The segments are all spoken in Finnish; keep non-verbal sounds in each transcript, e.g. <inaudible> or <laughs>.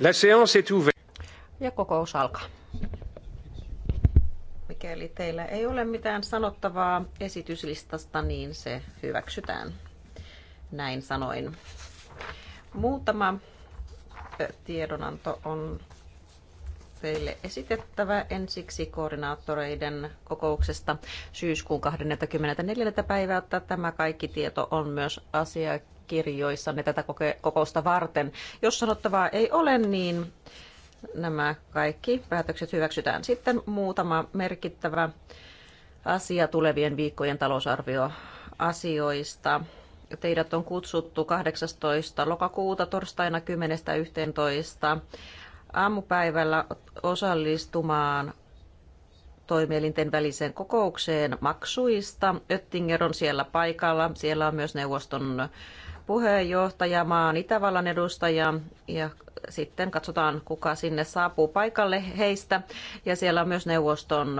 La séance est ouverte. Ja kokous alkaa. Mikäli teillä ei ole mitään sanottavaa esityslistasta, niin se hyväksytään. Näin sanoin. Muutama tiedonanto on teille esitettävä ensiksi koordinaattoreiden kokouksesta syyskuun 24. päivää. Tämä kaikki tieto on myös asiakirjoissanne tätä kokousta varten. Jos sanottavaa ei ole, niin nämä kaikki päätökset hyväksytään. Sitten muutama merkittävä asia tulevien viikkojen talousarvioasioista. Teidät on kutsuttu 18. lokakuuta torstaina 10.11 aamupäivällä osallistumaan toimielinten väliseen kokoukseen maksuista. Öttinger on siellä paikalla. Siellä on myös neuvoston puheenjohtaja, maan Itävallan edustaja ja sitten katsotaan, kuka sinne saapuu paikalle heistä. Ja siellä on myös neuvoston,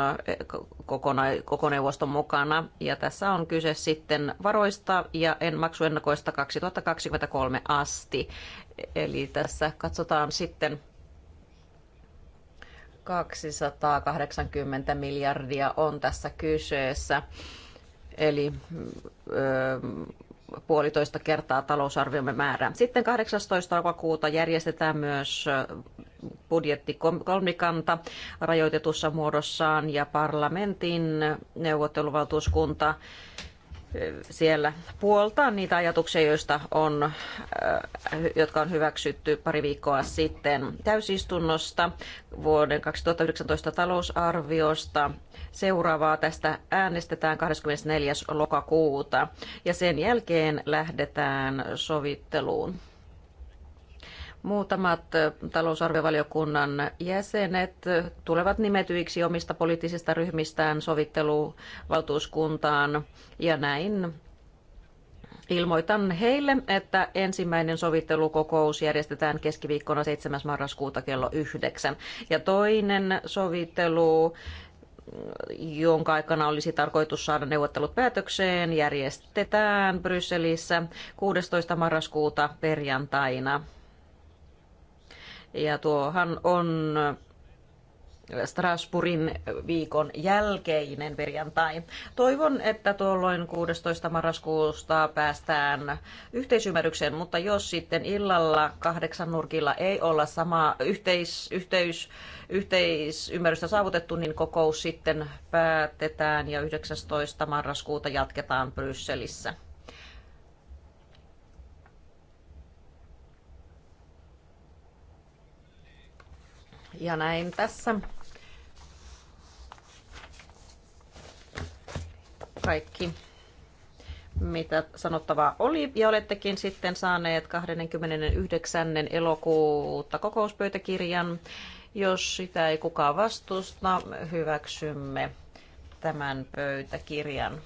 koko neuvoston mukana. Ja tässä on kyse sitten varoista ja en maksuennakoista 2023 asti. Eli tässä katsotaan sitten 280 miljardia on tässä kyseessä, eli ö, puolitoista kertaa talousarviomme määrä. Sitten 18. lokakuuta järjestetään myös budjettikolmikanta rajoitetussa muodossaan ja parlamentin neuvotteluvaltuuskunta siellä puoltaa niitä ajatuksia, joista on, äh, jotka on hyväksytty pari viikkoa sitten täysistunnosta vuoden 2019 talousarviosta. Seuraavaa tästä äänestetään 24. lokakuuta ja sen jälkeen lähdetään sovitteluun. Muutamat talousarviovaliokunnan jäsenet tulevat nimetyiksi omista poliittisista ryhmistään sovitteluvaltuuskuntaan ja näin Ilmoitan heille, että ensimmäinen sovittelukokous järjestetään keskiviikkona 7. marraskuuta kello 9. Ja toinen sovittelu jonka aikana olisi tarkoitus saada neuvottelut päätökseen, järjestetään Brysselissä 16. marraskuuta perjantaina ja tuohan on Strasbourgin viikon jälkeinen perjantai. Toivon, että tuolloin 16. marraskuusta päästään yhteisymmärrykseen, mutta jos sitten illalla kahdeksan nurkilla ei olla sama yhteis, yhteis, yhteisymmärrystä saavutettu, niin kokous sitten päätetään ja 19. marraskuuta jatketaan Brysselissä. Ja näin tässä kaikki, mitä sanottavaa oli. Ja olettekin sitten saaneet 29. elokuuta kokouspöytäkirjan. Jos sitä ei kukaan vastusta, hyväksymme tämän pöytäkirjan.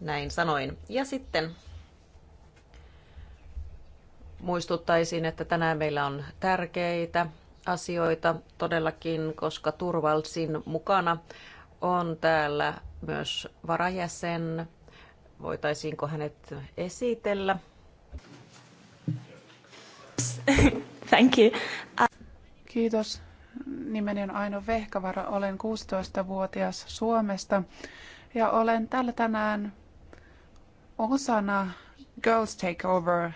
Näin sanoin. Ja sitten muistuttaisin, että tänään meillä on tärkeitä asioita todellakin, koska Turvalsin mukana on täällä myös varajäsen. Voitaisiinko hänet esitellä? Thank you. Kiitos. Nimeni on Aino Vehkavara. Olen 16-vuotias Suomesta ja olen täällä tänään osana Girls Takeover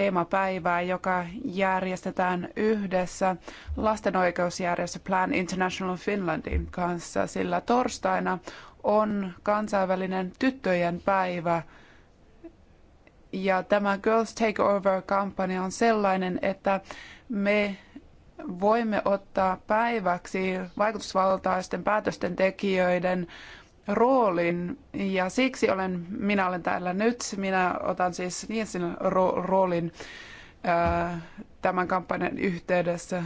teemapäivää, joka järjestetään yhdessä lasten oikeusjärjestö Plan International Finlandin kanssa, sillä torstaina on kansainvälinen tyttöjen päivä. Ja tämä Girls Take Over-kampanja on sellainen, että me voimme ottaa päiväksi vaikutusvaltaisten päätösten tekijöiden roolin ja siksi olen, minä olen täällä nyt. Minä otan siis Nielsin niin ro- roolin ää, tämän kampanjan yhteydessä.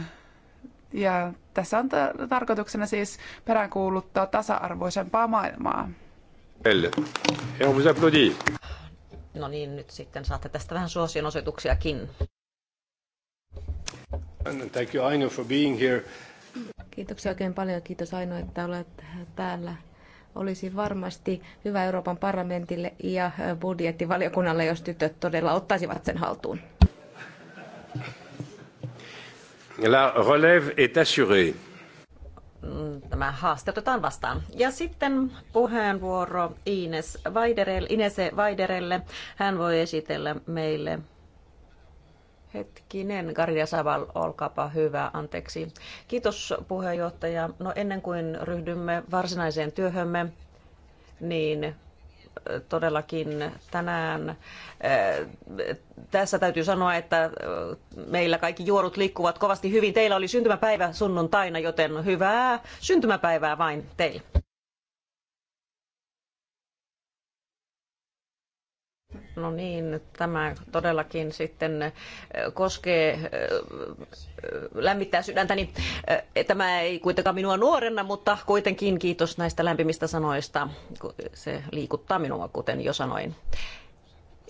Ja tässä on tarkoituksena siis peräänkuuluttaa tasa-arvoisempaa maailmaa. Ja on No niin, nyt sitten saatte tästä vähän suosionosoituksiakin. Thank you Aino for being here. Kiitoksia oikein paljon. Kiitos Aino, että olet täällä olisi varmasti hyvä Euroopan parlamentille ja budjettivaliokunnalle, jos tytöt todella ottaisivat sen haltuun. La relève est assurée. Mm, tämä haaste otetaan vastaan. Ja sitten puheenvuoro Ines Vaiderelle. Hän voi esitellä meille Hetkinen, Garja Saval, olkaapa hyvä, anteeksi. Kiitos puheenjohtaja. No ennen kuin ryhdymme varsinaiseen työhömme, niin todellakin tänään. Tässä täytyy sanoa, että meillä kaikki juorut liikkuvat kovasti hyvin. Teillä oli syntymäpäivä sunnuntaina, joten hyvää syntymäpäivää vain teille. No niin, tämä todellakin sitten äh, koskee, äh, lämmittää sydäntäni. Äh, tämä ei kuitenkaan minua nuorena, mutta kuitenkin kiitos näistä lämpimistä sanoista. Se liikuttaa minua, kuten jo sanoin.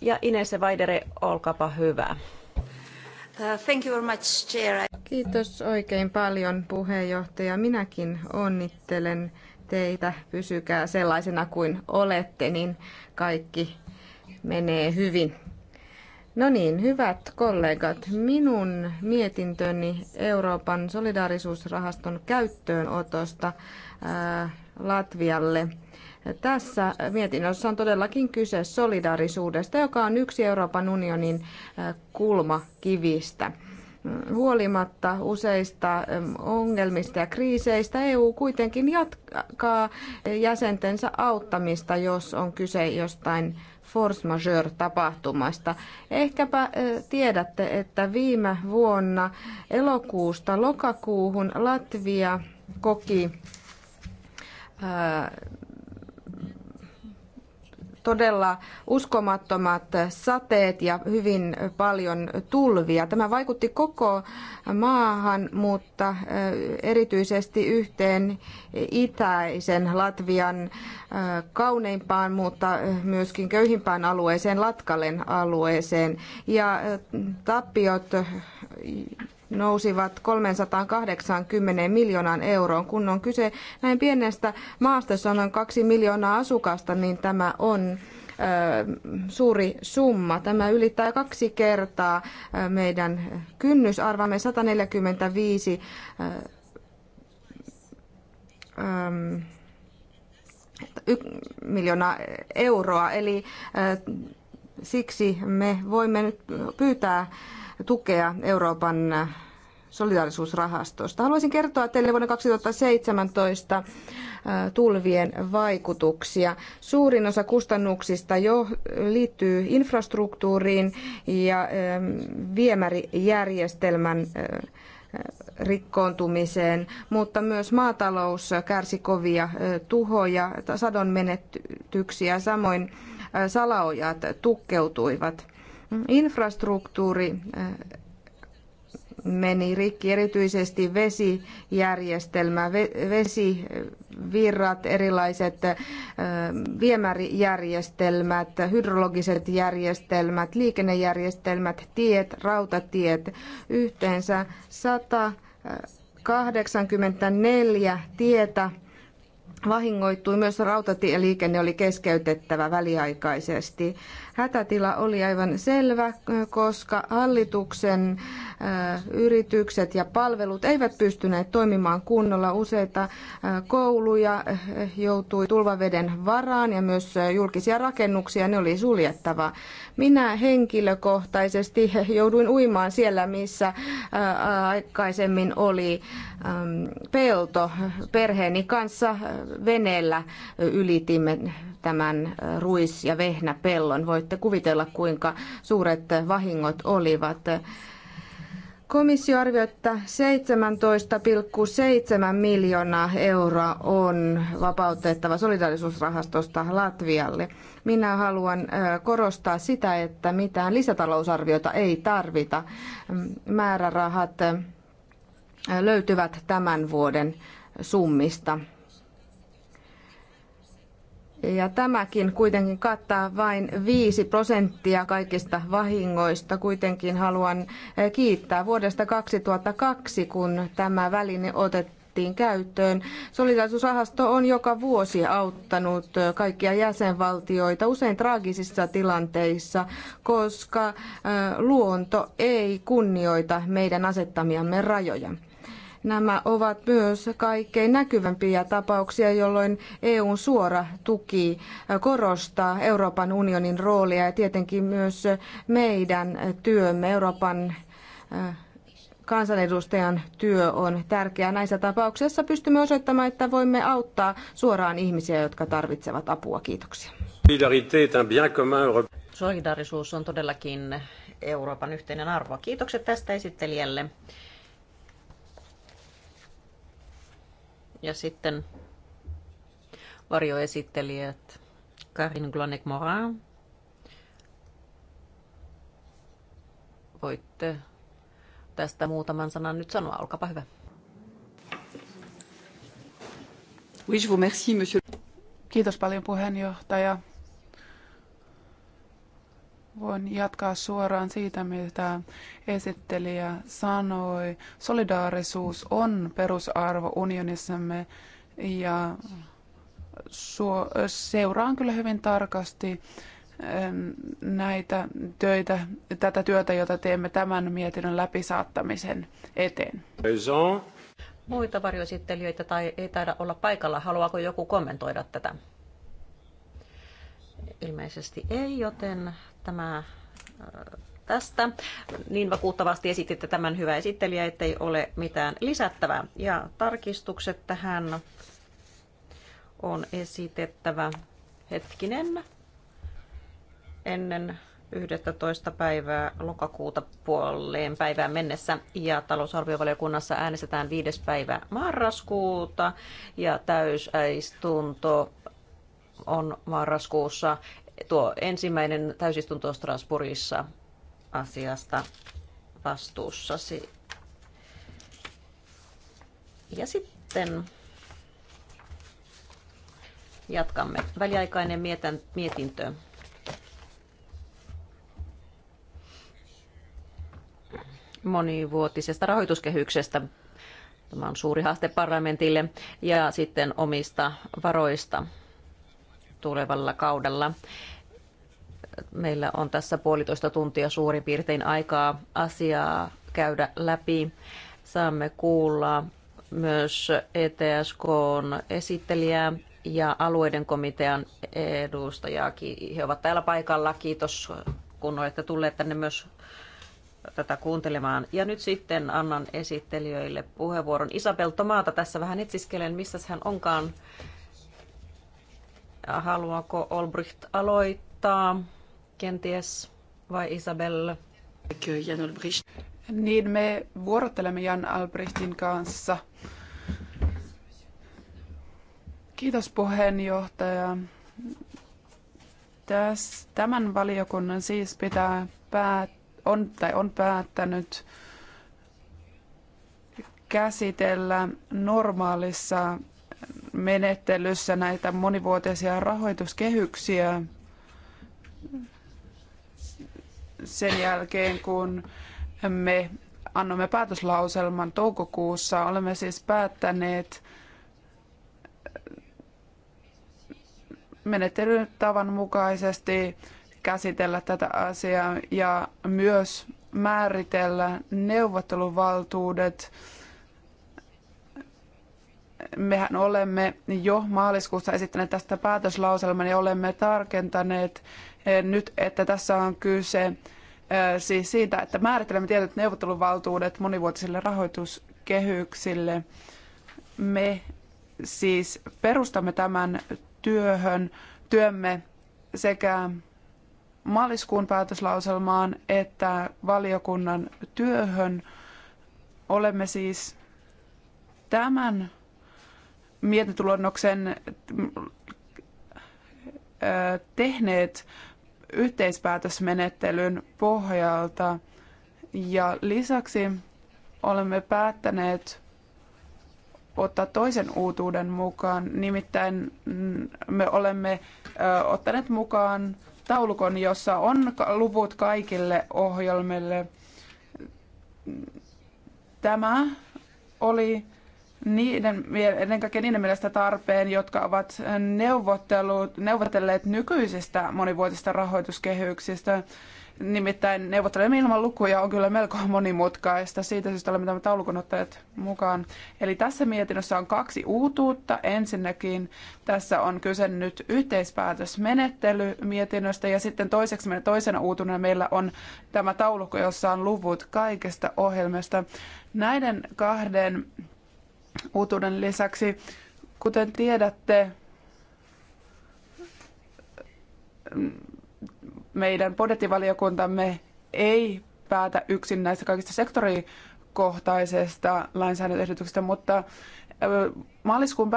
Ja Ines Vaidere, olkaapa hyvä. Uh, thank you very much, Chair. Kiitos oikein paljon puheenjohtaja. Minäkin onnittelen teitä. Pysykää sellaisena kuin olette, niin kaikki menee hyvin. No niin, hyvät kollegat, minun mietintöni Euroopan solidaarisuusrahaston käyttöönotosta ää, äh, Latvialle. Tässä mietinnössä on todellakin kyse solidaarisuudesta, joka on yksi Euroopan unionin äh, kulmakivistä. Huolimatta useista ähm, ongelmista ja kriiseistä EU kuitenkin jatkaa äh, jäsentensä auttamista, jos on kyse jostain force majeure-tapahtumasta. Ehkäpä tiedätte, että viime vuonna elokuusta lokakuuhun Latvia koki todella uskomattomat sateet ja hyvin paljon tulvia. Tämä vaikutti koko maahan, mutta erityisesti yhteen itäisen Latvian kauneimpaan, mutta myöskin köyhimpään alueeseen, Latkalen alueeseen. Ja tappiot nousivat 380 miljoonaan euroon. Kun on kyse näin pienestä maasta, jossa on noin kaksi miljoonaa asukasta, niin tämä on suuri summa. Tämä ylittää kaksi kertaa meidän kynnysarvamme 145 miljoonaa euroa. Eli siksi me voimme nyt pyytää tukea Euroopan solidaarisuusrahastosta. Haluaisin kertoa teille vuonna 2017 äh, tulvien vaikutuksia. Suurin osa kustannuksista jo liittyy infrastruktuuriin ja ähm, viemärijärjestelmän äh, rikkoontumiseen, mutta myös maatalous kärsi kovia äh, tuhoja, sadon menetyksiä, samoin salaojat tukkeutuivat infrastruktuuri eh, meni rikki, erityisesti vesijärjestelmä, vesivirrat, erilaiset eh, viemärijärjestelmät, hydrologiset järjestelmät, liikennejärjestelmät, tiet, rautatiet, yhteensä 184 tietä vahingoittui, myös rautatieliikenne oli keskeytettävä väliaikaisesti. Hätätila oli aivan selvä, koska hallituksen yritykset ja palvelut eivät pystyneet toimimaan kunnolla. Useita kouluja joutui tulvaveden varaan ja myös julkisia rakennuksia, ne oli suljettava. Minä henkilökohtaisesti <laughs> jouduin uimaan siellä, missä aikaisemmin oli pelto. Perheeni kanssa veneellä ylitimme tämän ruis- ja vehnäpellon. Voitte kuvitella, kuinka suuret vahingot olivat. Komissio arvioi, että 17,7 miljoonaa euroa on vapautettava solidarisuusrahastosta Latvialle. Minä haluan korostaa sitä, että mitään lisätalousarviota ei tarvita. Määrärahat löytyvät tämän vuoden summista. Ja tämäkin kuitenkin kattaa vain 5 prosenttia kaikista vahingoista. Kuitenkin haluan eh, kiittää vuodesta 2002, kun tämä väline otettiin käyttöön. Solidaisuusrahasto on joka vuosi auttanut eh, kaikkia jäsenvaltioita usein traagisissa tilanteissa, koska eh, luonto ei kunnioita meidän asettamiamme rajoja. Nämä ovat myös kaikkein näkyvämpiä tapauksia, jolloin EUn suora tuki korostaa Euroopan unionin roolia ja tietenkin myös meidän työmme Euroopan kansanedustajan työ on tärkeää. Näissä tapauksissa pystymme osoittamaan, että voimme auttaa suoraan ihmisiä, jotka tarvitsevat apua. Kiitoksia. Solidaarisuus on todellakin Euroopan yhteinen arvo. Kiitokset tästä esittelijälle. Ja sitten varjoesittelijät Karin glanek moran Voitte tästä muutaman sanan nyt sanoa. olkapa hyvä. Kiitos paljon puheenjohtaja. Voin jatkaa suoraan siitä, mitä esittelijä sanoi. Solidaarisuus on perusarvo unionissamme ja seuraan kyllä hyvin tarkasti näitä töitä, tätä työtä, jota teemme tämän mietinnön läpisaattamisen eteen. Muita varjoesittelijöitä tai ei taida olla paikalla. Haluaako joku kommentoida tätä? Ilmeisesti ei, joten tämä äh, tästä. Niin vakuuttavasti esititte tämän hyvä esittelijä, ettei ole mitään lisättävää. Ja tarkistukset tähän on esitettävä hetkinen ennen 11. päivää lokakuuta puoleen päivään mennessä ja talousarviovaliokunnassa äänestetään 5. päivä marraskuuta ja täysäistunto on marraskuussa tuo ensimmäinen täysistunto Strasbourgissa asiasta vastuussasi. Ja sitten jatkamme. Väliaikainen mietintö. monivuotisesta rahoituskehyksestä. Tämä on suuri haaste parlamentille ja sitten omista varoista tulevalla kaudella. Meillä on tässä puolitoista tuntia suurin piirtein aikaa asiaa käydä läpi. Saamme kuulla myös ETSKn esittelijää ja alueiden komitean edustajaa. He ovat täällä paikalla. Kiitos, kun olette tulleet tänne myös tätä kuuntelemaan. Ja nyt sitten annan esittelijöille puheenvuoron. Isabel Tomaata tässä vähän etsiskelen, missä hän onkaan. Haluaako Olbricht aloittaa kenties vai Isabel? Jan Olbricht. Niin, me vuorottelemme Jan Albrechtin kanssa. Kiitos puheenjohtaja. Täs, tämän valiokunnan siis pitää päät, on, tai on päättänyt käsitellä normaalissa menettelyssä näitä monivuotisia rahoituskehyksiä sen jälkeen, kun me annoimme päätöslauselman toukokuussa. Olemme siis päättäneet menettelytavan mukaisesti käsitellä tätä asiaa ja myös määritellä neuvotteluvaltuudet mehän olemme jo maaliskuussa esittäneet tästä päätöslauselman ja olemme tarkentaneet eh, nyt, että tässä on kyse eh, siis siitä, että määrittelemme tietyt neuvotteluvaltuudet monivuotisille rahoituskehyksille. Me siis perustamme tämän työhön, työmme sekä maaliskuun päätöslauselmaan että valiokunnan työhön. Olemme siis tämän mietintöluonnoksen äh, tehneet yhteispäätösmenettelyn pohjalta. Ja lisäksi olemme päättäneet ottaa toisen uutuuden mukaan. Nimittäin mm, me olemme äh, ottaneet mukaan taulukon, jossa on luvut kaikille ohjelmille. Tämä oli niiden, ennen kaikkea niiden mielestä tarpeen, jotka ovat neuvotelleet nykyisistä monivuotisista rahoituskehyksistä. Nimittäin neuvotteleminen ilman lukuja on kyllä melko monimutkaista. Siitä syystä olemme tämän taulukon ottaneet mukaan. Eli tässä mietinnössä on kaksi uutuutta. Ensinnäkin tässä on kyse nyt yhteispäätösmenettely mietinnöstä ja sitten toiseksi meidän toisena uutuna meillä on tämä taulukko, jossa on luvut kaikesta ohjelmasta. Näiden kahden uutuuden lisäksi. Kuten tiedätte, meidän budjettivaliokuntamme ei päätä yksin näistä kaikista sektorikohtaisista lainsäädäntöehdotuksista, mutta maaliskuun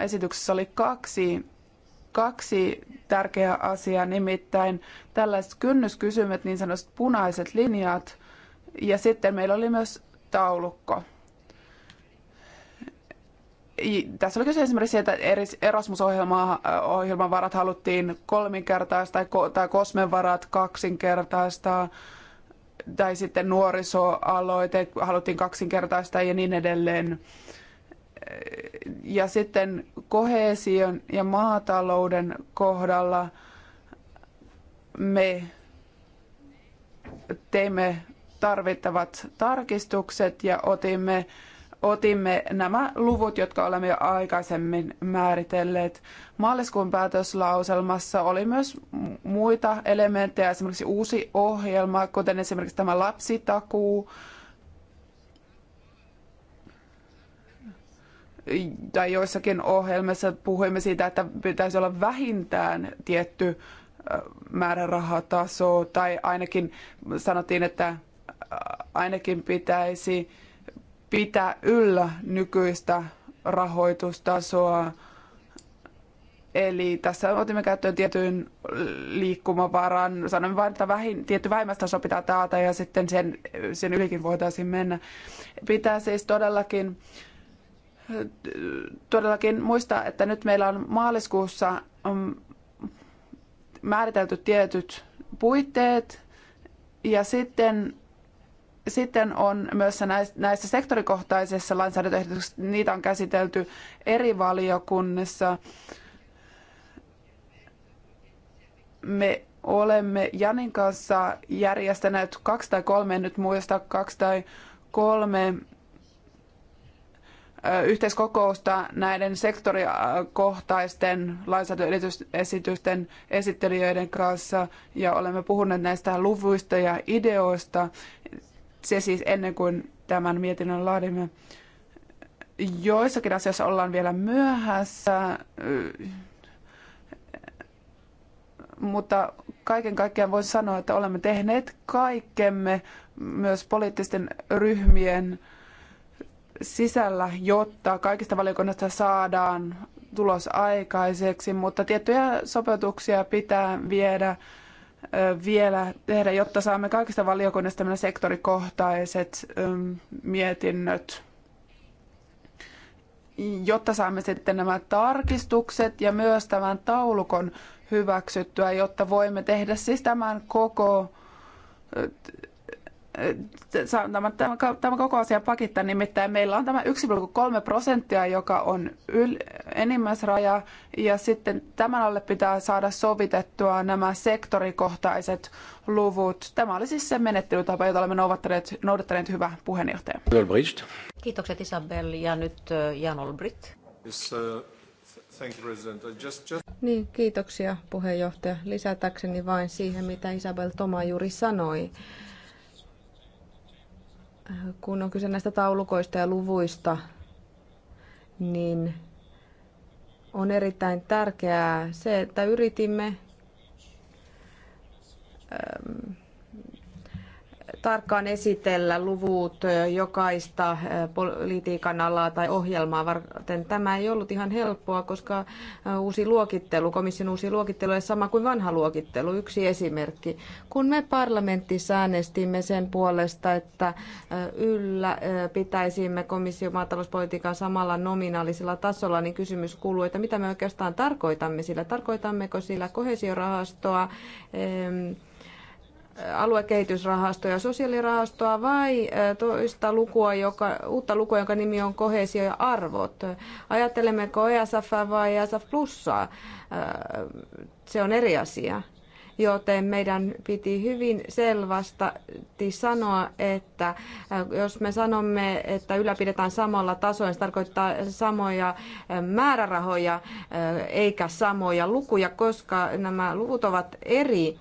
esityksessä oli kaksi, kaksi tärkeää asiaa, nimittäin tällaiset kynnyskysymykset, niin sanotut punaiset linjat, ja sitten meillä oli myös taulukko tässä oli kyse esimerkiksi siitä, että Erasmus-ohjelman varat haluttiin kolminkertaista, tai Kosmen varat kaksinkertaista, tai sitten nuorisoaloite haluttiin kaksinkertaista ja niin edelleen. Ja sitten kohesion ja maatalouden kohdalla me teimme tarvittavat tarkistukset ja otimme otimme nämä luvut, jotka olemme jo aikaisemmin määritelleet. Maaliskuun päätöslauselmassa oli myös muita elementtejä, esimerkiksi uusi ohjelma, kuten esimerkiksi tämä lapsitakuu, tai joissakin ohjelmissa puhuimme siitä, että pitäisi olla vähintään tietty määrärahataso, tai ainakin sanottiin, että ainakin pitäisi pitää yllä nykyistä rahoitustasoa. Eli tässä otimme käyttöön tietyn liikkumavaran. Sanoin vain, että vähin, tietty vähimmäistaso pitää taata ja sitten sen, sen ylikin voitaisiin mennä. Pitää siis todellakin, todellakin muistaa, että nyt meillä on maaliskuussa mm, määritelty tietyt puitteet ja sitten sitten on myös näissä sektorikohtaisissa lainsäädäntöehdotuksissa, niitä on käsitelty eri valiokunnissa. Me olemme Janin kanssa järjestäneet kaksi tai kolme, en nyt muista kaksi tai kolme yhteiskokousta näiden sektorikohtaisten lainsäädäntöesitysten esittelijöiden kanssa ja olemme puhuneet näistä luvuista ja ideoista. Se siis ennen kuin tämän mietinnön laadimme. Joissakin asioissa ollaan vielä myöhässä, mutta kaiken kaikkiaan voisi sanoa, että olemme tehneet kaikkemme myös poliittisten ryhmien sisällä, jotta kaikista valiokunnasta saadaan tulos aikaiseksi, mutta tiettyjä sopeutuksia pitää viedä vielä tehdä, jotta saamme kaikista valiokunnista nämä sektorikohtaiset mietinnöt, jotta saamme sitten nämä tarkistukset ja myös tämän taulukon hyväksyttyä, jotta voimme tehdä siis tämän koko Äh, tämä, tämä koko asia pakittaa, nimittäin meillä on tämä 1,3 prosenttia, joka on yl, enimmäisraja, ja sitten tämän alle pitää saada sovitettua nämä sektorikohtaiset luvut. Tämä oli siis se menettelytapa, jota olemme noudattaneet, noudattaneet hyvä puheenjohtaja. Olbricht. Kiitokset Isabel ja nyt äh, Jan Olbricht. Yes, uh... Niin, kiitoksia puheenjohtaja. Lisätäkseni vain siihen, mitä Isabel Toma juuri sanoi kun on kyse näistä taulukoista ja luvuista, niin on erittäin tärkeää se, että yritimme ähm, tarkkaan esitellä luvut jokaista politiikan alaa tai ohjelmaa varten. Tämä ei ollut ihan helppoa, koska uusi luokittelu, komission uusi luokittelu ei sama kuin vanha luokittelu. Yksi esimerkki. Kun me parlamentissa äänestimme sen puolesta, että yllä pitäisimme komission maatalouspolitiikan samalla nominaalisella tasolla, niin kysymys kuuluu, että mitä me oikeastaan tarkoitamme sillä? Tarkoitammeko sillä kohesiorahastoa? aluekehitysrahastoa ja sosiaalirahastoa vai toista lukua, joka, uutta lukua, jonka nimi on kohesio ja arvot. Ajattelemmeko ESF vai ESF plussaa? Se on eri asia. Joten meidän piti hyvin selvästi sanoa, että jos me sanomme, että ylläpidetään samalla tasolla, se tarkoittaa samoja määrärahoja eikä samoja lukuja, koska nämä luvut ovat eri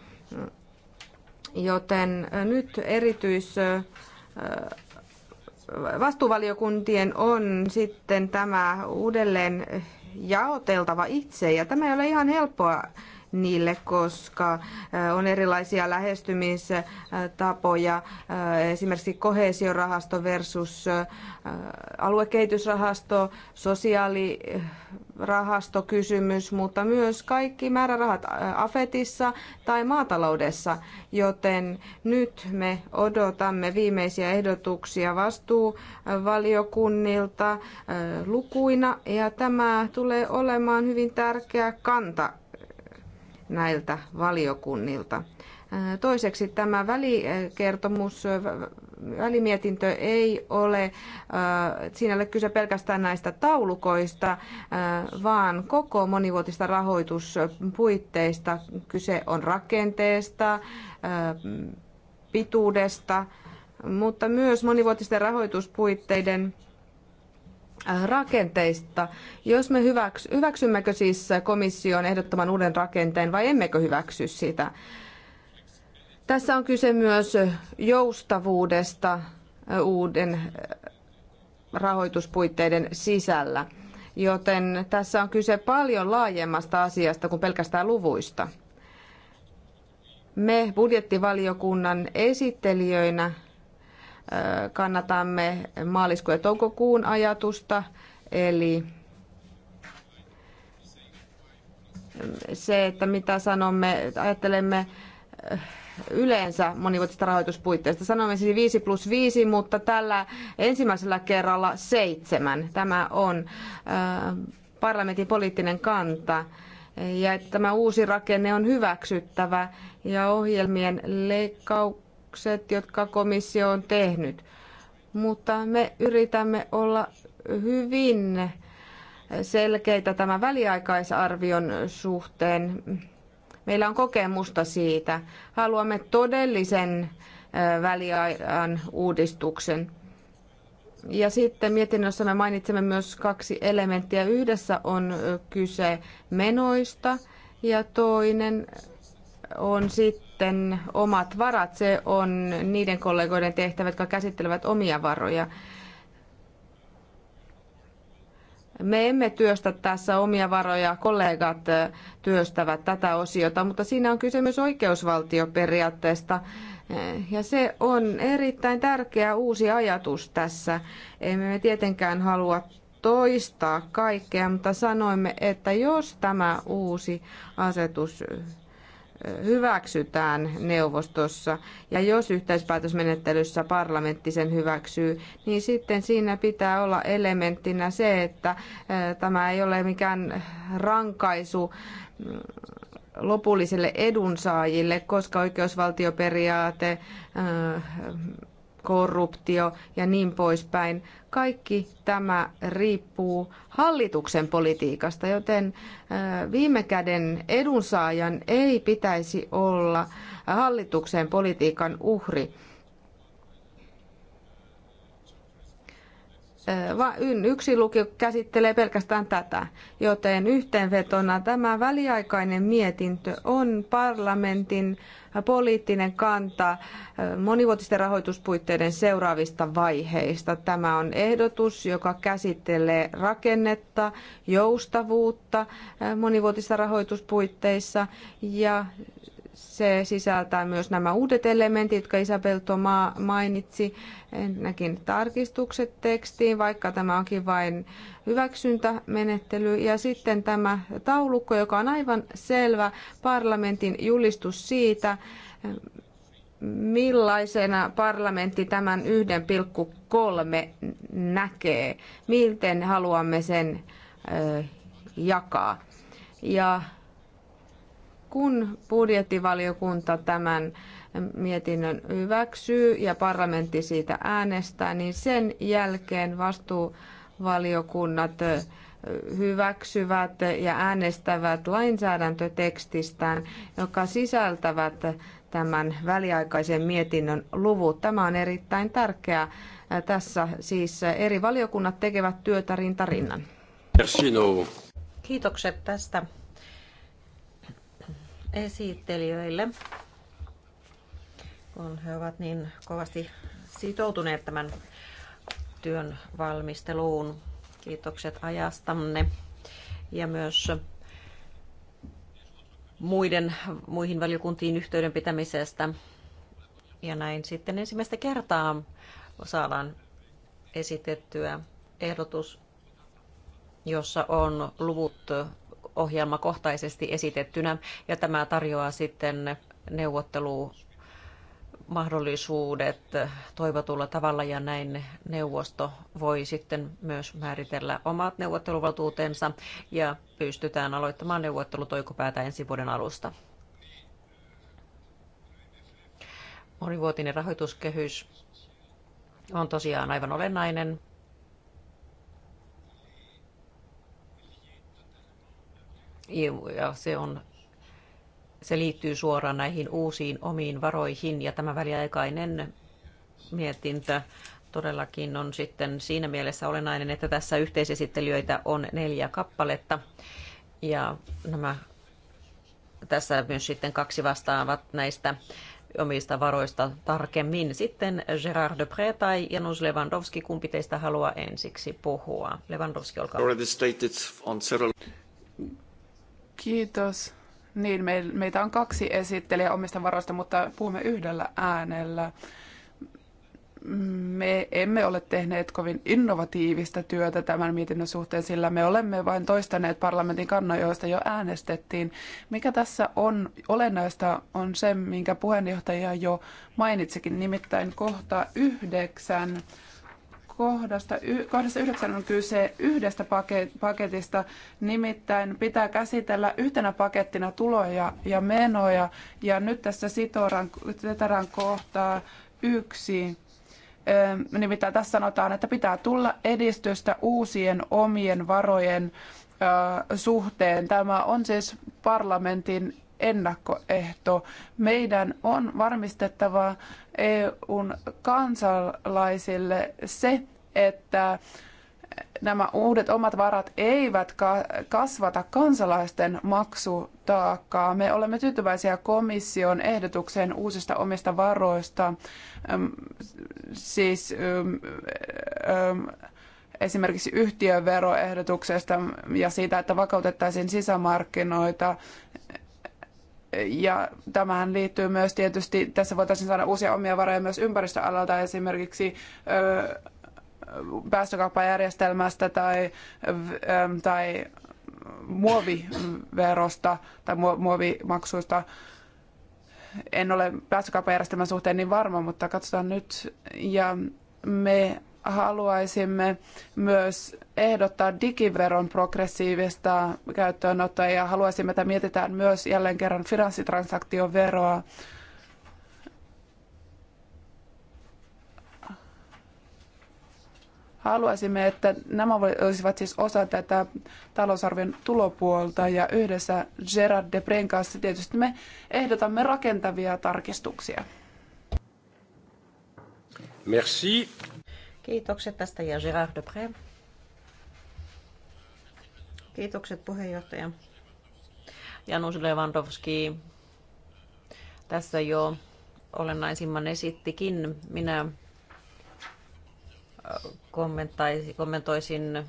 Joten nyt erityis vastuuvaliokuntien on sitten tämä uudelleen jaoteltava itse. Ja tämä ei ole ihan helppoa niille, koska äh, on erilaisia lähestymistapoja, äh, esimerkiksi kohesiorahasto versus äh, aluekehitysrahasto, sosiaalirahastokysymys, mutta myös kaikki määrärahat AFETissa tai maataloudessa, joten nyt me odotamme viimeisiä ehdotuksia vastuuvaliokunnilta lukuina ja tämä tulee olemaan hyvin tärkeä kanta näiltä valiokunnilta. Toiseksi tämä välikertomus, välimietintö ei ole, siinä ei ole kyse pelkästään näistä taulukoista, vaan koko monivuotista rahoituspuitteista. Kyse on rakenteesta, pituudesta, mutta myös monivuotisten rahoituspuitteiden rakenteista. Jos me hyväks, hyväksymmekö siis komission ehdottoman uuden rakenteen vai emmekö hyväksy sitä? Tässä on kyse myös joustavuudesta uuden rahoituspuitteiden sisällä, joten tässä on kyse paljon laajemmasta asiasta kuin pelkästään luvuista. Me budjettivaliokunnan esittelijöinä kannatamme maaliskuun ja toukokuun ajatusta, eli se, että mitä sanomme, ajattelemme yleensä monivuotista rahoituspuitteista. Sanomme siis 5 plus 5, mutta tällä ensimmäisellä kerralla 7. Tämä on parlamentin poliittinen kanta. Ja että tämä uusi rakenne on hyväksyttävä ja ohjelmien leikkaus ehdotukset, jotka komissio on tehnyt. Mutta me yritämme olla hyvin selkeitä tämän väliaikaisarvion suhteen. Meillä on kokemusta siitä. Haluamme todellisen väliajan uudistuksen. Ja sitten mietinnössä me mainitsemme myös kaksi elementtiä. Yhdessä on kyse menoista ja toinen on sitten sitten omat varat, se on niiden kollegoiden tehtävä, jotka käsittelevät omia varoja. Me emme työstä tässä omia varoja, kollegat eh, työstävät tätä osiota, mutta siinä on kysymys oikeusvaltioperiaatteesta. Eh, ja se on erittäin tärkeä uusi ajatus tässä. Emme me tietenkään halua toistaa kaikkea, mutta sanoimme, että jos tämä uusi asetus hyväksytään neuvostossa. Ja jos yhteispäätösmenettelyssä parlamentti sen hyväksyy, niin sitten siinä pitää olla elementtinä se, että tämä ei ole mikään rankaisu lopullisille edunsaajille, koska oikeusvaltioperiaate, korruptio ja niin poispäin. Kaikki tämä riippuu hallituksen politiikasta, joten viime käden edunsaajan ei pitäisi olla hallituksen politiikan uhri. Yksi lukio käsittelee pelkästään tätä, joten yhteenvetona tämä väliaikainen mietintö on parlamentin poliittinen kanta monivuotisten rahoituspuitteiden seuraavista vaiheista. Tämä on ehdotus, joka käsittelee rakennetta, joustavuutta monivuotisissa rahoituspuitteissa ja se sisältää myös nämä uudet elementit, jotka Isabel Toma mainitsi. ennäkin tarkistukset tekstiin, vaikka tämä onkin vain hyväksyntämenettely. Ja sitten tämä taulukko, joka on aivan selvä parlamentin julistus siitä, millaisena parlamentti tämän 1,3 näkee, miten haluamme sen jakaa. Ja kun budjettivaliokunta tämän mietinnön hyväksyy ja parlamentti siitä äänestää, niin sen jälkeen vastuuvaliokunnat hyväksyvät ja äänestävät lainsäädäntötekstistään, joka sisältävät tämän väliaikaisen mietinnön luvut. Tämä on erittäin tärkeää. Tässä siis eri valiokunnat tekevät työtä rintarinnan. Kiitokset tästä esittelijöille, kun he ovat niin kovasti sitoutuneet tämän työn valmisteluun. Kiitokset ajastanne ja myös muiden, muihin valiokuntiin yhteyden pitämisestä. Ja näin sitten ensimmäistä kertaa saadaan esitettyä ehdotus, jossa on luvut ohjelmakohtaisesti esitettynä, ja tämä tarjoaa sitten neuvottelumahdollisuudet toivotulla tavalla ja näin neuvosto voi sitten myös määritellä omat neuvotteluvaltuutensa ja pystytään aloittamaan neuvottelut oikopäätä ensi vuoden alusta. Monivuotinen rahoituskehys on tosiaan aivan olennainen E ja se on se liittyy suoraan näihin uusiin omiin varoihin ja tämä väliaikainen mietintä todellakin on sitten siinä mielessä olennainen, että tässä yhteisesittelijöitä on neljä kappaletta ja nämä tässä myös sitten kaksi vastaavat näistä omista varoista tarkemmin. Sitten Gerard de Pré tai Janusz Lewandowski, kumpi teistä haluaa ensiksi puhua? Lewandowski, olkaa hyvä. Kiitos. Niin, me, meitä on kaksi esittelijä omista varoista, mutta puhumme yhdellä äänellä. Me emme ole tehneet kovin innovatiivista työtä tämän mietinnön suhteen, sillä me olemme vain toistaneet parlamentin kannan, joista jo äänestettiin. Mikä tässä on olennaista on se, minkä puheenjohtaja jo mainitsikin, nimittäin kohta yhdeksän – kohdasta, kohdassa yhdeksän on kyse yhdestä paketista, nimittäin pitää käsitellä yhtenä pakettina tuloja ja menoja, ja nyt tässä sitoran, sitoran kohtaa yksi. Nimittäin tässä sanotaan, että pitää tulla edistystä uusien omien varojen suhteen. Tämä on siis parlamentin ennakkoehto. Meidän on varmistettava EUn kansalaisille se, että nämä uudet omat varat eivät kasvata kansalaisten maksutaakkaa. Me olemme tyytyväisiä komission ehdotukseen uusista omista varoista, siis esimerkiksi yhtiöveroehdotuksesta ja siitä, että vakautettaisiin sisämarkkinoita ja tämähän liittyy myös tietysti, tässä voitaisiin saada uusia omia varoja myös ympäristöalalta esimerkiksi ö, päästökauppajärjestelmästä tai, ö, tai muoviverosta tai muovimaksuista. En ole päästökauppajärjestelmän suhteen niin varma, mutta katsotaan nyt. Ja me haluaisimme myös ehdottaa digiveron progressiivista käyttöönottoa ja haluaisimme, että mietitään myös jälleen kerran finanssitransaktioveroa. Haluaisimme, että nämä olisivat siis osa tätä talousarvion tulopuolta ja yhdessä Gerard Depren kanssa tietysti me ehdotamme rakentavia tarkistuksia. Merci. Kiitokset tästä ja Gérard Depré. Kiitokset puheenjohtaja. Janus Lewandowski tässä jo olennaisimman esittikin. Minä äh, kommentoisin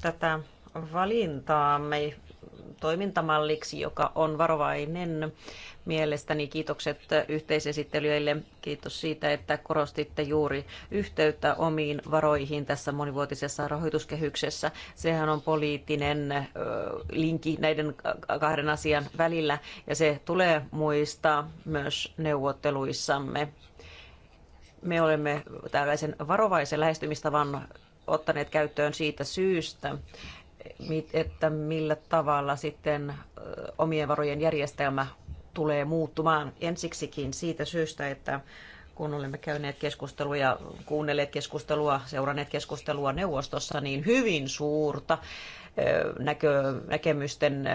tätä valintaa toimintamalliksi, joka on varovainen Mielestäni kiitokset yhteisesittelijöille. Kiitos siitä, että korostitte juuri yhteyttä omiin varoihin tässä monivuotisessa rahoituskehyksessä. Sehän on poliittinen linkki näiden kahden asian välillä ja se tulee muistaa myös neuvotteluissamme. Me olemme tällaisen varovaisen lähestymistavan ottaneet käyttöön siitä syystä, että millä tavalla sitten omien varojen järjestelmä tulee muuttumaan ensiksikin siitä syystä, että kun olemme käyneet keskusteluja, kuunnelleet keskustelua, seuranneet keskustelua neuvostossa, niin hyvin suurta näkö, näkemysten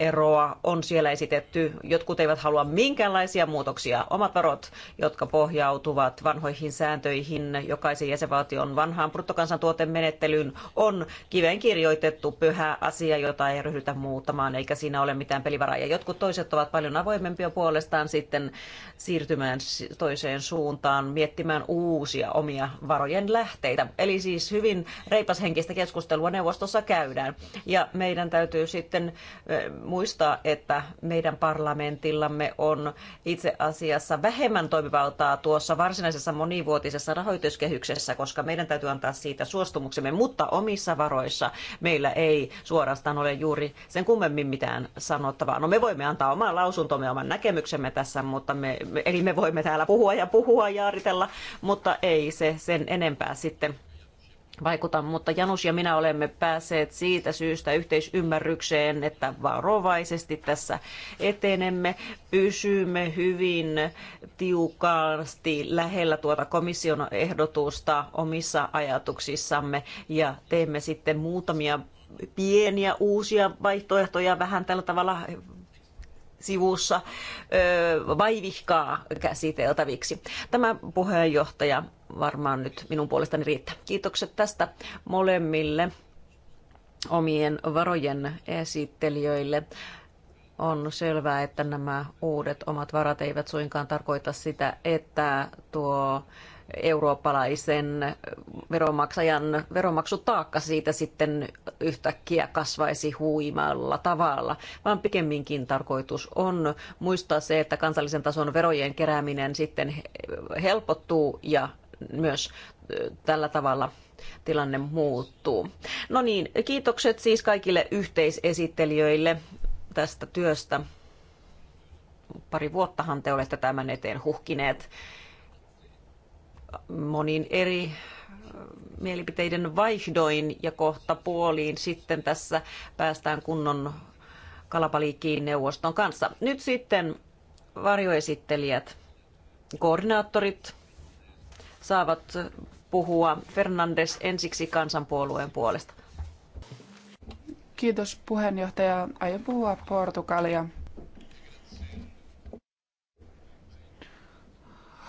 eroa on siellä esitetty. Jotkut eivät halua minkäänlaisia muutoksia. Omat varot, jotka pohjautuvat vanhoihin sääntöihin, jokaisen jäsenvaltion vanhaan bruttokansantuotemenettelyyn, on kiveen kirjoitettu pyhä asia, jota ei ryhdytä muuttamaan, eikä siinä ole mitään pelivaraa. Ja jotkut toiset ovat paljon avoimempia puolestaan sitten siirtymään toiseen suuntaan, miettimään uusia omia varojen lähteitä. Eli siis hyvin reipashenkistä keskustelua neuvostossa käydään. Ja meidän täytyy sitten muistaa, että meidän parlamentillamme on itse asiassa vähemmän toimivaltaa tuossa varsinaisessa monivuotisessa rahoituskehyksessä, koska meidän täytyy antaa siitä suostumuksemme, mutta omissa varoissa meillä ei suorastaan ole juuri sen kummemmin mitään sanottavaa. No me voimme antaa oman lausuntomme, oman näkemyksemme tässä, mutta me, eli me voimme täällä puhua ja puhua ja aritella, mutta ei se sen enempää sitten vaikuta, mutta Janus ja minä olemme päässeet siitä syystä yhteisymmärrykseen, että varovaisesti tässä etenemme, pysymme hyvin tiukasti lähellä tuota komission ehdotusta omissa ajatuksissamme ja teemme sitten muutamia pieniä uusia vaihtoehtoja vähän tällä tavalla sivussa vaivihkaa käsiteltäviksi. Tämä puheenjohtaja varmaan nyt minun puolestani riittää. Kiitokset tästä molemmille omien varojen esittelijöille. On selvää, että nämä uudet omat varat eivät suinkaan tarkoita sitä, että tuo eurooppalaisen veronmaksajan veronmaksutaakka siitä sitten yhtäkkiä kasvaisi huimalla tavalla, vaan pikemminkin tarkoitus on muistaa se, että kansallisen tason verojen kerääminen sitten helpottuu ja myös tällä tavalla tilanne muuttuu. No niin, kiitokset siis kaikille yhteisesittelijöille tästä työstä. Pari vuottahan te olette tämän eteen huhkineet monin eri mielipiteiden vaihdoin ja kohta puoliin sitten tässä päästään kunnon kalapaliikkiin neuvoston kanssa. Nyt sitten varjoesittelijät, koordinaattorit saavat puhua Fernandes ensiksi kansanpuolueen puolesta. Kiitos puheenjohtaja. Aion puhua Portugalia.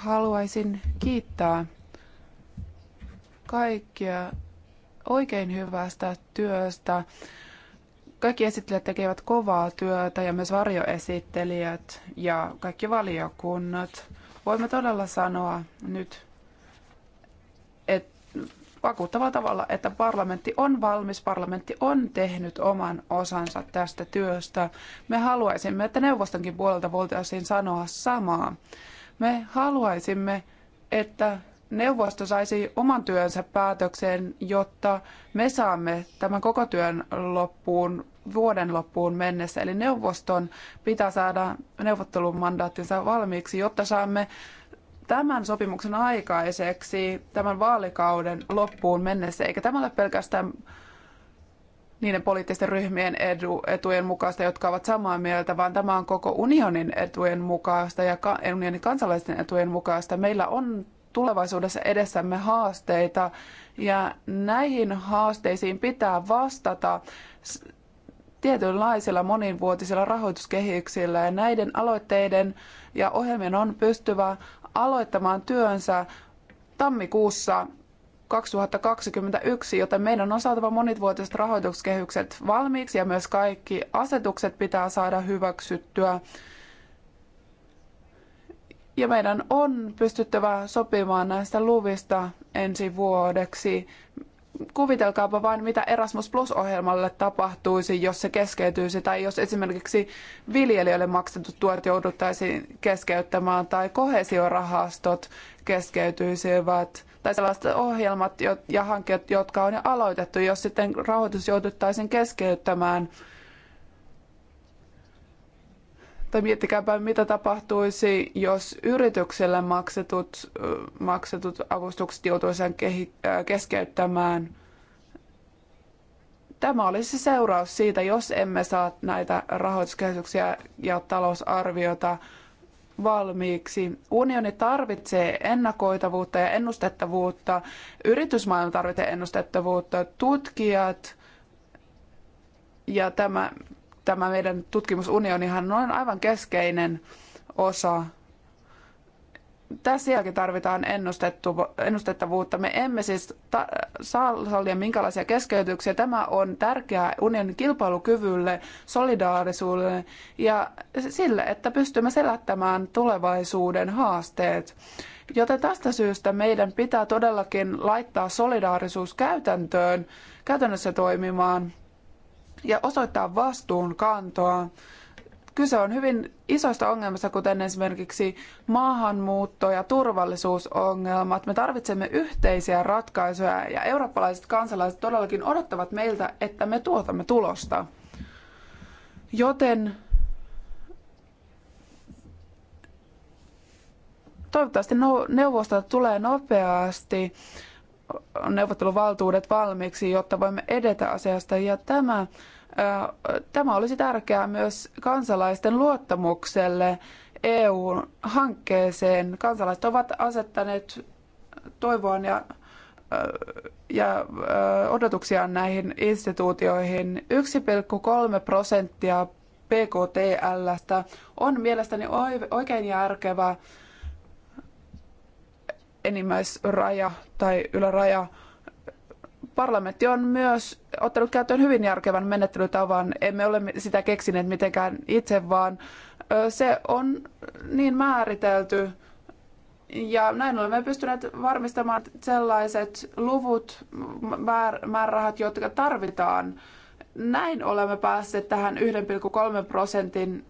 haluaisin kiittää kaikkia oikein hyvästä työstä. Kaikki esittelijät tekevät kovaa työtä ja myös varjoesittelijät ja kaikki valiokunnat. Voimme todella sanoa nyt että vakuuttavalla tavalla, että parlamentti on valmis, parlamentti on tehnyt oman osansa tästä työstä. Me haluaisimme, että neuvostonkin puolelta voitaisiin sanoa samaa. Me haluaisimme, että neuvosto saisi oman työnsä päätökseen, jotta me saamme tämän koko työn loppuun, vuoden loppuun mennessä. Eli neuvoston pitää saada neuvottelumandaattinsa valmiiksi, jotta saamme tämän sopimuksen aikaiseksi tämän vaalikauden loppuun mennessä. Eikä tämä ole pelkästään niiden poliittisten ryhmien edu, etujen mukaista, jotka ovat samaa mieltä, vaan tämä on koko unionin etujen mukaista ja ka, unionin kansalaisten etujen mukaista. Meillä on tulevaisuudessa edessämme haasteita ja näihin haasteisiin pitää vastata tietynlaisilla monivuotisilla rahoituskehyksillä ja näiden aloitteiden ja ohjelmien on pystyvä aloittamaan työnsä tammikuussa 2021, joten meidän on saatava monivuotiset rahoituskehykset valmiiksi ja myös kaikki asetukset pitää saada hyväksyttyä. Ja meidän on pystyttävä sopimaan näistä luvista ensi vuodeksi. Kuvitelkaapa vain, mitä Erasmus Plus-ohjelmalle tapahtuisi, jos se keskeytyisi, tai jos esimerkiksi viljelijöille maksetut tuet jouduttaisiin keskeyttämään, tai kohesiorahastot keskeytyisivät tai sellaiset ohjelmat ja hankkeet, jotka on jo aloitettu, jos sitten rahoitus jouduttaisiin keskeyttämään. Tai miettikääpä, mitä tapahtuisi, jos yritykselle maksetut, maksetut avustukset joutuisivat keskeyttämään. Tämä olisi seuraus siitä, jos emme saa näitä rahoituskehityksiä ja talousarviota valmiiksi. Unioni tarvitsee ennakoitavuutta ja ennustettavuutta. Yritysmaailma tarvitsee ennustettavuutta. Tutkijat ja tämä, tämä meidän tutkimusunionihan on aivan keskeinen osa tässä jälkeen tarvitaan ennustettavuutta. Me emme siis ta- saa sallia minkälaisia keskeytyksiä. Tämä on tärkeää unionin kilpailukyvylle, solidaarisuudelle ja sille, että pystymme selättämään tulevaisuuden haasteet. Joten tästä syystä meidän pitää todellakin laittaa solidaarisuus käytäntöön, käytännössä toimimaan ja osoittaa vastuun kantoa. Kyse on hyvin isoista ongelmista, kuten esimerkiksi maahanmuutto- ja turvallisuusongelmat. Me tarvitsemme yhteisiä ratkaisuja ja eurooppalaiset kansalaiset todellakin odottavat meiltä, että me tuotamme tulosta. Joten toivottavasti neuvosta tulee nopeasti neuvotteluvaltuudet valmiiksi, jotta voimme edetä asiasta. Ja tämä Tämä olisi tärkeää myös kansalaisten luottamukselle EU-hankkeeseen. Kansalaiset ovat asettaneet toivoaan ja, ja odotuksiaan näihin instituutioihin. 1,3 prosenttia PKTLstä on mielestäni oikein järkevä enimmäisraja tai yläraja. Parlamentti on myös ottanut käyttöön hyvin järkevän menettelytavan. Emme ole sitä keksineet mitenkään itse, vaan se on niin määritelty. Ja näin olemme pystyneet varmistamaan sellaiset luvut, määrärahat, jotka tarvitaan. Näin olemme päässeet tähän 1,3 prosentin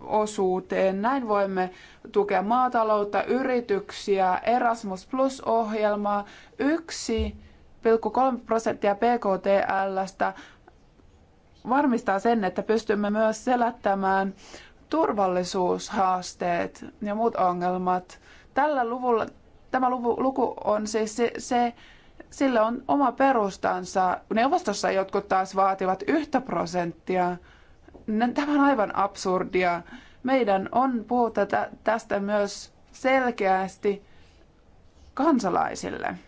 osuuteen. Näin voimme tukea maataloutta, yrityksiä, Erasmus Plus-ohjelmaa. Yksi 2,3 prosenttia PKTLstä varmistaa sen, että pystymme myös selättämään turvallisuushaasteet ja muut ongelmat. Tällä luvulla, tämä luvu, luku on siis se, se, sillä on oma perustansa. Neuvostossa jotkut taas vaativat yhtä prosenttia. Tämä on aivan absurdia. Meidän on puhuta tästä myös selkeästi kansalaisille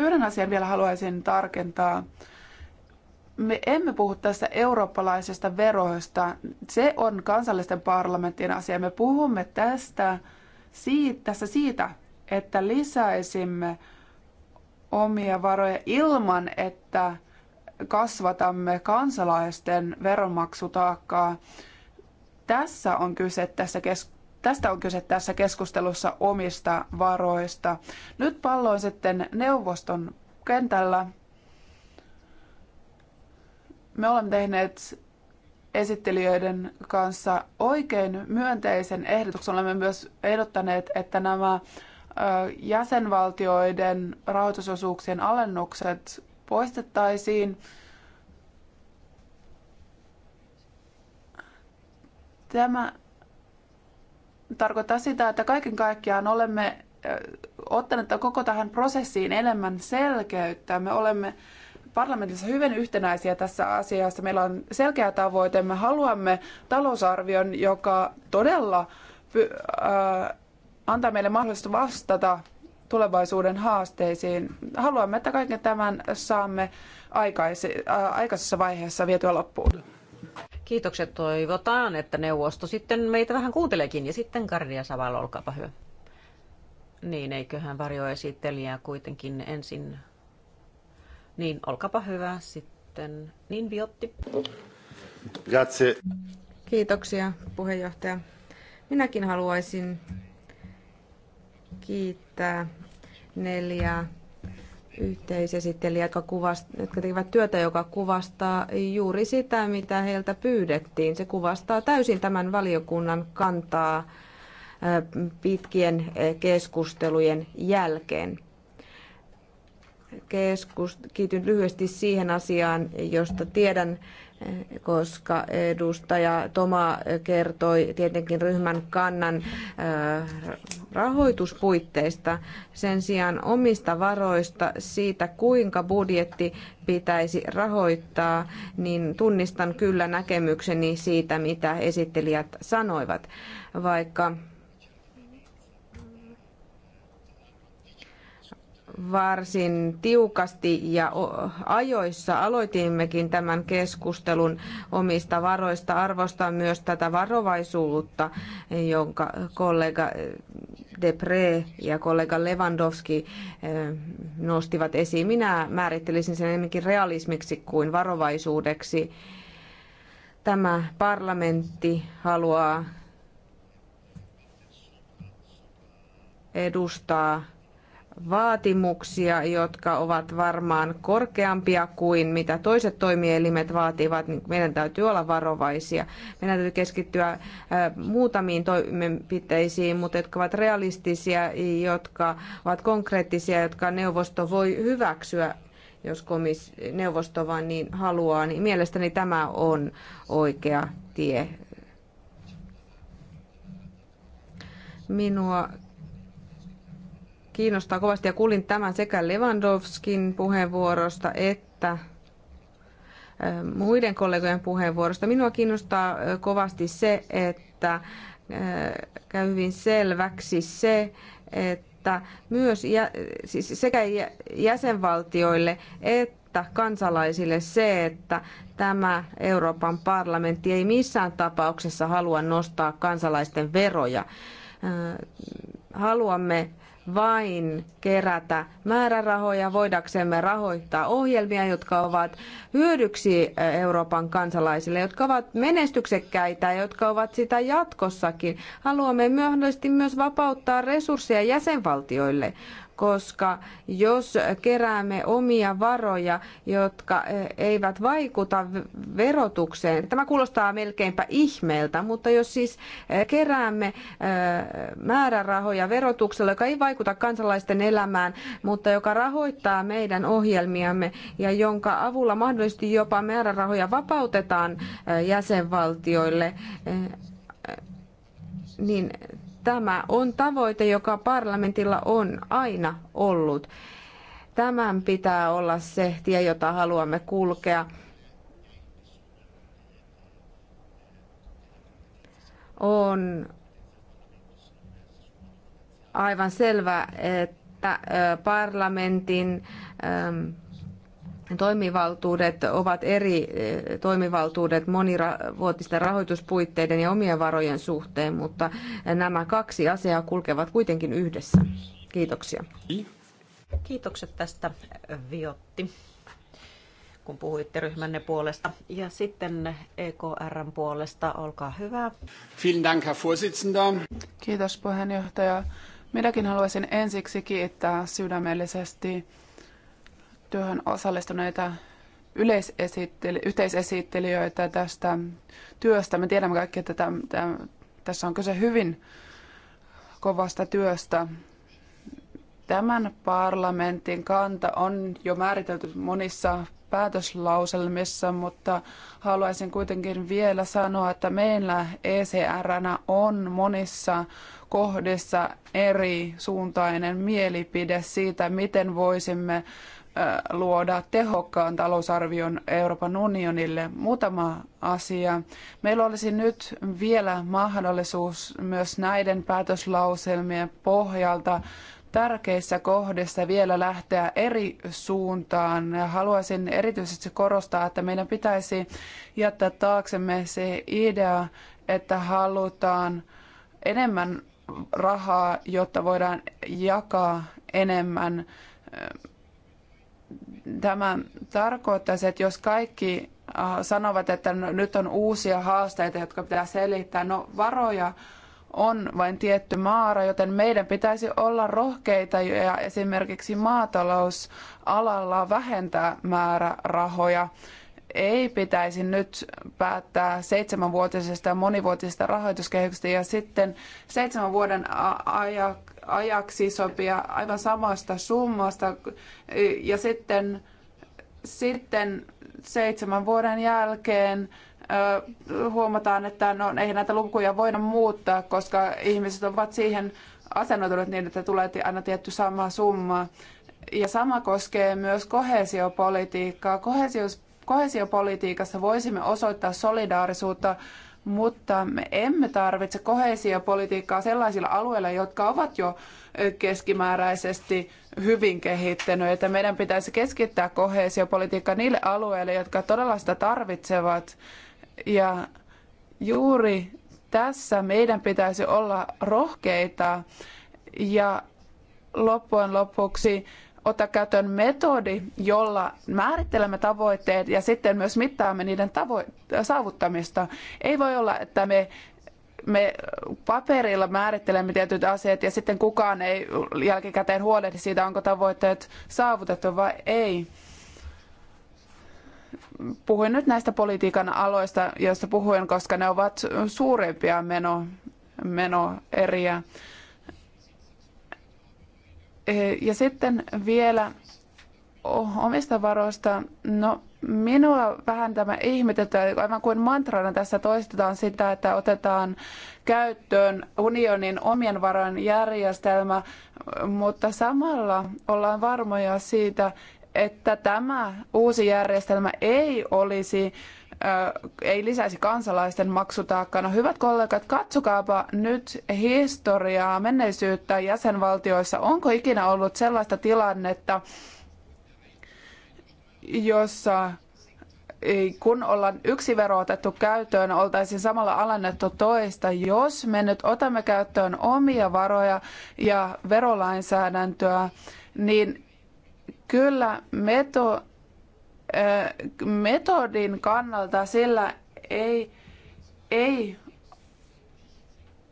yhden asian vielä haluaisin tarkentaa. Me emme puhu tässä eurooppalaisesta veroista. Se on kansallisten parlamenttien asia. Me puhumme tästä siitä, tässä siitä, että lisäisimme omia varoja ilman, että kasvatamme kansalaisten veronmaksutaakkaa. Tässä on kyse tässä keskustelussa. Tästä on kyse tässä keskustelussa omista varoista. Nyt pallo on sitten neuvoston kentällä. Me olemme tehneet esittelijöiden kanssa oikein myönteisen ehdotuksen. Olemme myös ehdottaneet, että nämä jäsenvaltioiden rahoitusosuuksien alennukset poistettaisiin. Tämä tarkoittaa sitä, että kaiken kaikkiaan olemme ottaneet koko tähän prosessiin enemmän selkeyttä. Me olemme parlamentissa hyvin yhtenäisiä tässä asiassa. Meillä on selkeä tavoite. Me haluamme talousarvion, joka todella antaa meille mahdollisuus vastata tulevaisuuden haasteisiin. Haluamme, että kaiken tämän saamme aikaisessa vaiheessa vietyä loppuun. Kiitokset. Toivotaan, että neuvosto sitten meitä vähän kuunteleekin. Ja sitten Kardia Saval, olkaapa hyvä. Niin, eiköhän varjoesittelijää kuitenkin ensin. Niin, olkaapa hyvä sitten. Niin, viotti. Grazie. Kiitoksia, puheenjohtaja. Minäkin haluaisin kiittää neljää yhteisesittelijä, jotka, kuvast, jotka tekevät työtä, joka kuvastaa juuri sitä, mitä heiltä pyydettiin. Se kuvastaa täysin tämän valiokunnan kantaa pitkien keskustelujen jälkeen. Keskust, kiityn lyhyesti siihen asiaan, josta tiedän, koska edustaja Toma kertoi tietenkin ryhmän kannan rahoituspuitteista sen sijaan omista varoista siitä, kuinka budjetti pitäisi rahoittaa, niin tunnistan kyllä näkemykseni siitä, mitä esittelijät sanoivat, vaikka varsin tiukasti ja ajoissa aloitimmekin tämän keskustelun omista varoista. Arvostan myös tätä varovaisuutta, jonka kollega Depre ja kollega Lewandowski eh, nostivat esiin. Minä määrittelisin sen enemmänkin realismiksi kuin varovaisuudeksi. Tämä parlamentti haluaa edustaa vaatimuksia, jotka ovat varmaan korkeampia kuin mitä toiset toimielimet vaativat, niin meidän täytyy olla varovaisia. Meidän täytyy keskittyä muutamiin toimenpiteisiin, mutta jotka ovat realistisia, jotka ovat konkreettisia, jotka neuvosto voi hyväksyä jos komis, neuvosto vaan niin haluaa, niin mielestäni tämä on oikea tie. Minua kiinnostaa kovasti ja kuulin tämän sekä Lewandowskin puheenvuorosta että muiden kollegojen puheenvuorosta. Minua kiinnostaa kovasti se, että käy hyvin selväksi se, että myös jä, siis sekä jäsenvaltioille että kansalaisille se, että tämä Euroopan parlamentti ei missään tapauksessa halua nostaa kansalaisten veroja. Haluamme vain kerätä määrärahoja, voidaksemme rahoittaa ohjelmia, jotka ovat hyödyksi Euroopan kansalaisille, jotka ovat menestyksekkäitä ja jotka ovat sitä jatkossakin. Haluamme myöhemmin myös vapauttaa resursseja jäsenvaltioille, koska jos keräämme omia varoja, jotka e, eivät vaikuta verotukseen, tämä kuulostaa melkeinpä ihmeeltä, mutta jos siis e, keräämme e, määrärahoja verotuksella, joka ei vaikuta kansalaisten elämään, mutta joka rahoittaa meidän ohjelmiamme ja jonka avulla mahdollisesti jopa määrärahoja vapautetaan jäsenvaltioille, niin Tämä on tavoite, joka parlamentilla on aina ollut. Tämän pitää olla se tie, jota haluamme kulkea. On aivan selvä, että parlamentin toimivaltuudet ovat eri eh, toimivaltuudet monivuotisten rahoituspuitteiden ja omien varojen suhteen, mutta nämä kaksi asiaa kulkevat kuitenkin yhdessä. Kiitoksia. Kiitokset tästä, Viotti, kun puhuitte ryhmänne puolesta. Ja sitten EKRn puolesta, olkaa hyvä. Vielen Dank, Herr Vorsitzender. Kiitos puheenjohtaja. Minäkin haluaisin ensiksi kiittää sydämellisesti työhön osallistuneita yhteisesittelijöitä tästä työstä. Me tiedämme kaikki, että tämän, tämän, tässä on kyse hyvin kovasta työstä. Tämän parlamentin kanta on jo määritelty monissa päätöslauselmissa, mutta haluaisin kuitenkin vielä sanoa, että meillä ECRnä on monissa kohdissa eri suuntainen mielipide siitä, miten voisimme luoda tehokkaan talousarvion Euroopan unionille. Muutama asia. Meillä olisi nyt vielä mahdollisuus myös näiden päätöslauselmien pohjalta tärkeissä kohdissa vielä lähteä eri suuntaan. Haluaisin erityisesti korostaa, että meidän pitäisi jättää taaksemme se idea, että halutaan enemmän rahaa, jotta voidaan jakaa enemmän tämä tarkoittaisi, että jos kaikki äh, sanovat, että no, nyt on uusia haasteita, jotka pitää selittää, no varoja on vain tietty määrä, joten meidän pitäisi olla rohkeita ja esimerkiksi maatalousalalla vähentää määrärahoja. Ei pitäisi nyt päättää seitsemänvuotisesta ja monivuotisesta rahoituskehyksestä ja sitten seitsemän vuoden ajaksi sopia aivan samasta summasta ja sitten, sitten seitsemän vuoden jälkeen huomataan, että no, ei näitä lukuja voida muuttaa, koska ihmiset ovat siihen asennoituneet niin, että tulee aina tietty sama summa. Ja sama koskee myös kohesiopolitiikkaa. Kohesios, kohesiopolitiikassa voisimme osoittaa solidaarisuutta mutta me emme tarvitse koheesiopolitiikkaa sellaisilla alueilla, jotka ovat jo keskimääräisesti hyvin kehittyneitä. Meidän pitäisi keskittää koheesiopolitiikka niille alueille, jotka todella sitä tarvitsevat. Ja juuri tässä meidän pitäisi olla rohkeita ja loppujen lopuksi ottaa käyttöön metodi, jolla määrittelemme tavoitteet ja sitten myös mittaamme niiden tavo- saavuttamista. Ei voi olla, että me me paperilla määrittelemme tietyt asiat ja sitten kukaan ei jälkikäteen huolehdi siitä, onko tavoitteet saavutettu vai ei. Puhuin nyt näistä politiikan aloista, joista puhuin, koska ne ovat suurempia meno, menoeriä. eriä ja sitten vielä omista varoista. No, minua vähän tämä ihmetyttää, aivan kuin mantrana tässä toistetaan sitä, että otetaan käyttöön unionin omien varojen järjestelmä, mutta samalla ollaan varmoja siitä, että tämä uusi järjestelmä ei olisi ei lisäisi kansalaisten maksutaakkana. No, hyvät kollegat, katsokaapa nyt historiaa, menneisyyttä jäsenvaltioissa. Onko ikinä ollut sellaista tilannetta, jossa kun ollaan yksi vero otettu käyttöön, oltaisiin samalla alennettu toista. Jos me nyt otamme käyttöön omia varoja ja verolainsäädäntöä, niin kyllä meto, metodin kannalta sillä ei, ei,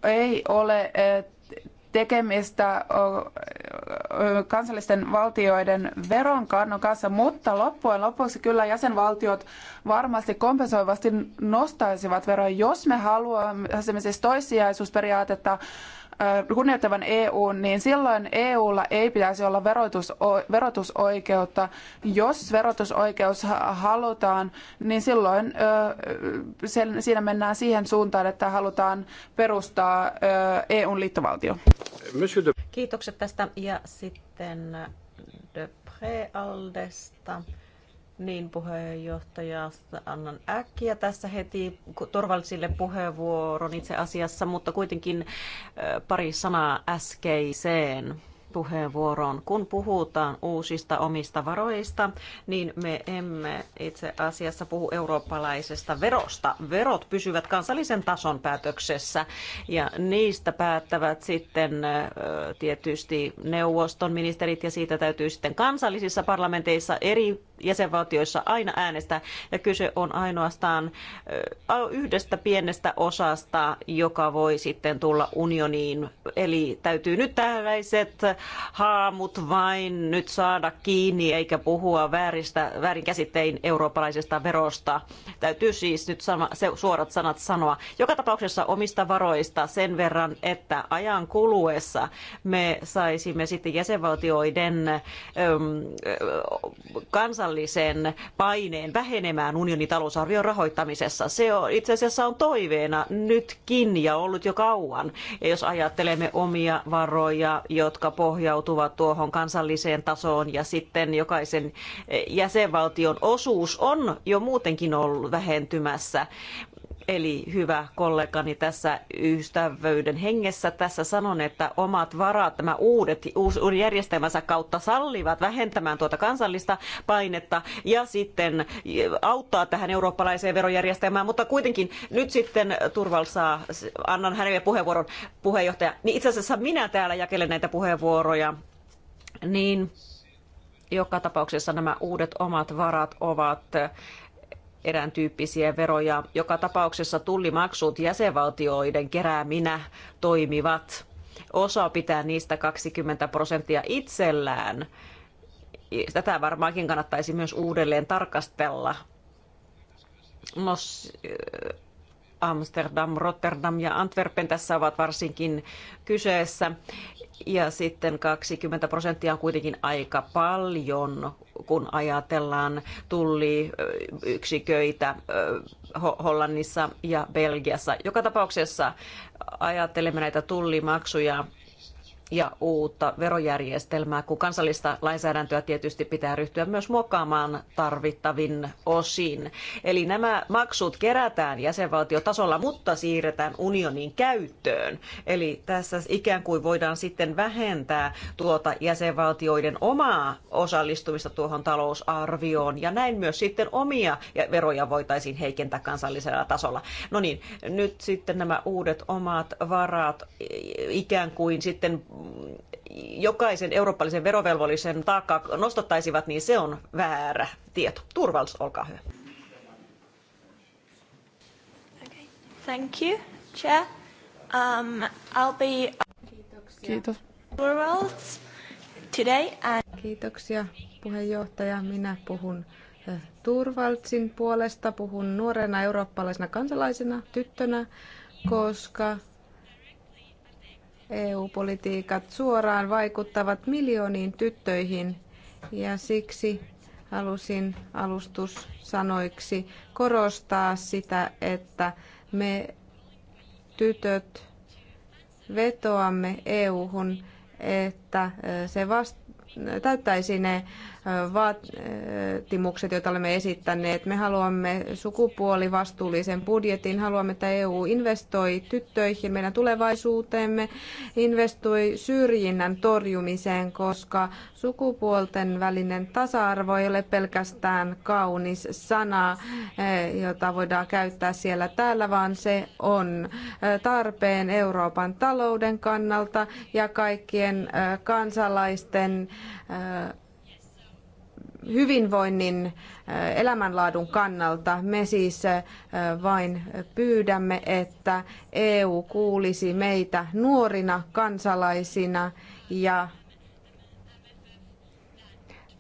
ei ole tekemistä kansallisten valtioiden veronkannon kanssa, mutta loppujen lopuksi kyllä jäsenvaltiot varmasti kompensoivasti nostaisivat veroja. Jos me haluamme siis toissijaisuusperiaatetta kunnioittavan EU, niin silloin EUlla ei pitäisi olla verotusoikeutta. Jos verotusoikeus halutaan, niin silloin siinä mennään siihen suuntaan, että halutaan perustaa EUn liittovaltio. Kiitokset tästä ja sitten Depre niin puheenjohtaja, annan äkkiä tässä heti turvallisille puheenvuoron itse asiassa, mutta kuitenkin pari sanaa äskeiseen puheenvuoroon. Kun puhutaan uusista omista varoista, niin me emme itse asiassa puhu eurooppalaisesta verosta. Verot pysyvät kansallisen tason päätöksessä ja niistä päättävät sitten tietysti neuvoston ministerit ja siitä täytyy sitten kansallisissa parlamenteissa eri jäsenvaltioissa aina äänestää ja kyse on ainoastaan yhdestä pienestä osasta, joka voi sitten tulla unioniin. Eli täytyy nyt tällaiset haamut vain nyt saada kiinni eikä puhua vääristä, väärinkäsittein eurooppalaisesta verosta. Täytyy siis nyt sama, se, suorat sanat sanoa. Joka tapauksessa omista varoista sen verran, että ajan kuluessa me saisimme sitten jäsenvaltioiden kansallisen paineen vähenemään unionin talousarvion rahoittamisessa. Se on, itse asiassa on toiveena nytkin ja ollut jo kauan. Ja jos ajattelemme omia varoja, jotka po- pohjautuvat tuohon kansalliseen tasoon ja sitten jokaisen jäsenvaltion osuus on jo muutenkin ollut vähentymässä. Eli hyvä kollegani tässä ystävyyden hengessä tässä sanon, että omat varat, tämä uudet, uusi järjestelmänsä kautta sallivat vähentämään tuota kansallista painetta ja sitten auttaa tähän eurooppalaiseen verojärjestelmään, mutta kuitenkin nyt sitten saa, annan hänelle puheenvuoron puheenjohtaja, niin itse asiassa minä täällä jakelen näitä puheenvuoroja, niin joka tapauksessa nämä uudet omat varat ovat erään tyyppisiä veroja. Joka tapauksessa tullimaksut jäsenvaltioiden kerääminä toimivat. Osa pitää niistä 20 prosenttia itsellään. Tätä varmaankin kannattaisi myös uudelleen tarkastella. No, Amsterdam, Rotterdam ja Antwerpen tässä ovat varsinkin kyseessä. Ja sitten 20 prosenttia on kuitenkin aika paljon, kun ajatellaan tulliyksiköitä Hollannissa ja Belgiassa. Joka tapauksessa ajattelemme näitä tullimaksuja ja uutta verojärjestelmää, kun kansallista lainsäädäntöä tietysti pitää ryhtyä myös muokkaamaan tarvittavin osin. Eli nämä maksut kerätään jäsenvaltiotasolla, mutta siirretään unionin käyttöön. Eli tässä ikään kuin voidaan sitten vähentää tuota jäsenvaltioiden omaa osallistumista tuohon talousarvioon, ja näin myös sitten omia veroja voitaisiin heikentää kansallisella tasolla. No niin, nyt sitten nämä uudet omat varat ikään kuin sitten jokaisen eurooppalaisen verovelvollisen taakkaa nostattaisivat, niin se on väärä tieto. Turvallisuus, olkaa hyvä. Okay. Thank you, Chair. Um, I'll be... Kiitoksia. Kiitos. today and... Kiitoksia puheenjohtaja. Minä puhun eh, Turvaltsin puolesta, puhun nuorena eurooppalaisena kansalaisena, tyttönä, koska EU-politiikat suoraan vaikuttavat miljooniin tyttöihin ja siksi halusin alustussanoiksi korostaa sitä, että me tytöt vetoamme EU-hun, että se vast- täyttäisi ne vaatimukset, joita olemme esittäneet. Me haluamme sukupuolivastuullisen budjetin, haluamme, että EU investoi tyttöihin, meidän tulevaisuuteemme, investoi syrjinnän torjumiseen, koska sukupuolten välinen tasa-arvo ei ole pelkästään kaunis sana, jota voidaan käyttää siellä täällä, vaan se on tarpeen Euroopan talouden kannalta ja kaikkien kansalaisten hyvinvoinnin äh, elämänlaadun kannalta. Me siis äh, vain pyydämme, että EU kuulisi meitä nuorina kansalaisina ja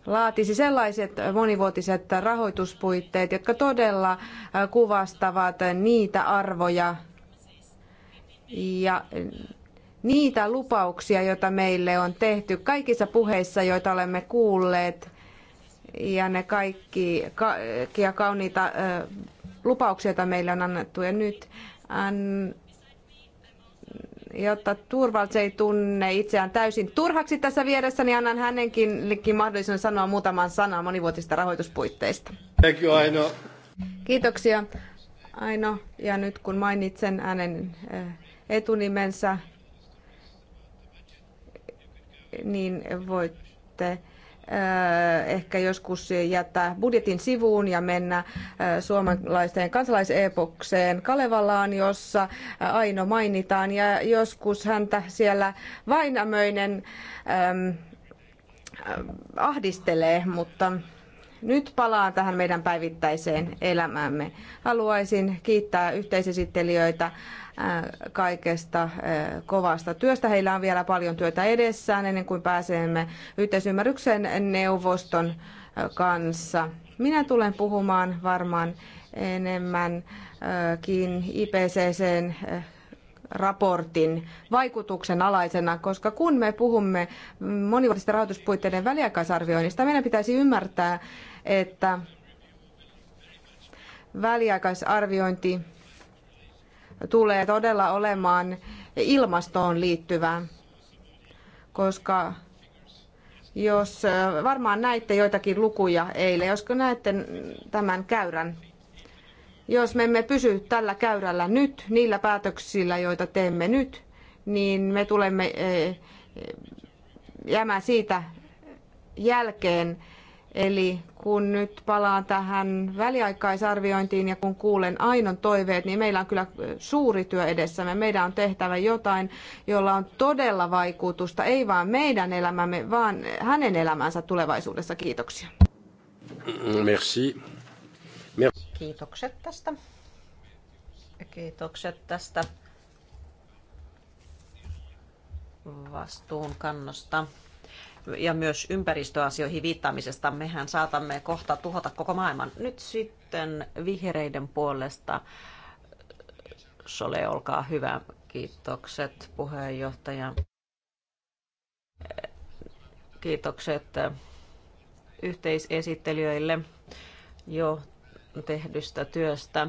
laatisi sellaiset monivuotiset rahoituspuitteet, jotka todella äh, kuvastavat niitä arvoja ja niitä lupauksia, joita meille on tehty kaikissa puheissa, joita olemme kuulleet – ja ne kaikki, ja kauniita äh, lupauksia, joita meille on annettu. Ja nyt an, jotta Turvalds ei tunne itseään täysin turhaksi tässä vieressä, niin annan hänenkin mahdollisuuden sanoa muutaman sanan monivuotisista rahoituspuitteista. Thank you, Aino. Kiitoksia, Aino. Ja nyt kun mainitsen hänen etunimensä, niin voitte Äh, ehkä joskus jättää budjetin sivuun ja mennä äh, suomalaiseen kansalaisepokseen Kalevalaan, jossa äh, Aino mainitaan ja joskus häntä siellä Vainamöinen ähm, ahdistelee, mutta nyt palaan tähän meidän päivittäiseen elämäämme. Haluaisin kiittää yhteisesittelijöitä äh, kaikesta äh, kovasta työstä. Heillä on vielä paljon työtä edessään ennen kuin pääsemme yhteisymmärryksen neuvoston äh, kanssa. Minä tulen puhumaan varmaan enemmänkin IPCCn raportin vaikutuksen alaisena, koska kun me puhumme monivuotisten rahoituspuitteiden väliaikaisarvioinnista, meidän pitäisi ymmärtää, että väliaikaisarviointi tulee todella olemaan ilmastoon liittyvää, koska jos varmaan näitte joitakin lukuja eilen, josko näette tämän käyrän, jos me emme pysy tällä käyrällä nyt, niillä päätöksillä, joita teemme nyt, niin me tulemme jäämään siitä jälkeen Eli kun nyt palaan tähän väliaikaisarviointiin ja kun kuulen ainon toiveet, niin meillä on kyllä suuri työ edessämme. Meidän on tehtävä jotain, jolla on todella vaikutusta, ei vain meidän elämämme, vaan hänen elämänsä tulevaisuudessa. Kiitoksia. Merci. Merci. Kiitokset tästä. Kiitokset tästä vastuunkannosta ja myös ympäristöasioihin viittaamisesta. Mehän saatamme kohta tuhota koko maailman. Nyt sitten vihreiden puolesta. Sole, olkaa hyvä. Kiitokset puheenjohtaja. Kiitokset yhteisesittelijöille jo tehdystä työstä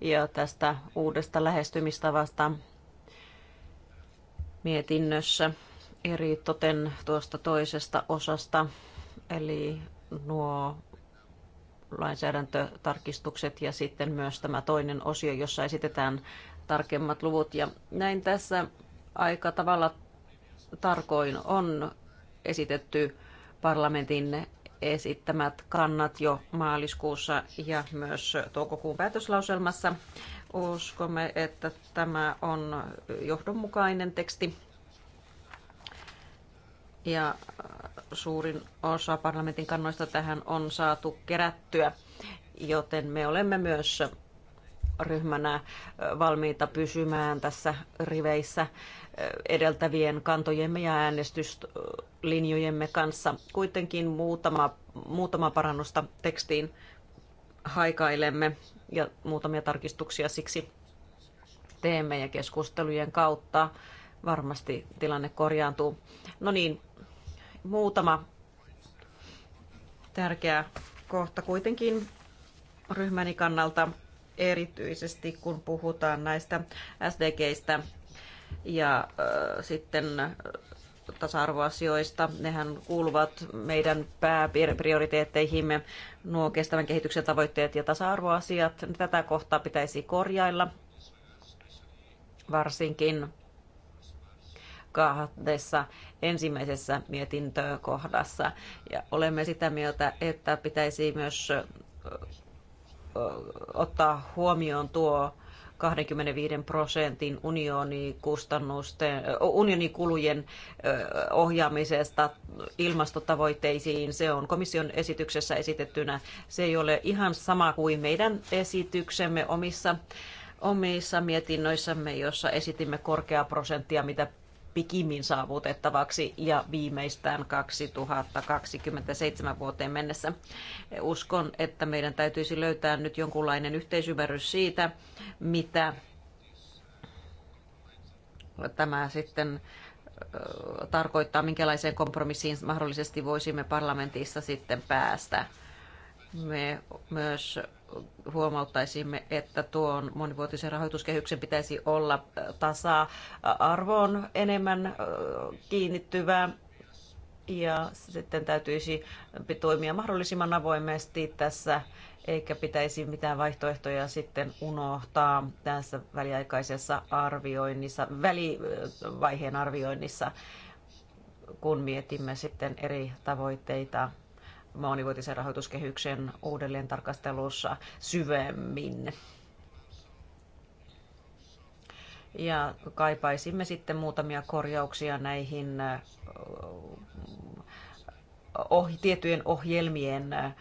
ja tästä uudesta lähestymistavasta mietinnössä eri toten tuosta toisesta osasta, eli nuo lainsäädäntötarkistukset ja sitten myös tämä toinen osio, jossa esitetään tarkemmat luvut. Ja näin tässä aika tavalla tarkoin on esitetty parlamentin esittämät kannat jo maaliskuussa ja myös toukokuun päätöslauselmassa. Uskomme, että tämä on johdonmukainen teksti ja äh, suurin osa parlamentin kannoista tähän on saatu kerättyä, joten me olemme myös ryhmänä äh, valmiita pysymään tässä riveissä äh, edeltävien kantojemme ja äänestyslinjojemme kanssa. Kuitenkin muutama, muutama parannusta tekstiin haikailemme ja muutamia tarkistuksia siksi teemme ja keskustelujen kautta varmasti tilanne korjaantuu. No niin, Muutama tärkeä kohta kuitenkin ryhmäni kannalta erityisesti, kun puhutaan näistä SDGistä ja äh, sitten tasa-arvoasioista. Nehän kuuluvat meidän pääprioriteetteihimme nuo kestävän kehityksen tavoitteet ja tasa-arvoasiat. Tätä kohtaa pitäisi korjailla varsinkin kahdessa ensimmäisessä mietintökohdassa. Ja olemme sitä mieltä, että pitäisi myös ottaa huomioon tuo 25 prosentin unionikustannusten, unionikulujen ohjaamisesta ilmastotavoitteisiin. Se on komission esityksessä esitettynä. Se ei ole ihan sama kuin meidän esityksemme omissa omissa mietinnöissämme, jossa esitimme korkeaa prosenttia, mitä pikimmin saavutettavaksi ja viimeistään 2027 vuoteen mennessä. Uskon, että meidän täytyisi löytää nyt jonkunlainen yhteisymmärrys siitä, mitä tämä sitten tarkoittaa, minkälaiseen kompromissiin mahdollisesti voisimme parlamentissa sitten päästä. Me myös huomauttaisimme, että tuon monivuotisen rahoituskehyksen pitäisi olla tasa-arvoon enemmän kiinnittyvää ja sitten täytyisi toimia mahdollisimman avoimesti tässä, eikä pitäisi mitään vaihtoehtoja sitten unohtaa tässä väliaikaisessa arvioinnissa, välivaiheen arvioinnissa, kun mietimme sitten eri tavoitteita monivuotisen rahoituskehyksen uudelleen tarkastelussa syvemmin. Ja kaipaisimme sitten muutamia korjauksia näihin oh, tiettyjen ohjelmien eh,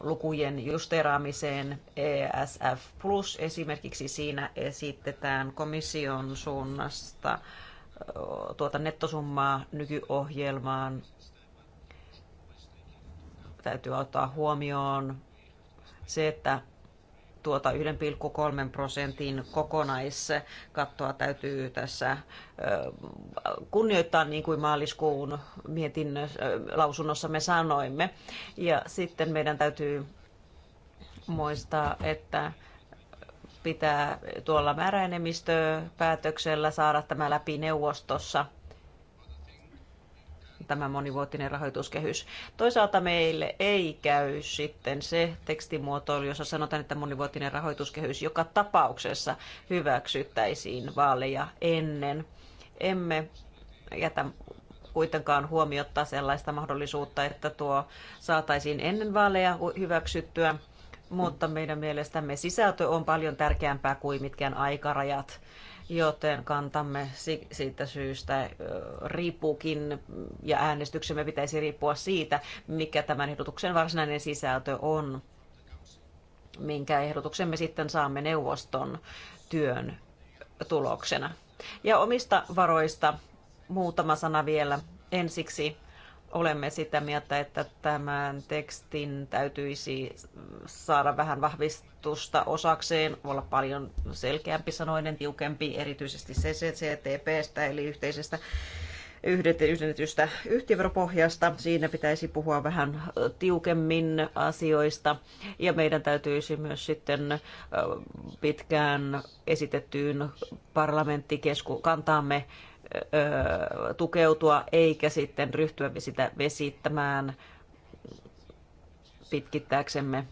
lukujen justeraamiseen ESF Plus esimerkiksi siinä esitetään komission suunnasta eh, tuota nettosummaa nykyohjelmaan täytyy ottaa huomioon se, että tuota 1,3 prosentin kokonaiskattoa täytyy tässä kunnioittaa, niin kuin maaliskuun mietinnössä, lausunnossa me sanoimme. Ja sitten meidän täytyy muistaa, että pitää tuolla määräenemmistöpäätöksellä saada tämä läpi neuvostossa tämä monivuotinen rahoituskehys. Toisaalta meille ei käy sitten se tekstimuotoilu, jossa sanotaan, että monivuotinen rahoituskehys joka tapauksessa hyväksyttäisiin vaaleja ennen. Emme jätä kuitenkaan huomiota sellaista mahdollisuutta, että tuo saataisiin ennen vaaleja hyväksyttyä, mutta meidän mielestämme sisältö on paljon tärkeämpää kuin mitkään aikarajat joten kantamme siitä syystä riippuukin, ja äänestyksemme pitäisi riippua siitä, mikä tämän ehdotuksen varsinainen sisältö on, minkä ehdotuksemme sitten saamme neuvoston työn tuloksena. Ja omista varoista muutama sana vielä ensiksi olemme sitä mieltä, että tämän tekstin täytyisi saada vähän vahvistusta osakseen, olla paljon selkeämpi sanoinen, tiukempi, erityisesti CCCTPstä eli yhteisestä yhdennetystä yhtiöveropohjasta. Siinä pitäisi puhua vähän tiukemmin asioista ja meidän täytyisi myös sitten pitkään esitettyyn parlamenttikantaamme tukeutua eikä sitten ryhtyä sitä vesittämään pitkittääksemme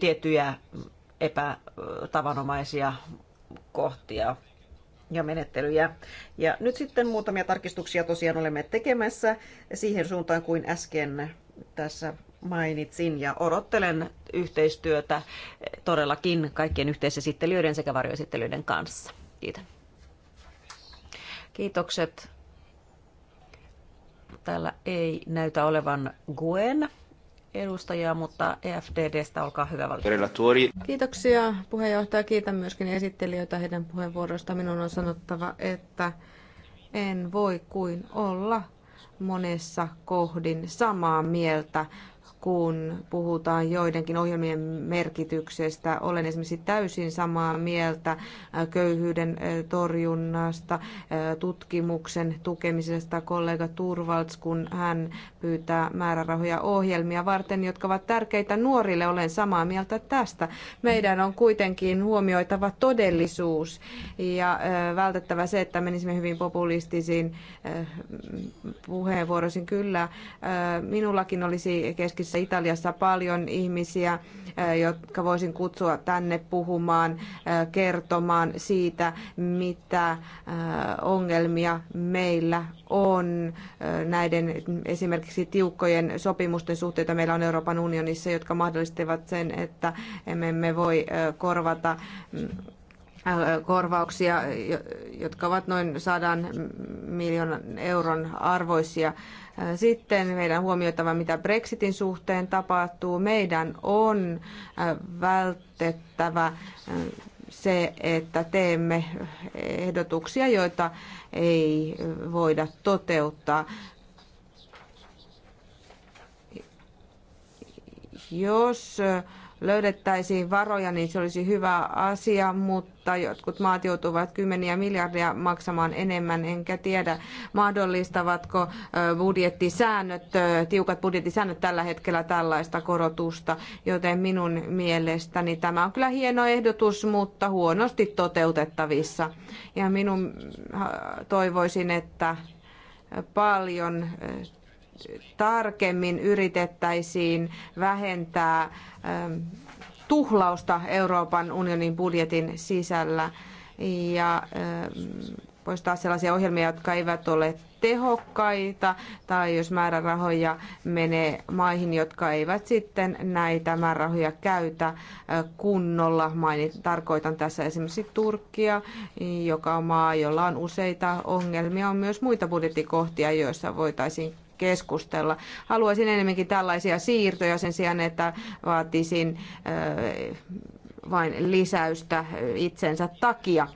tiettyjä epätavanomaisia kohtia ja menettelyjä. Ja nyt sitten muutamia tarkistuksia tosiaan olemme tekemässä siihen suuntaan kuin äsken tässä mainitsin ja odottelen yhteistyötä todellakin kaikkien yhteisesittelijöiden sekä varjoesittelijöiden kanssa. Kiitän. Kiitokset. Täällä ei näytä olevan Gwen edustajaa, mutta EFDDstä olkaa hyvä valitettava. Kiitoksia puheenjohtaja. Kiitän myöskin esittelijöitä heidän puheenvuoroista. Minun on sanottava, että en voi kuin olla monessa kohdin samaa mieltä kun puhutaan joidenkin ohjelmien merkityksestä. Olen esimerkiksi täysin samaa mieltä äh, köyhyyden äh, torjunnasta, äh, tutkimuksen tukemisesta kollega Turvalts, kun hän pyytää määrärahoja ohjelmia varten, jotka ovat tärkeitä nuorille. Olen samaa mieltä tästä. Meidän on kuitenkin huomioitava todellisuus ja vältettävä se, että menisimme hyvin populistisiin puheenvuoroisiin. Kyllä, minullakin olisi keski Turskissa, Italiassa paljon ihmisiä, jotka voisin kutsua tänne puhumaan, kertomaan siitä, mitä ongelmia meillä on näiden esimerkiksi tiukkojen sopimusten suhteen, meillä on Euroopan unionissa, jotka mahdollistavat sen, että emme voi korvata korvauksia, jotka ovat noin 100 miljoonan euron arvoisia. Äh, sitten meidän huomioitava, mitä Brexitin suhteen tapahtuu. Meidän on äh, vältettävä äh, se, että teemme ehdotuksia, joita ei voida toteuttaa. Jos äh, löydettäisiin varoja, niin se olisi hyvä asia, mutta jotkut maat joutuvat kymmeniä miljardia maksamaan enemmän, enkä tiedä mahdollistavatko budjettisäännöt, tiukat budjettisäännöt tällä hetkellä tällaista korotusta, joten minun mielestäni tämä on kyllä hieno ehdotus, mutta huonosti toteutettavissa. Ja minun toivoisin, että paljon tarkemmin yritettäisiin vähentää ähm, tuhlausta Euroopan unionin budjetin sisällä ja ähm, poistaa sellaisia ohjelmia, jotka eivät ole tehokkaita, tai jos määrärahoja menee maihin, jotka eivät sitten näitä määrärahoja käytä äh, kunnolla. Mainit, tarkoitan tässä esimerkiksi Turkkia, joka on maa, jolla on useita ongelmia. On myös muita budjettikohtia, joissa voitaisiin keskustella. Haluaisin enemmänkin tällaisia siirtoja sen sijaan, että vaatisin äh, vain lisäystä itsensä takia.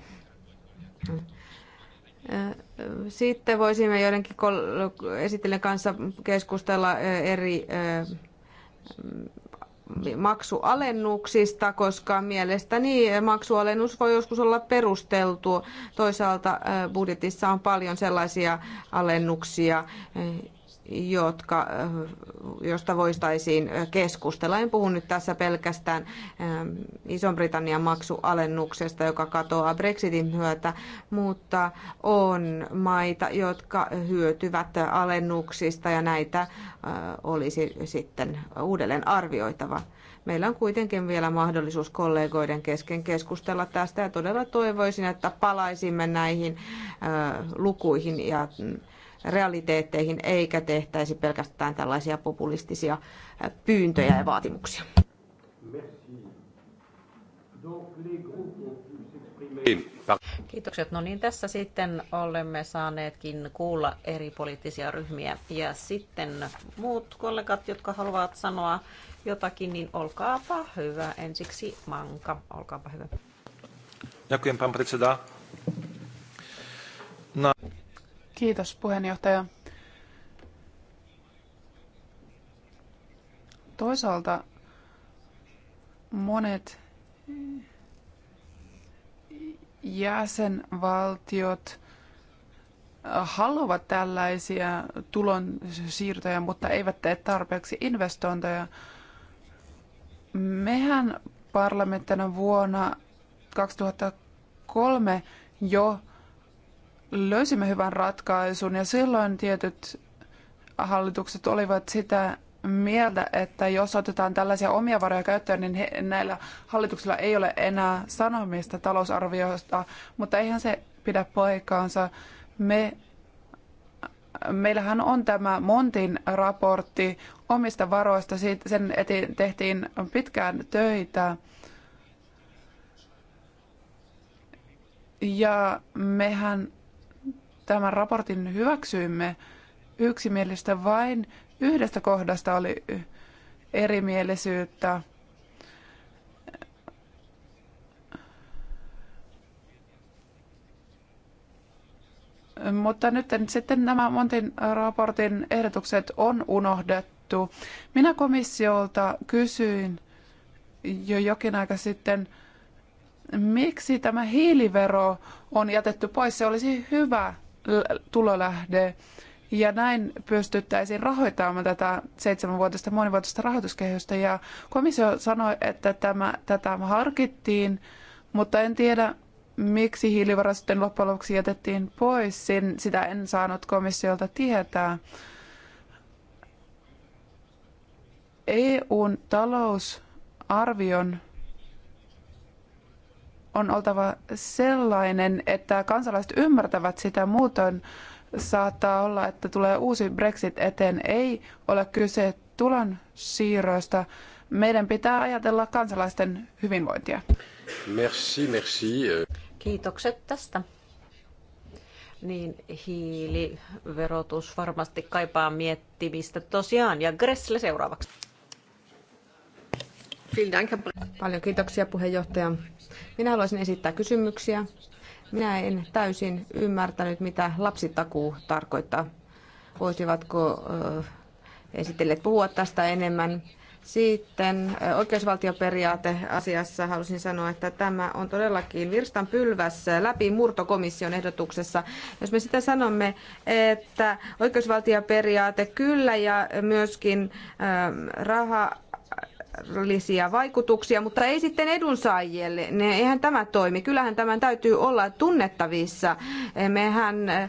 Äh, sitten voisimme joidenkin esittelijän kanssa keskustella äh, eri maksualennuksista, koska mielestäni maksualennus voi joskus olla perusteltu. Toisaalta budjetissa on paljon sellaisia alennuksia, jotka, eh, josta voistaisiin keskustella. En puhu nyt tässä pelkästään eh, iso britannian maksualennuksesta, joka katoaa Brexitin myötä, mutta on maita, jotka hyötyvät alennuksista ja näitä eh, olisi sitten uudelleen arvioitava. Meillä on kuitenkin vielä mahdollisuus kollegoiden kesken keskustella tästä ja todella toivoisin, että palaisimme näihin lukuihin ja mm, realiteetteihin eikä tehtäisi pelkästään tällaisia populistisia pyyntöjä ja vaatimuksia. Kiitokset. No niin, tässä sitten olemme saaneetkin kuulla eri poliittisia ryhmiä. Ja sitten muut kollegat, jotka haluavat sanoa jotakin, niin olkaapa hyvä. Ensiksi Manka, olkaapa hyvä. Jakujem, pan No. Kiitos puheenjohtaja. Toisaalta monet jäsenvaltiot haluavat tällaisia tulonsiirtoja, mutta eivät tee tarpeeksi investointeja. Mehän parlamenttina vuonna 2003 jo löysimme hyvän ratkaisun ja silloin tietyt hallitukset olivat sitä mieltä, että jos otetaan tällaisia omia varoja käyttöön, niin he, näillä hallituksilla ei ole enää sanomista talousarviosta, mutta eihän se pidä paikkaansa. Me, meillähän on tämä Montin raportti omista varoista, sen eteen tehtiin pitkään töitä. Ja mehän tämän raportin hyväksyimme yksimielistä, vain yhdestä kohdasta oli erimielisyyttä. Mutta nyt sitten nämä Montin raportin ehdotukset on unohdettu. Minä komissiolta kysyin jo jokin aika sitten, miksi tämä hiilivero on jätetty pois. Se olisi hyvä tulolähde. Ja näin pystyttäisiin rahoittamaan tätä seitsemänvuotista monivuotista rahoituskehystä. Ja komissio sanoi, että tämä, tätä harkittiin, mutta en tiedä, miksi hiilivara sitten loppujen lopuksi jätettiin pois. Sin, sitä en saanut komissiolta tietää. EUn talousarvion on oltava sellainen, että kansalaiset ymmärtävät sitä muutoin. Saattaa olla, että tulee uusi Brexit eteen. Ei ole kyse tulon siirroista. Meidän pitää ajatella kansalaisten hyvinvointia. Merci, merci. Kiitokset tästä. Niin, hiiliverotus varmasti kaipaa miettimistä tosiaan. Ja Gressle seuraavaksi. Paljon kiitoksia puheenjohtaja. Minä haluaisin esittää kysymyksiä. Minä en täysin ymmärtänyt, mitä lapsitakuu tarkoittaa. Voisivatko esitelleet puhua tästä enemmän? Sitten oikeusvaltioperiaate asiassa halusin sanoa, että tämä on todellakin virstan pylvässä läpi murtokomission ehdotuksessa. Jos me sitä sanomme, että oikeusvaltioperiaate kyllä ja myöskin raha haitallisia vaikutuksia, mutta ei sitten edunsaajille. Ne, eihän tämä toimi. Kyllähän tämän täytyy olla tunnettavissa. Mehän eh,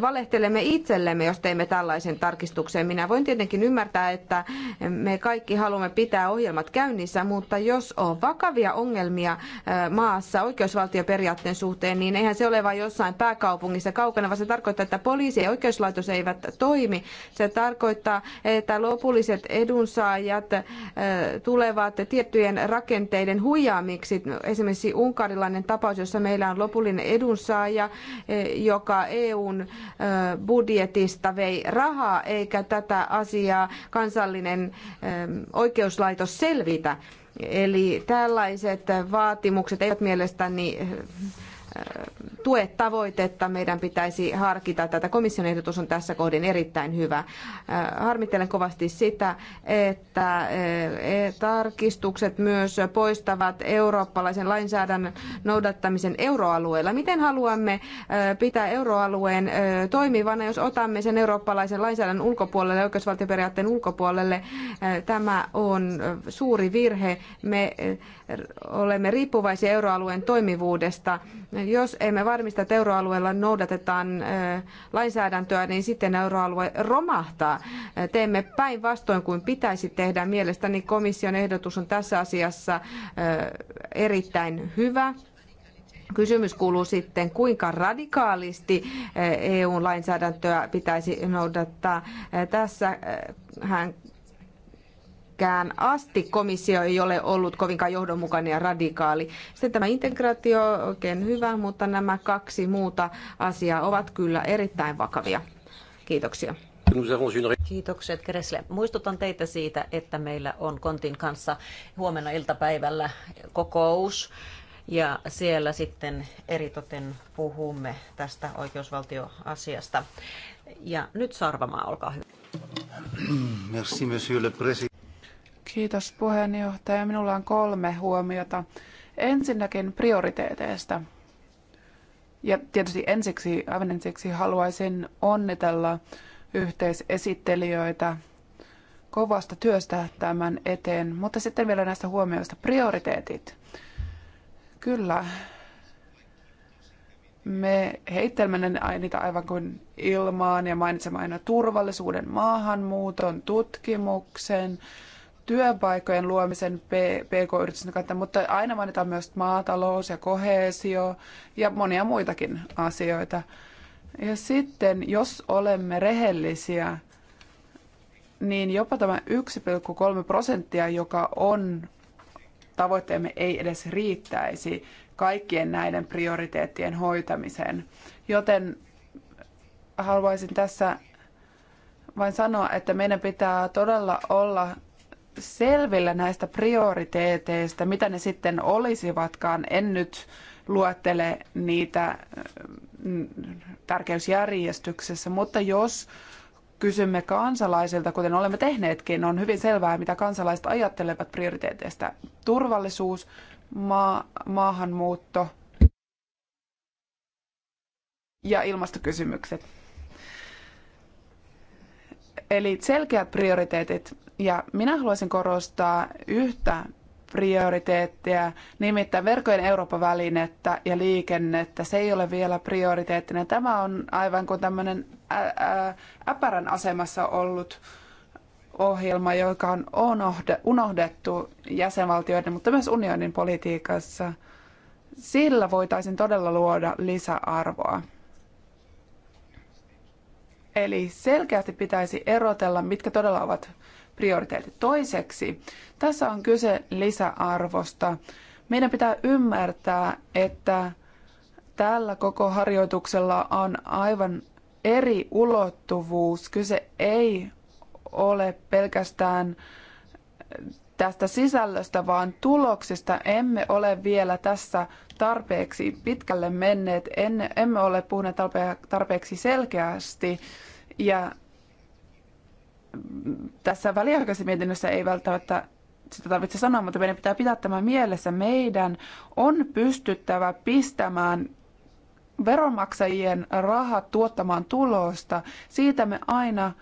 valehtelemme itsellemme, jos teemme tällaisen tarkistuksen. Minä voin tietenkin ymmärtää, että me kaikki haluamme pitää ohjelmat käynnissä, mutta jos on vakavia ongelmia eh, maassa oikeusvaltioperiaatteen suhteen, niin eihän se ole vain jossain pääkaupungissa kaukana, vaan se tarkoittaa, että poliisi ja oikeuslaitos eivät toimi. Se tarkoittaa, että lopulliset edunsaajat eh, tulevat tiettyjen rakenteiden huijaamiksi. Esimerkiksi unkarilainen tapaus, jossa meillä on lopullinen edunsaaja, eh, joka EUn eh, budjetista vei rahaa, eikä tätä asiaa kansallinen eh, oikeuslaitos selvitä. Eli tällaiset vaatimukset eivät mielestäni tue tavoitetta. Meidän pitäisi harkita tätä. Komission ehdotus on tässä kohdin erittäin hyvä. Äh, harmittelen kovasti sitä, että äh, e, tarkistukset myös poistavat eurooppalaisen lainsäädännön noudattamisen euroalueella. Miten haluamme äh, pitää euroalueen toimivana, jos otamme sen eurooppalaisen lainsäädännön ulkopuolelle, oikeusvaltioperiaatteen ulkopuolelle? Tämä on suuri virhe. Me olemme riippuvaisia euroalueen toimivuudesta jos emme varmista, että euroalueella noudatetaan lainsäädäntöä, niin sitten euroalue romahtaa. Teemme päinvastoin kuin pitäisi tehdä. Mielestäni komission ehdotus on tässä asiassa erittäin hyvä. Kysymys kuuluu sitten, kuinka radikaalisti eu lainsäädäntöä pitäisi noudattaa. Tässä hän pitkään asti komissio ei ole ollut kovinkaan johdonmukainen ja radikaali. Sitten tämä integraatio oikein hyvä, mutta nämä kaksi muuta asiaa ovat kyllä erittäin vakavia. Kiitoksia. Kiitokset Kresle. Muistutan teitä siitä, että meillä on Kontin kanssa huomenna iltapäivällä kokous. Ja siellä sitten eritoten puhumme tästä oikeusvaltioasiasta. Ja nyt Sarvamaa, olkaa hyvä. Merci, monsieur le président. Kiitos puheenjohtaja. Minulla on kolme huomiota. Ensinnäkin prioriteeteista. Ja tietysti ensiksi, aivan ensiksi haluaisin onnitella yhteisesittelijöitä kovasta työstä tämän eteen. Mutta sitten vielä näistä huomioista. Prioriteetit. Kyllä. Me heittelemme niitä aivan kuin ilmaan ja mainitsemme aina turvallisuuden, maahanmuuton, tutkimuksen, työpaikojen luomisen PK-yritysten kautta, mutta aina mainitaan myös maatalous ja kohesio ja monia muitakin asioita. Ja sitten, jos olemme rehellisiä, niin jopa tämä 1,3 prosenttia, joka on tavoitteemme, ei edes riittäisi kaikkien näiden prioriteettien hoitamiseen. Joten haluaisin tässä vain sanoa, että meidän pitää todella olla selvillä näistä prioriteeteista, mitä ne sitten olisivatkaan. En nyt luettele niitä mm, tärkeysjärjestyksessä, mutta jos kysymme kansalaisilta, kuten olemme tehneetkin, on hyvin selvää, mitä kansalaiset ajattelevat prioriteeteista. Turvallisuus, maahanmuutto ja ilmastokysymykset. Eli selkeät prioriteetit ja minä haluaisin korostaa yhtä prioriteettia, nimittäin verkkojen Eurooppa-välinettä ja liikennettä. Se ei ole vielä prioriteettina. Tämä on aivan kuin tämmöinen äpärän asemassa ollut ohjelma, joka on unohdettu jäsenvaltioiden, mutta myös unionin politiikassa. Sillä voitaisiin todella luoda lisäarvoa. Eli selkeästi pitäisi erotella, mitkä todella ovat prioriteetit. Toiseksi, tässä on kyse lisäarvosta. Meidän pitää ymmärtää, että tällä koko harjoituksella on aivan eri ulottuvuus. Kyse ei ole pelkästään tästä sisällöstä, vaan tuloksista emme ole vielä tässä tarpeeksi pitkälle menneet, en, emme ole puhuneet tarpeeksi selkeästi. Ja tässä väliaikaisessa mietinnössä ei välttämättä sitä tarvitse sanoa, mutta meidän pitää pitää tämä mielessä. Meidän on pystyttävä pistämään veronmaksajien rahat tuottamaan tulosta. Siitä me aina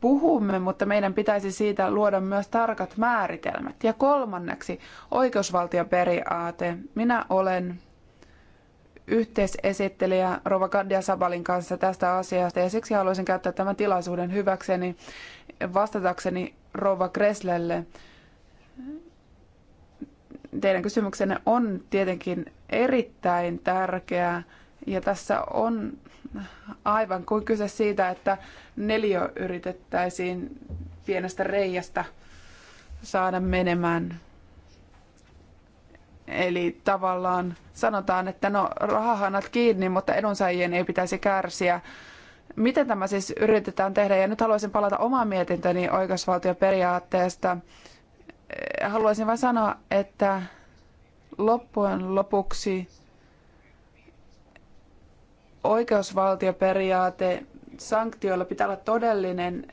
puhumme, mutta meidän pitäisi siitä luoda myös tarkat määritelmät. Ja kolmanneksi oikeusvaltioperiaate. Minä olen yhteisesittelijä Rova Kadia Sabalin kanssa tästä asiasta ja siksi haluaisin käyttää tämän tilaisuuden hyväkseni vastatakseni Rova Kreslelle. Teidän kysymyksenne on tietenkin erittäin tärkeä ja tässä on aivan kuin kyse siitä, että neliö yritettäisiin pienestä reiästä saada menemään Eli tavallaan sanotaan, että no rahahanat kiinni, mutta edunsaajien ei pitäisi kärsiä. Miten tämä siis yritetään tehdä? Ja nyt haluaisin palata omaan mietintöni oikeusvaltioperiaatteesta. Eh, haluaisin vain sanoa, että loppujen lopuksi oikeusvaltioperiaate sanktioilla pitää olla todellinen,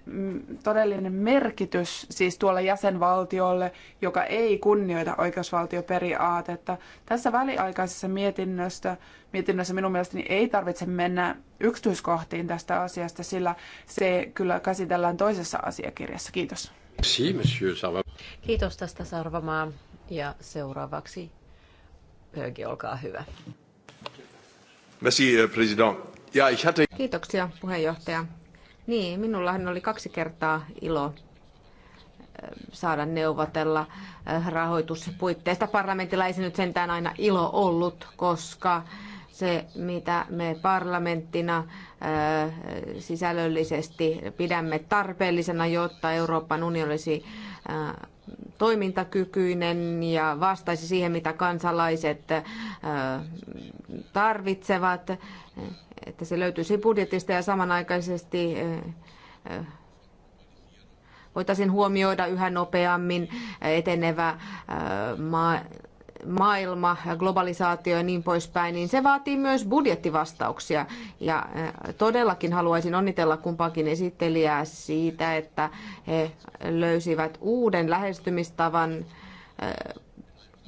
todellinen merkitys siis tuolle jäsenvaltiolle, joka ei kunnioita oikeusvaltioperiaatetta. Tässä väliaikaisessa mietinnössä, mietinnössä minun mielestäni ei tarvitse mennä yksityiskohtiin tästä asiasta, sillä se kyllä käsitellään toisessa asiakirjassa. Kiitos. Kiitos tästä Sarvamaa. Ja seuraavaksi Högi, olkaa hyvä. Merci, euh, president. Ja, ich hatte... Kiitoksia puheenjohtaja. Niin, minullahan oli kaksi kertaa ilo äh, saada neuvotella äh, rahoituspuitteista. Parlamentilla ei se nyt sentään aina ilo ollut, koska se, mitä me parlamenttina äh, sisällöllisesti pidämme tarpeellisena, jotta Euroopan unioni olisi toimintakykyinen ja vastaisi siihen, mitä kansalaiset tarvitsevat, että se löytyisi budjetista ja samanaikaisesti eh, eh, voitaisiin huomioida yhä nopeammin etenevä eh, maailma, globalisaatio ja niin poispäin, niin se vaatii myös budjettivastauksia. Ja todellakin haluaisin onnitella kumpaakin esittelijää siitä, että he löysivät uuden lähestymistavan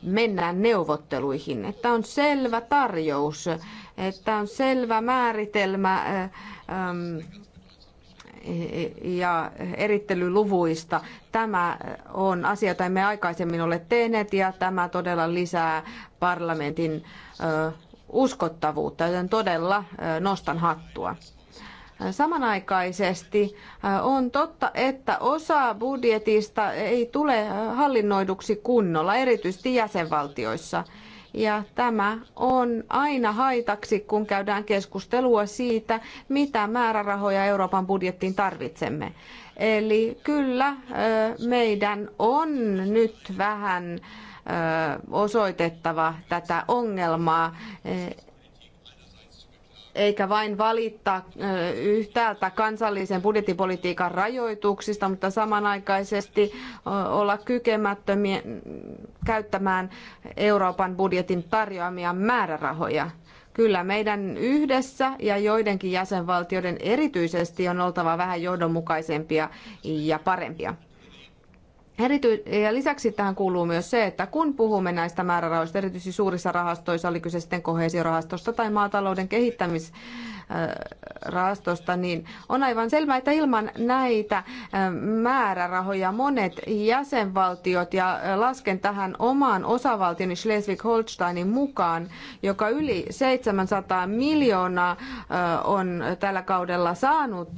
mennään neuvotteluihin, että on selvä tarjous että on selvä määritelmä ja erittelyluvuista. Tämä on asia, jota emme aikaisemmin ole tehneet ja tämä todella lisää parlamentin uskottavuutta, joten todella nostan hattua. Samanaikaisesti on totta, että osa budjetista ei tule hallinnoiduksi kunnolla, erityisesti jäsenvaltioissa. Ja tämä on aina haitaksi, kun käydään keskustelua siitä, mitä määrärahoja Euroopan budjettiin tarvitsemme. Eli kyllä meidän on nyt vähän osoitettava tätä ongelmaa eikä vain valittaa yhtäältä kansallisen budjettipolitiikan rajoituksista, mutta samanaikaisesti olla kykemättömiä käyttämään Euroopan budjetin tarjoamia määrärahoja. Kyllä meidän yhdessä ja joidenkin jäsenvaltioiden erityisesti on oltava vähän johdonmukaisempia ja parempia. Erity- ja lisäksi tähän kuuluu myös se, että kun puhumme näistä määrärahoista, erityisesti suurissa rahastoissa, oli kyse sitten kohesiorahastosta tai maatalouden kehittämis äh, rahastosta, niin on aivan selvää, että ilman näitä äh, määrärahoja monet jäsenvaltiot, ja äh, lasken tähän omaan osavaltioni Schleswig-Holsteinin mukaan, joka yli 700 miljoonaa on tällä kaudella saanut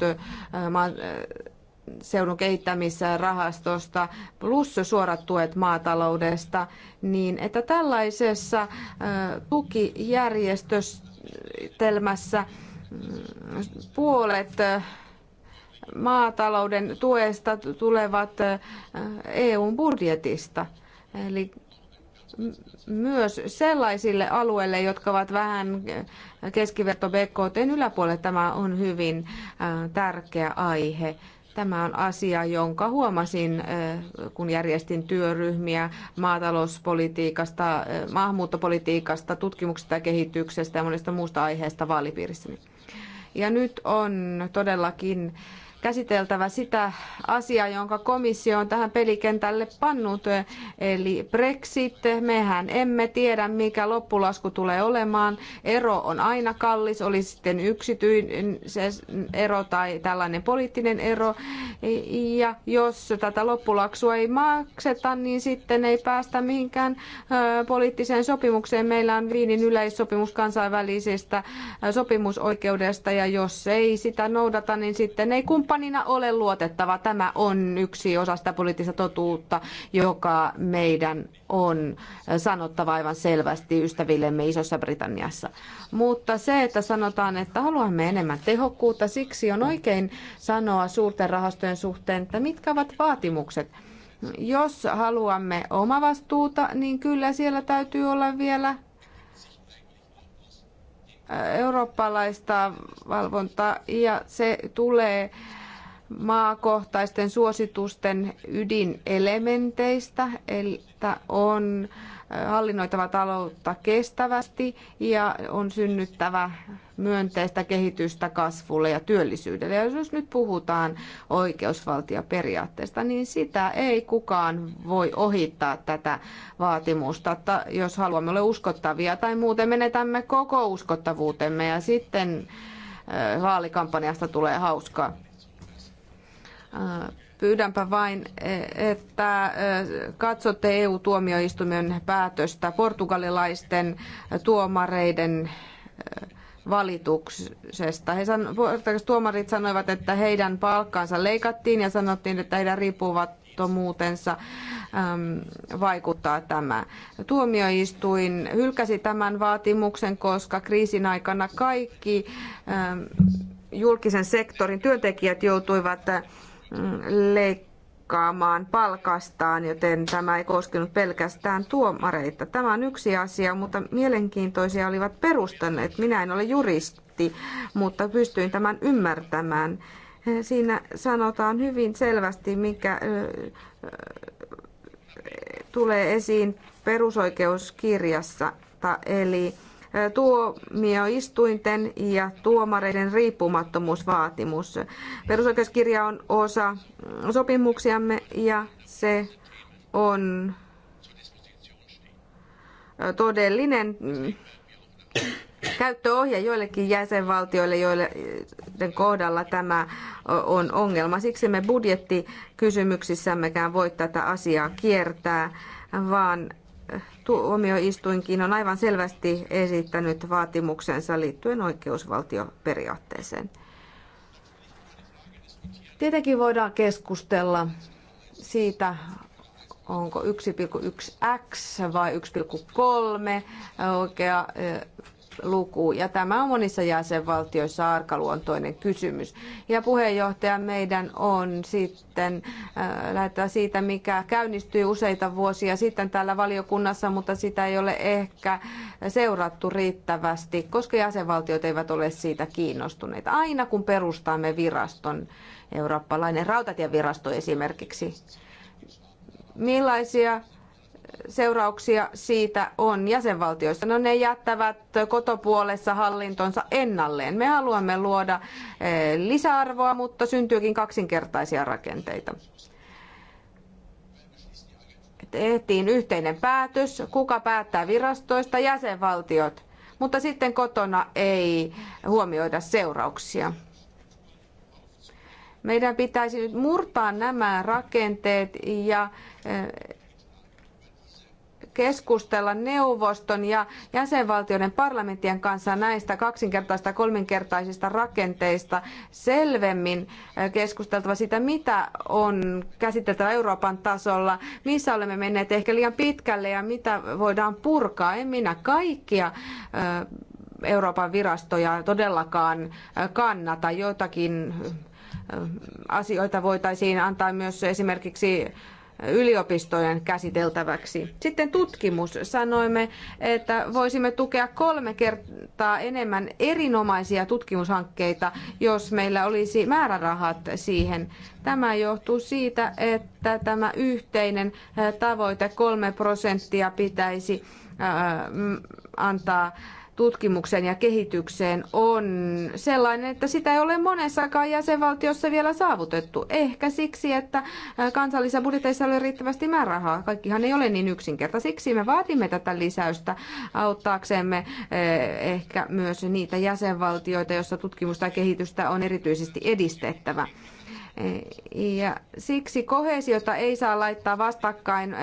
seudun kehittämisrahastosta plus suorat tuet maataloudesta, niin että tällaisessa tukijärjestelmässä puolet maatalouden tuesta tulevat EUn budjetista. Eli myös sellaisille alueille, jotka ovat vähän keskiverto BKT yläpuolelle, tämä on hyvin tärkeä aihe. Tämä on asia, jonka huomasin, kun järjestin työryhmiä maatalouspolitiikasta, maahanmuuttopolitiikasta, tutkimuksesta ja kehityksestä ja monesta muusta aiheesta vaalipiirissäni. Ja nyt on todellakin käsiteltävä sitä asiaa, jonka komissio on tähän pelikentälle pannut, eli Brexit. Mehän emme tiedä, mikä loppulasku tulee olemaan. Ero on aina kallis, oli sitten yksityinen ero tai tällainen poliittinen ero. Ja jos tätä loppulaksua ei makseta, niin sitten ei päästä mihinkään poliittiseen sopimukseen. Meillä on Viinin yleissopimus kansainvälisestä sopimusoikeudesta, ja jos ei sitä noudata, niin sitten ei kumpi kumppanina ole luotettava. Tämä on yksi osa sitä poliittista totuutta, joka meidän on sanottava aivan selvästi ystävillemme Isossa Britanniassa. Mutta se, että sanotaan, että haluamme enemmän tehokkuutta, siksi on oikein sanoa suurten rahastojen suhteen, että mitkä ovat vaatimukset. Jos haluamme omavastuuta, niin kyllä siellä täytyy olla vielä eurooppalaista valvontaa ja se tulee maakohtaisten suositusten ydinelementeistä, eli on hallinnoitava taloutta kestävästi ja on synnyttävä myönteistä kehitystä kasvulle ja työllisyydelle. Ja jos nyt puhutaan oikeusvaltioperiaatteesta, niin sitä ei kukaan voi ohittaa tätä vaatimusta, että jos haluamme olla uskottavia tai muuten menetämme koko uskottavuutemme ja sitten vaalikampanjasta tulee hauskaa. Pyydänpä vain, että katsotte EU-tuomioistuimen päätöstä portugalilaisten tuomareiden valituksesta. He san, tuomarit sanoivat, että heidän palkkaansa leikattiin ja sanottiin, että heidän riippuvattomuutensa äm, vaikuttaa tämä. Tuomioistuin hylkäsi tämän vaatimuksen, koska kriisin aikana kaikki äm, julkisen sektorin työntekijät joutuivat Mm, leikkaamaan palkastaan, joten tämä ei koskenut pelkästään tuomareita. Tämä on yksi asia, mutta mielenkiintoisia olivat perustaneet. Minä en ole juristi, mutta pystyin tämän ymmärtämään. Siinä sanotaan hyvin selvästi, mikä tulee esiin perusoikeuskirjassa, eli tuomioistuinten ja tuomareiden riippumattomuusvaatimus. Perusoikeuskirja on osa sopimuksiamme ja se on todellinen mm, käyttöohje joillekin jäsenvaltioille, joiden kohdalla tämä on ongelma. Siksi me budjettikysymyksissämmekään voi tätä asiaa kiertää, vaan tuomioistuinkin on aivan selvästi esittänyt vaatimuksensa liittyen oikeusvaltioperiaatteeseen. Tietenkin voidaan keskustella siitä, onko 1,1x vai 1,3 oikea luku. Ja tämä on monissa jäsenvaltioissa arkaluontoinen kysymys. Ja puheenjohtaja meidän on sitten äh, siitä, mikä käynnistyi useita vuosia sitten täällä valiokunnassa, mutta sitä ei ole ehkä seurattu riittävästi, koska jäsenvaltiot eivät ole siitä kiinnostuneita. Aina kun perustamme viraston, eurooppalainen rautatievirasto esimerkiksi, millaisia seurauksia siitä on jäsenvaltioissa. No ne jättävät kotopuolessa hallintonsa ennalleen. Me haluamme luoda eh, lisäarvoa, mutta syntyykin kaksinkertaisia rakenteita tehtiin yhteinen päätös, kuka päättää virastoista, jäsenvaltiot, mutta sitten kotona ei huomioida seurauksia. Meidän pitäisi nyt murtaa nämä rakenteet ja eh, keskustella neuvoston ja jäsenvaltioiden parlamenttien kanssa näistä kaksinkertaista kolminkertaisista rakenteista selvemmin eh, keskusteltava siitä, mitä on käsiteltävä Euroopan tasolla, missä olemme menneet ehkä liian pitkälle ja mitä voidaan purkaa. En minä kaikkia eh, Euroopan virastoja todellakaan eh, kannata. Joitakin asioita voitaisiin antaa myös esimerkiksi yliopistojen käsiteltäväksi. Sitten tutkimus. Sanoimme, että voisimme tukea kolme kertaa enemmän erinomaisia tutkimushankkeita, jos meillä olisi määrärahat siihen. Tämä johtuu siitä, että tämä yhteinen äh, tavoite kolme prosenttia pitäisi äh, antaa tutkimukseen ja kehitykseen on sellainen, että sitä ei ole monessakaan jäsenvaltiossa vielä saavutettu. Ehkä siksi, että kansallisissa budjeteissa ei ole riittävästi määrärahaa. Kaikkihan ei ole niin yksinkertaista. Siksi me vaatimme tätä lisäystä auttaaksemme ehkä myös niitä jäsenvaltioita, joissa tutkimusta ja kehitystä on erityisesti edistettävä. Ja siksi kohesiota ei saa laittaa vastakkain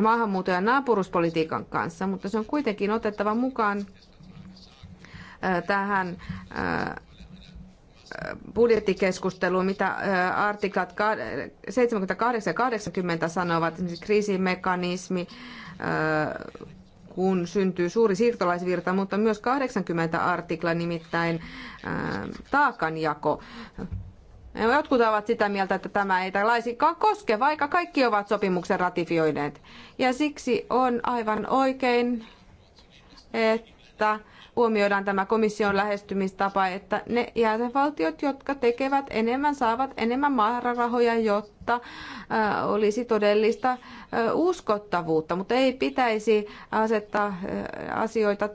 maahanmuutto- ja naapuruspolitiikan kanssa, mutta se on kuitenkin otettava mukaan tähän budjettikeskusteluun, mitä artiklat 78 ja 80 sanovat, niin esimerkiksi kriisimekanismi, kun syntyy suuri siirtolaisvirta, mutta myös 80 artikla, nimittäin taakanjako. Jotkut ovat sitä mieltä, että tämä ei laisinkaan koske, vaikka kaikki ovat sopimuksen ratifioineet. Ja siksi on aivan oikein, että huomioidaan tämä komission lähestymistapa, että ne jäsenvaltiot, jotka tekevät enemmän, saavat enemmän maarahoja, jotta äh, olisi todellista äh, uskottavuutta, mutta ei pitäisi asettaa äh, asioita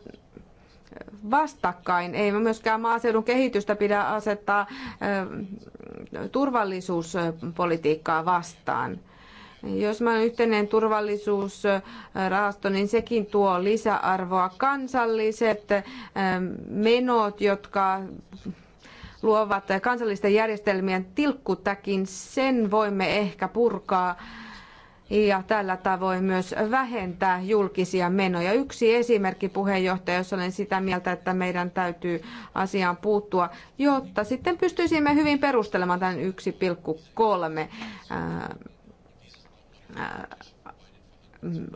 vastakkain. Ei myöskään maaseudun kehitystä pidä asettaa turvallisuuspolitiikkaa vastaan. Jos mä yhteinen turvallisuusrahasto, niin sekin tuo lisäarvoa. Kansalliset menot, jotka luovat kansallisten järjestelmien tilkkutäkin, sen voimme ehkä purkaa ja tällä tavoin myös vähentää julkisia menoja. Yksi esimerkki puheenjohtaja, jos olen sitä mieltä, että meidän täytyy asiaan puuttua, jotta sitten pystyisimme hyvin perustelemaan tämän 1,3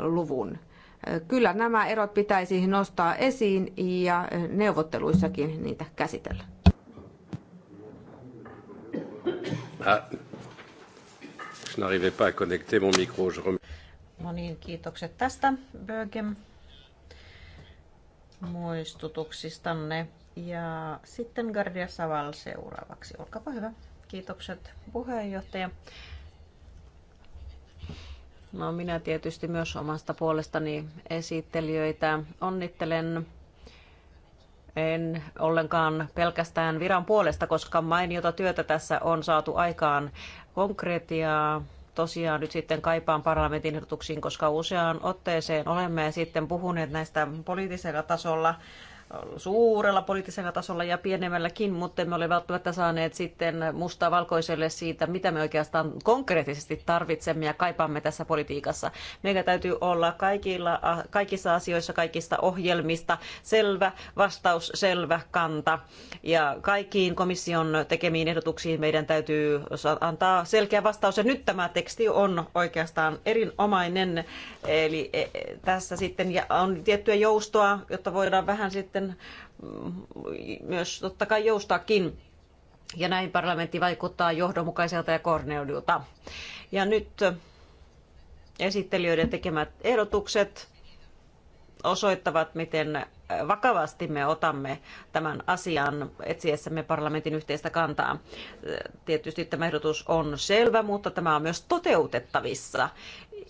luvun. Kyllä nämä erot pitäisi nostaa esiin ja neuvotteluissakin niitä käsitellä. Je n'arrivais pas à connecter mon micro. Je rem... No niin, kiitokset tästä, Bögem, muistutuksistanne. Ja sitten Gardia Saval seuraavaksi. Olkaapa hyvä. Kiitokset puheenjohtaja. No minä tietysti myös omasta puolestani esittelijöitä onnittelen. En ollenkaan pelkästään viran puolesta, koska mainiota työtä tässä on saatu aikaan konkretiaa tosiaan nyt sitten kaipaan parlamentin ehdotuksiin, koska useaan otteeseen olemme sitten puhuneet näistä poliittisella tasolla suurella poliittisella tasolla ja pienemmälläkin, mutta emme ole välttämättä saaneet sitten mustaa valkoiselle siitä, mitä me oikeastaan konkreettisesti tarvitsemme ja kaipaamme tässä politiikassa. Meidän täytyy olla kaikilla, kaikissa asioissa, kaikista ohjelmista selvä vastaus, selvä kanta. Ja kaikkiin komission tekemiin ehdotuksiin meidän täytyy antaa selkeä vastaus. Ja nyt tämä teksti on oikeastaan erinomainen. Eli e, e, tässä sitten on tiettyä joustoa, jotta voidaan vähän sitten sitten mm, myös totta kai joustaakin. Ja näin parlamentti vaikuttaa johdonmukaiselta ja korneudilta. Ja nyt esittelijöiden tekemät ehdotukset osoittavat, miten vakavasti me otamme tämän asian etsiessämme parlamentin yhteistä kantaa. Tietysti tämä ehdotus on selvä, mutta tämä on myös toteutettavissa.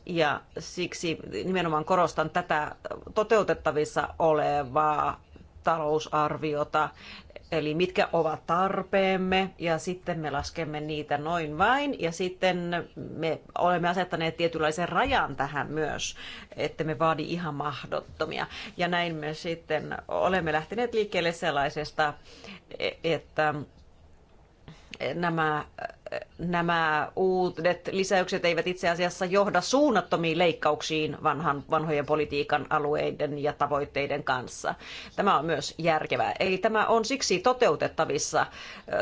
Ja siksi nimenomaan korostan tätä toteutettavissa olevaa talousarviota, eli mitkä ovat tarpeemme, ja sitten me laskemme niitä noin vain, ja sitten me olemme asettaneet tietynlaisen rajan tähän myös, että me vaadi ihan mahdottomia. Ja näin me sitten olemme lähteneet liikkeelle sellaisesta, e- että nämä, nämä uudet lisäykset eivät itse asiassa johda suunnattomiin leikkauksiin vanhan, vanhojen politiikan alueiden ja tavoitteiden kanssa. Tämä on myös järkevää. Eli tämä on siksi toteutettavissa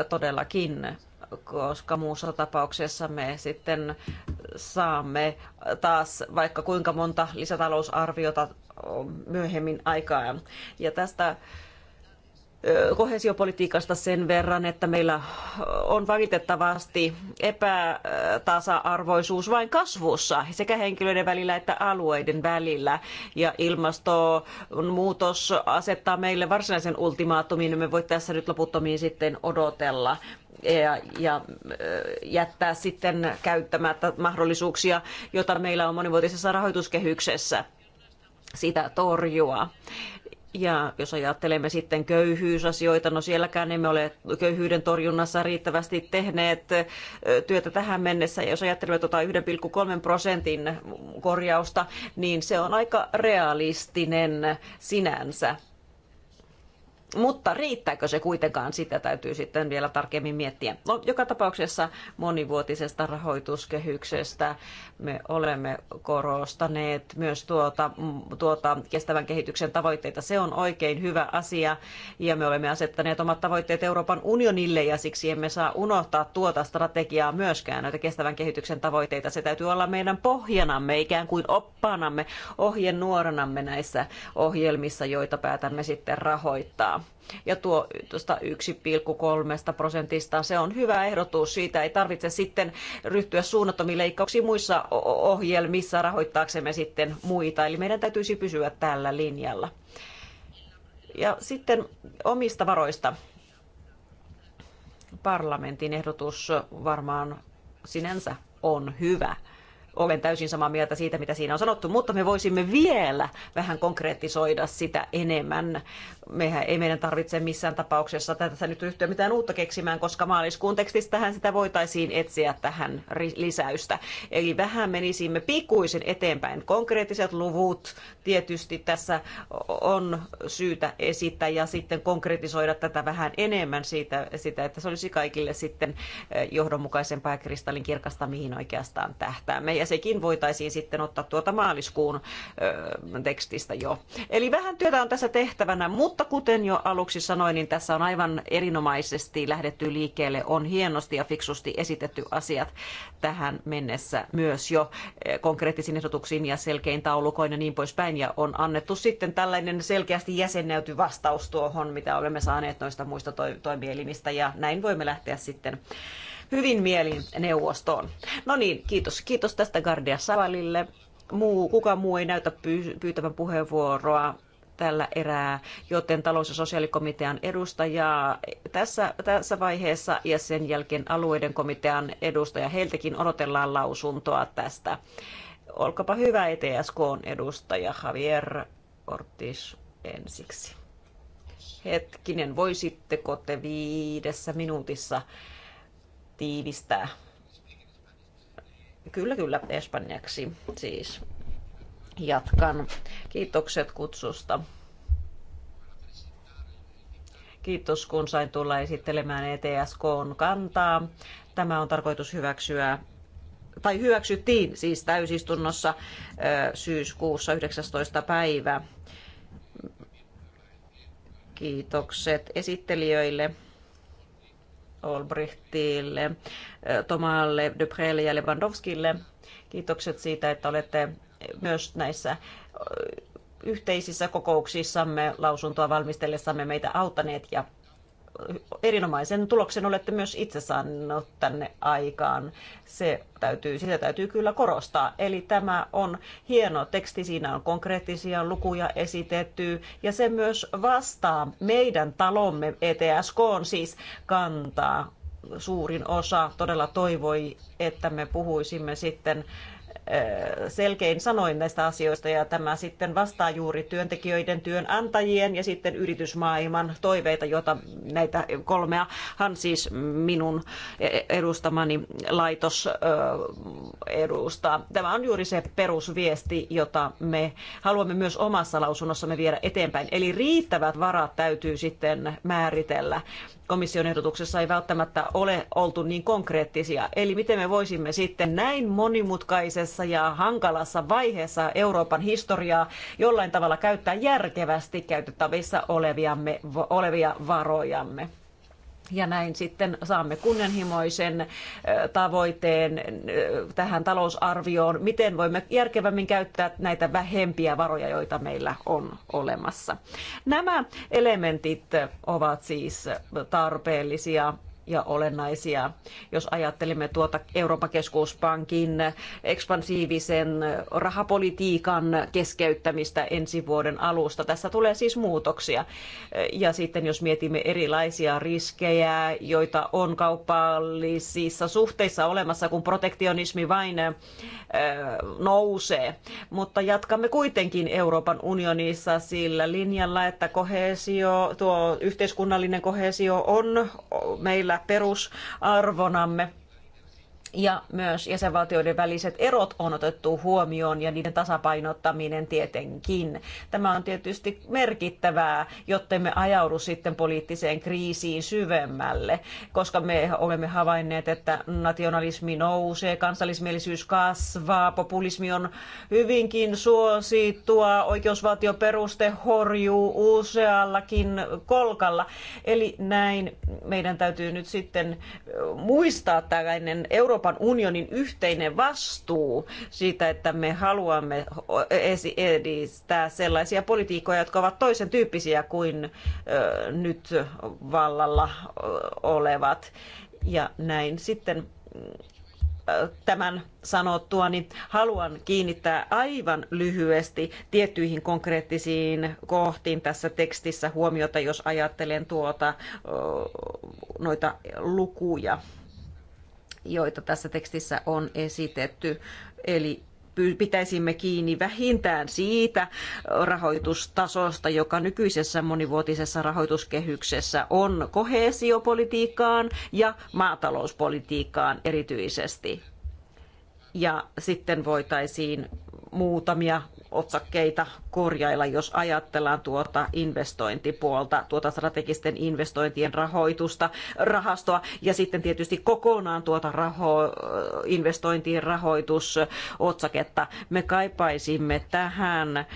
todellakin koska muussa tapauksessa me sitten saamme taas vaikka kuinka monta lisätalousarviota myöhemmin aikaan. Ja tästä kohesiopolitiikasta sen verran, että meillä on valitettavasti epätasa-arvoisuus vain kasvussa sekä henkilöiden välillä että alueiden välillä. Ja ilmastonmuutos asettaa meille varsinaisen ultimaatumin, me voi tässä nyt loputtomiin sitten odotella ja, ja jättää sitten käyttämättä mahdollisuuksia, joita meillä on monivuotisessa rahoituskehyksessä sitä torjua ja jos ajattelemme sitten köyhyysasioita, no sielläkään emme ole köyhyyden torjunnassa riittävästi tehneet työtä tähän mennessä. Ja jos ajattelemme tuota 1,3 prosentin korjausta, niin se on aika realistinen sinänsä mutta riittääkö se kuitenkaan, sitä täytyy sitten vielä tarkemmin miettiä. No, joka tapauksessa monivuotisesta rahoituskehyksestä me olemme korostaneet myös tuota, tuota kestävän kehityksen tavoitteita. Se on oikein hyvä asia ja me olemme asettaneet omat tavoitteet Euroopan unionille ja siksi emme saa unohtaa tuota strategiaa myöskään, näitä kestävän kehityksen tavoitteita. Se täytyy olla meidän pohjanamme, ikään kuin oppaanamme, ohjenuoranamme näissä ohjelmissa, joita päätämme sitten rahoittaa ja tuo tuosta 1,3 prosentista, se on hyvä ehdotus. Siitä ei tarvitse sitten ryhtyä suunnattomiin leikkauksiin muissa ohjelmissa rahoittaaksemme sitten muita. Eli meidän täytyisi pysyä tällä linjalla. Ja sitten omista varoista. Parlamentin ehdotus varmaan sinänsä on hyvä olen täysin samaa mieltä siitä, mitä siinä on sanottu, mutta me voisimme vielä vähän konkretisoida sitä enemmän. Mehän ei meidän tarvitse missään tapauksessa tässä nyt yhtyä mitään uutta keksimään, koska maaliskuun tekstistähän sitä voitaisiin etsiä tähän lisäystä. Eli vähän menisimme pikuisen eteenpäin. Konkreettiset luvut, tietysti tässä on syytä esittää ja sitten konkretisoida tätä vähän enemmän siitä, sitä, että se olisi kaikille sitten eh, johdonmukaisempaa ja kristallin kirkasta, mihin oikeastaan tähtäämme. Ja sekin voitaisiin sitten ottaa tuota maaliskuun ö, eh, tekstistä jo. Eli vähän työtä on tässä tehtävänä, mutta kuten jo aluksi sanoin, niin tässä on aivan erinomaisesti lähdetty liikkeelle. On hienosti ja fiksusti esitetty asiat tähän mennessä myös jo eh, konkreettisiin ehdotuksiin ja selkein taulukoin ja niin poispäin ja on annettu sitten tällainen selkeästi jäsennäyty vastaus tuohon, mitä olemme saaneet noista muista toimielimistä ja näin voimme lähteä sitten hyvin mielin neuvostoon. No niin, kiitos. Kiitos tästä Gardia Savalille. Muu, kuka muu ei näytä pyytävän puheenvuoroa tällä erää, joten talous- ja sosiaalikomitean edustajaa tässä, tässä vaiheessa ja sen jälkeen alueiden komitean edustaja. Heiltäkin odotellaan lausuntoa tästä Olkapa hyvä ETSKn edustaja Javier Ortiz ensiksi. Hetkinen, voisitteko te viidessä minuutissa tiivistää? Kyllä, kyllä, espanjaksi siis. Jatkan. Kiitokset kutsusta. Kiitos, kun sain tulla esittelemään etsk kantaa. Tämä on tarkoitus hyväksyä tai hyväksyttiin siis täysistunnossa syyskuussa 19. päivä. Kiitokset esittelijöille. Olbrichtille, Tomalle, Duprelle ja Lewandowskille. Kiitokset siitä, että olette myös näissä yhteisissä kokouksissamme lausuntoa valmistellessamme meitä auttaneet ja erinomaisen tuloksen olette myös itse saaneet tänne aikaan. Se täytyy, sitä täytyy kyllä korostaa. Eli tämä on hieno teksti, siinä on konkreettisia lukuja esitetty ja se myös vastaa meidän talomme ETSK on siis kantaa suurin osa todella toivoi, että me puhuisimme sitten selkein sanoin näistä asioista ja tämä sitten vastaa juuri työntekijöiden, työnantajien ja sitten yritysmaailman toiveita, joita näitä kolmea, hän siis minun e, e, edustamani laitos edustaa. Tämä on juuri se perusviesti, jota me haluamme myös omassa lausunnossamme viedä eteenpäin. Eli riittävät varat täytyy sitten määritellä komission ehdotuksessa ei välttämättä ole oltu niin konkreettisia. Eli miten me voisimme sitten näin monimutkaisessa ja hankalassa vaiheessa Euroopan historiaa jollain tavalla käyttää järkevästi käytettävissä oleviamme, olevia varojamme. Ja näin sitten saamme kunnianhimoisen tavoitteen tähän talousarvioon, miten voimme järkevämmin käyttää näitä vähempiä varoja, joita meillä on olemassa. Nämä elementit ovat siis tarpeellisia ja olennaisia. Jos ajattelemme tuota Euroopan keskuspankin ekspansiivisen rahapolitiikan keskeyttämistä ensi vuoden alusta, tässä tulee siis muutoksia. Ja sitten jos mietimme erilaisia riskejä, joita on kaupallisissa suhteissa olemassa, kun protektionismi vain nousee. Mutta jatkamme kuitenkin Euroopan unionissa sillä linjalla, että kohesio, tuo yhteiskunnallinen kohesio on meillä perusarvonamme ja myös jäsenvaltioiden väliset erot on otettu huomioon ja niiden tasapainottaminen tietenkin. Tämä on tietysti merkittävää, jotta me ajaudu sitten poliittiseen kriisiin syvemmälle, koska me olemme havainneet, että nationalismi nousee, kansallismielisyys kasvaa, populismi on hyvinkin suosittua, oikeusvaltioperuste horjuu useallakin kolkalla. Eli näin meidän täytyy nyt sitten muistaa tällainen Euroopan Euroopan unionin yhteinen vastuu siitä, että me haluamme edistää sellaisia politiikkoja, jotka ovat toisen tyyppisiä kuin nyt vallalla olevat. Ja näin sitten tämän sanottua, niin haluan kiinnittää aivan lyhyesti tiettyihin konkreettisiin kohtiin tässä tekstissä huomiota, jos ajattelen tuota, noita lukuja joita tässä tekstissä on esitetty. Eli pitäisimme kiinni vähintään siitä rahoitustasosta, joka nykyisessä monivuotisessa rahoituskehyksessä on koheesiopolitiikkaan ja maatalouspolitiikkaan erityisesti. Ja sitten voitaisiin muutamia otsakkeita korjailla, jos ajatellaan tuota investointipuolta, tuota strategisten investointien rahoitusta, rahastoa ja sitten tietysti kokonaan tuota raho, investointien rahoitusotsaketta. Me kaipaisimme tähän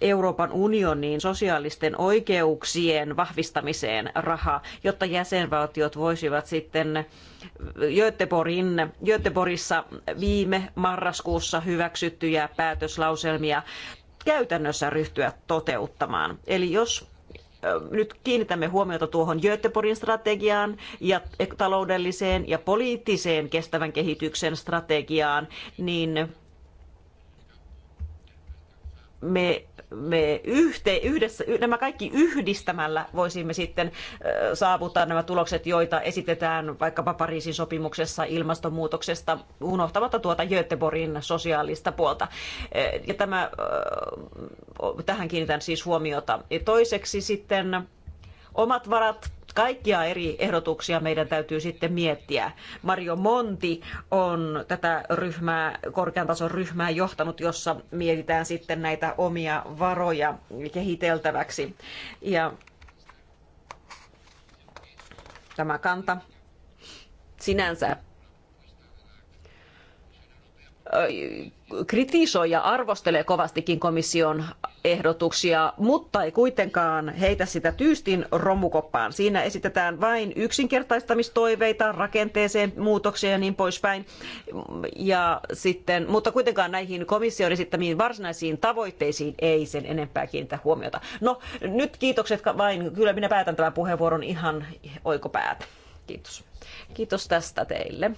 Euroopan unionin sosiaalisten oikeuksien vahvistamiseen rahaa, jotta jäsenvaltiot voisivat sitten Göteborgin, Göteborissa viime marraskuussa hyväksyttyjä päätöslauselmia käytännössä ryhtyä toteuttamaan. Eli jos nyt kiinnitämme huomiota tuohon Göteborgin strategiaan ja taloudelliseen ja poliittiseen kestävän kehityksen strategiaan, niin me, me yhte, yhdessä, nämä kaikki yhdistämällä voisimme sitten saavuttaa nämä tulokset, joita esitetään vaikkapa Pariisin sopimuksessa ilmastonmuutoksesta, unohtamatta tuota Göteborgin sosiaalista puolta. Ja tämä, tähän kiinnitän siis huomiota. Ja toiseksi sitten omat varat kaikkia eri ehdotuksia meidän täytyy sitten miettiä. Mario Monti on tätä ryhmää, korkean tason ryhmää johtanut, jossa mietitään sitten näitä omia varoja kehiteltäväksi. Ja tämä kanta sinänsä kritisoi ja arvostelee kovastikin komission ehdotuksia, mutta ei kuitenkaan heitä sitä tyystin romukoppaan. Siinä esitetään vain yksinkertaistamistoiveita, rakenteeseen muutoksia ja niin poispäin. Ja sitten, mutta kuitenkaan näihin komission esittämiin varsinaisiin tavoitteisiin ei sen enempää kiinnitä huomiota. No nyt kiitokset vain. Kyllä minä päätän tämän puheenvuoron ihan oikopäätä. Kiitos. Kiitos tästä teille.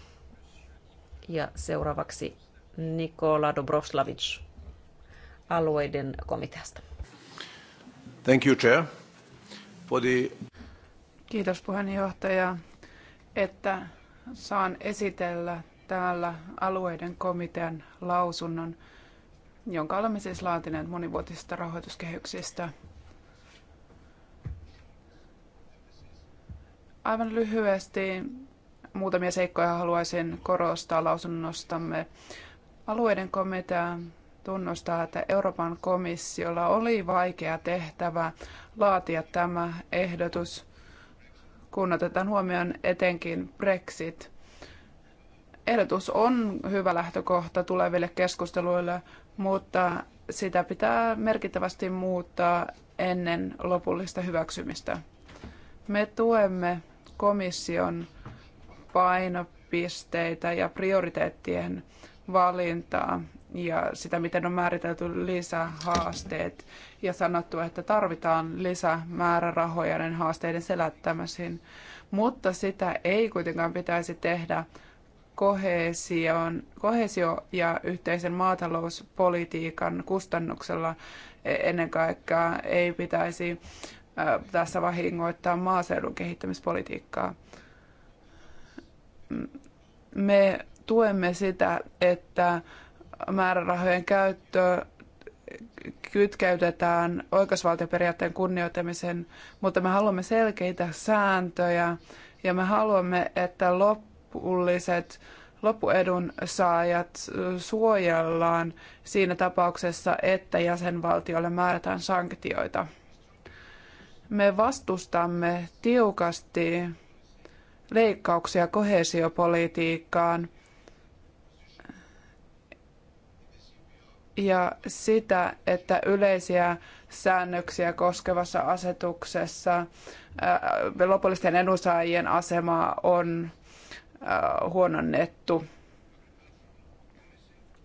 Ja seuraavaksi Nikola Dobroslavic alueiden komiteasta. Thank you, Chair. For the... Kiitos puheenjohtaja, että saan esitellä täällä alueiden komitean lausunnon, jonka olemme siis laatineet monivuotisista rahoituskehyksistä. Aivan lyhyesti muutamia seikkoja haluaisin korostaa lausunnostamme. Alueiden komitea tunnustaa, että Euroopan komissiolla oli vaikea tehtävä laatia tämä ehdotus, kun otetaan huomioon etenkin Brexit. Ehdotus on hyvä lähtökohta tuleville keskusteluille, mutta sitä pitää merkittävästi muuttaa ennen lopullista hyväksymistä. Me tuemme komission painopisteitä ja prioriteettien valintaa ja sitä, miten on määritelty lisähaasteet ja sanottu, että tarvitaan lisämäärärahoja näiden haasteiden selättämisiin. Mutta sitä ei kuitenkaan pitäisi tehdä kohesion, kohesio- ja yhteisen maatalouspolitiikan kustannuksella. E, ennen kaikkea ei pitäisi tässä vahingoittaa maaseudun kehittämispolitiikkaa. Me tuemme sitä, että määrärahojen käyttö kytkeytetään oikeusvaltioperiaatteen kunnioittamisen, mutta me haluamme selkeitä sääntöjä ja me haluamme, että lopulliset loppuedun saajat suojellaan siinä tapauksessa, että jäsenvaltiolle määrätään sanktioita. Me vastustamme tiukasti leikkauksia kohesiopolitiikkaan ja sitä, että yleisiä säännöksiä koskevassa asetuksessa äh, lopullisten edunsaajien asemaa on äh, huononnettu.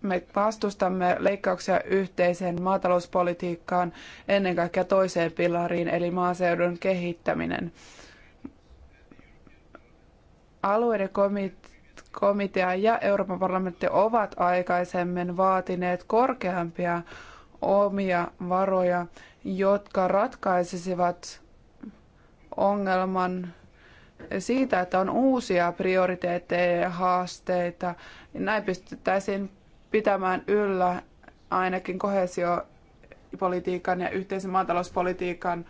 Me vastustamme leikkauksia yhteiseen maatalouspolitiikkaan, ennen kaikkea toiseen pilariin, eli maaseudun kehittäminen. Alueiden komitea komitea ja Euroopan parlamentti ovat aikaisemmin vaatineet korkeampia omia varoja, jotka ratkaisisivat ongelman siitä, että on uusia prioriteetteja ja haasteita. Näin pystyttäisiin pitämään yllä ainakin kohesiopolitiikan ja yhteisen maatalouspolitiikan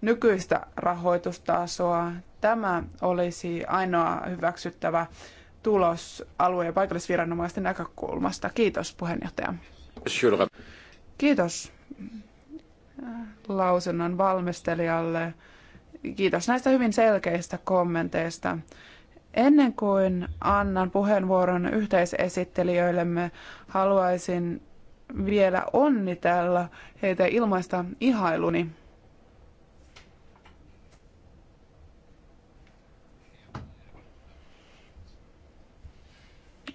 nykyistä rahoitustasoa. Tämä olisi ainoa hyväksyttävä tulos alue- ja paikallisviranomaisten näkökulmasta. Kiitos puheenjohtaja. Kiitos äh, lausunnon valmistelijalle. Kiitos näistä hyvin selkeistä kommenteista. Ennen kuin annan puheenvuoron yhteisesittelijöillemme, haluaisin vielä onnitella heitä ilmaista ihailuni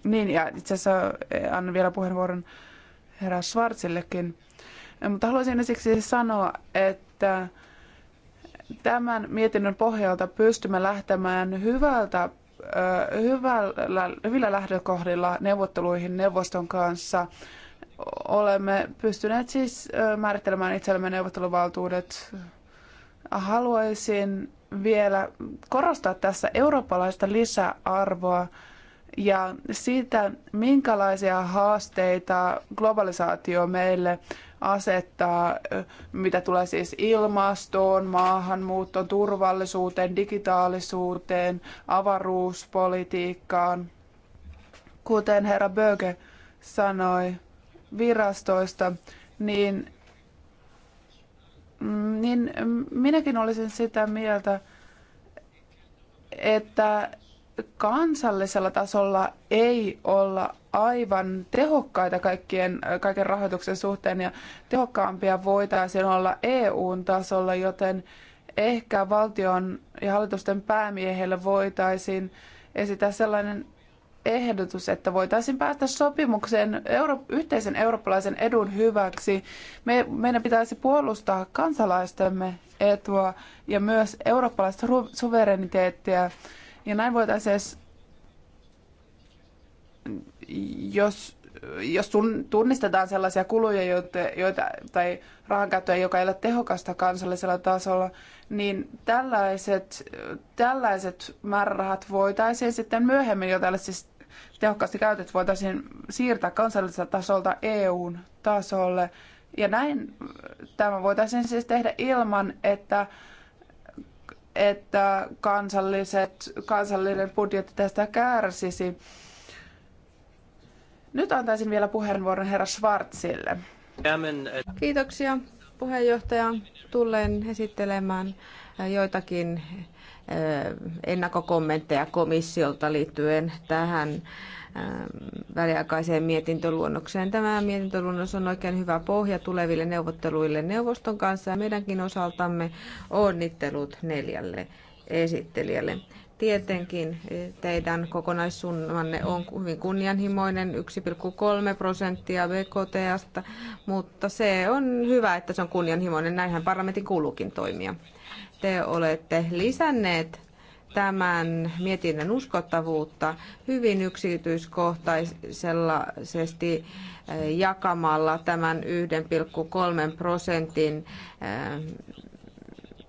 Niin, ja itse asiassa eh, annan vielä puheenvuoron herra Schwarzillekin. Eh, mutta haluaisin siksi sanoa, että tämän mietinnön pohjalta pystymme lähtemään hyvältä, eh, hyvällä, hyvillä lähtökohdilla neuvotteluihin neuvoston kanssa. Olemme pystyneet siis määrittelemään itsellemme neuvotteluvaltuudet. Haluaisin vielä korostaa tässä eurooppalaista lisäarvoa ja siitä, minkälaisia haasteita globalisaatio meille asettaa, mitä tulee siis ilmastoon, maahanmuuttoon, turvallisuuteen, digitaalisuuteen, avaruuspolitiikkaan. Kuten herra Böge sanoi virastoista, niin, niin minäkin olisin sitä mieltä, että kansallisella tasolla ei olla aivan tehokkaita kaikkien, kaiken rahoituksen suhteen ja tehokkaampia voitaisiin olla EUn tasolla, joten ehkä valtion ja hallitusten päämiehelle voitaisiin esittää sellainen ehdotus, että voitaisiin päästä sopimukseen euro- yhteisen eurooppalaisen edun hyväksi. Me, meidän pitäisi puolustaa kansalaistemme etua ja myös eurooppalaista suvereniteettia ja näin voitaisiin edes, jos, jos tunnistetaan sellaisia kuluja, joita, joita, tai rahankäyttöä, joka ei ole tehokasta kansallisella tasolla, niin tällaiset, tällaiset määrärahat voitaisiin sitten myöhemmin, joita siis tehokkaasti käytetty, voitaisiin siirtää kansalliselta tasolta EUn tasolle. Ja näin tämä voitaisiin siis tehdä ilman, että että kansalliset, kansallinen budjetti tästä kärsisi. Nyt antaisin vielä puheenvuoron herra Schwarzille. Kiitoksia puheenjohtaja. Tulen esittelemään joitakin eh, ennakkokommentteja komissiolta liittyen tähän Ähm, väliaikaiseen mietintöluonnokseen. Tämä mietintöluonnos on oikein hyvä pohja tuleville neuvotteluille neuvoston kanssa ja meidänkin osaltamme onnittelut neljälle esittelijälle. Tietenkin e, teidän kokonaissummanne on hyvin kunnianhimoinen, 1,3 prosenttia BKT, mutta se on hyvä, että se on kunnianhimoinen. Näinhän parlamentin kuuluukin toimia. Te olette lisänneet tämän mietinnön uskottavuutta hyvin yksityiskohtaisesti eh, jakamalla tämän 1,3 prosentin eh,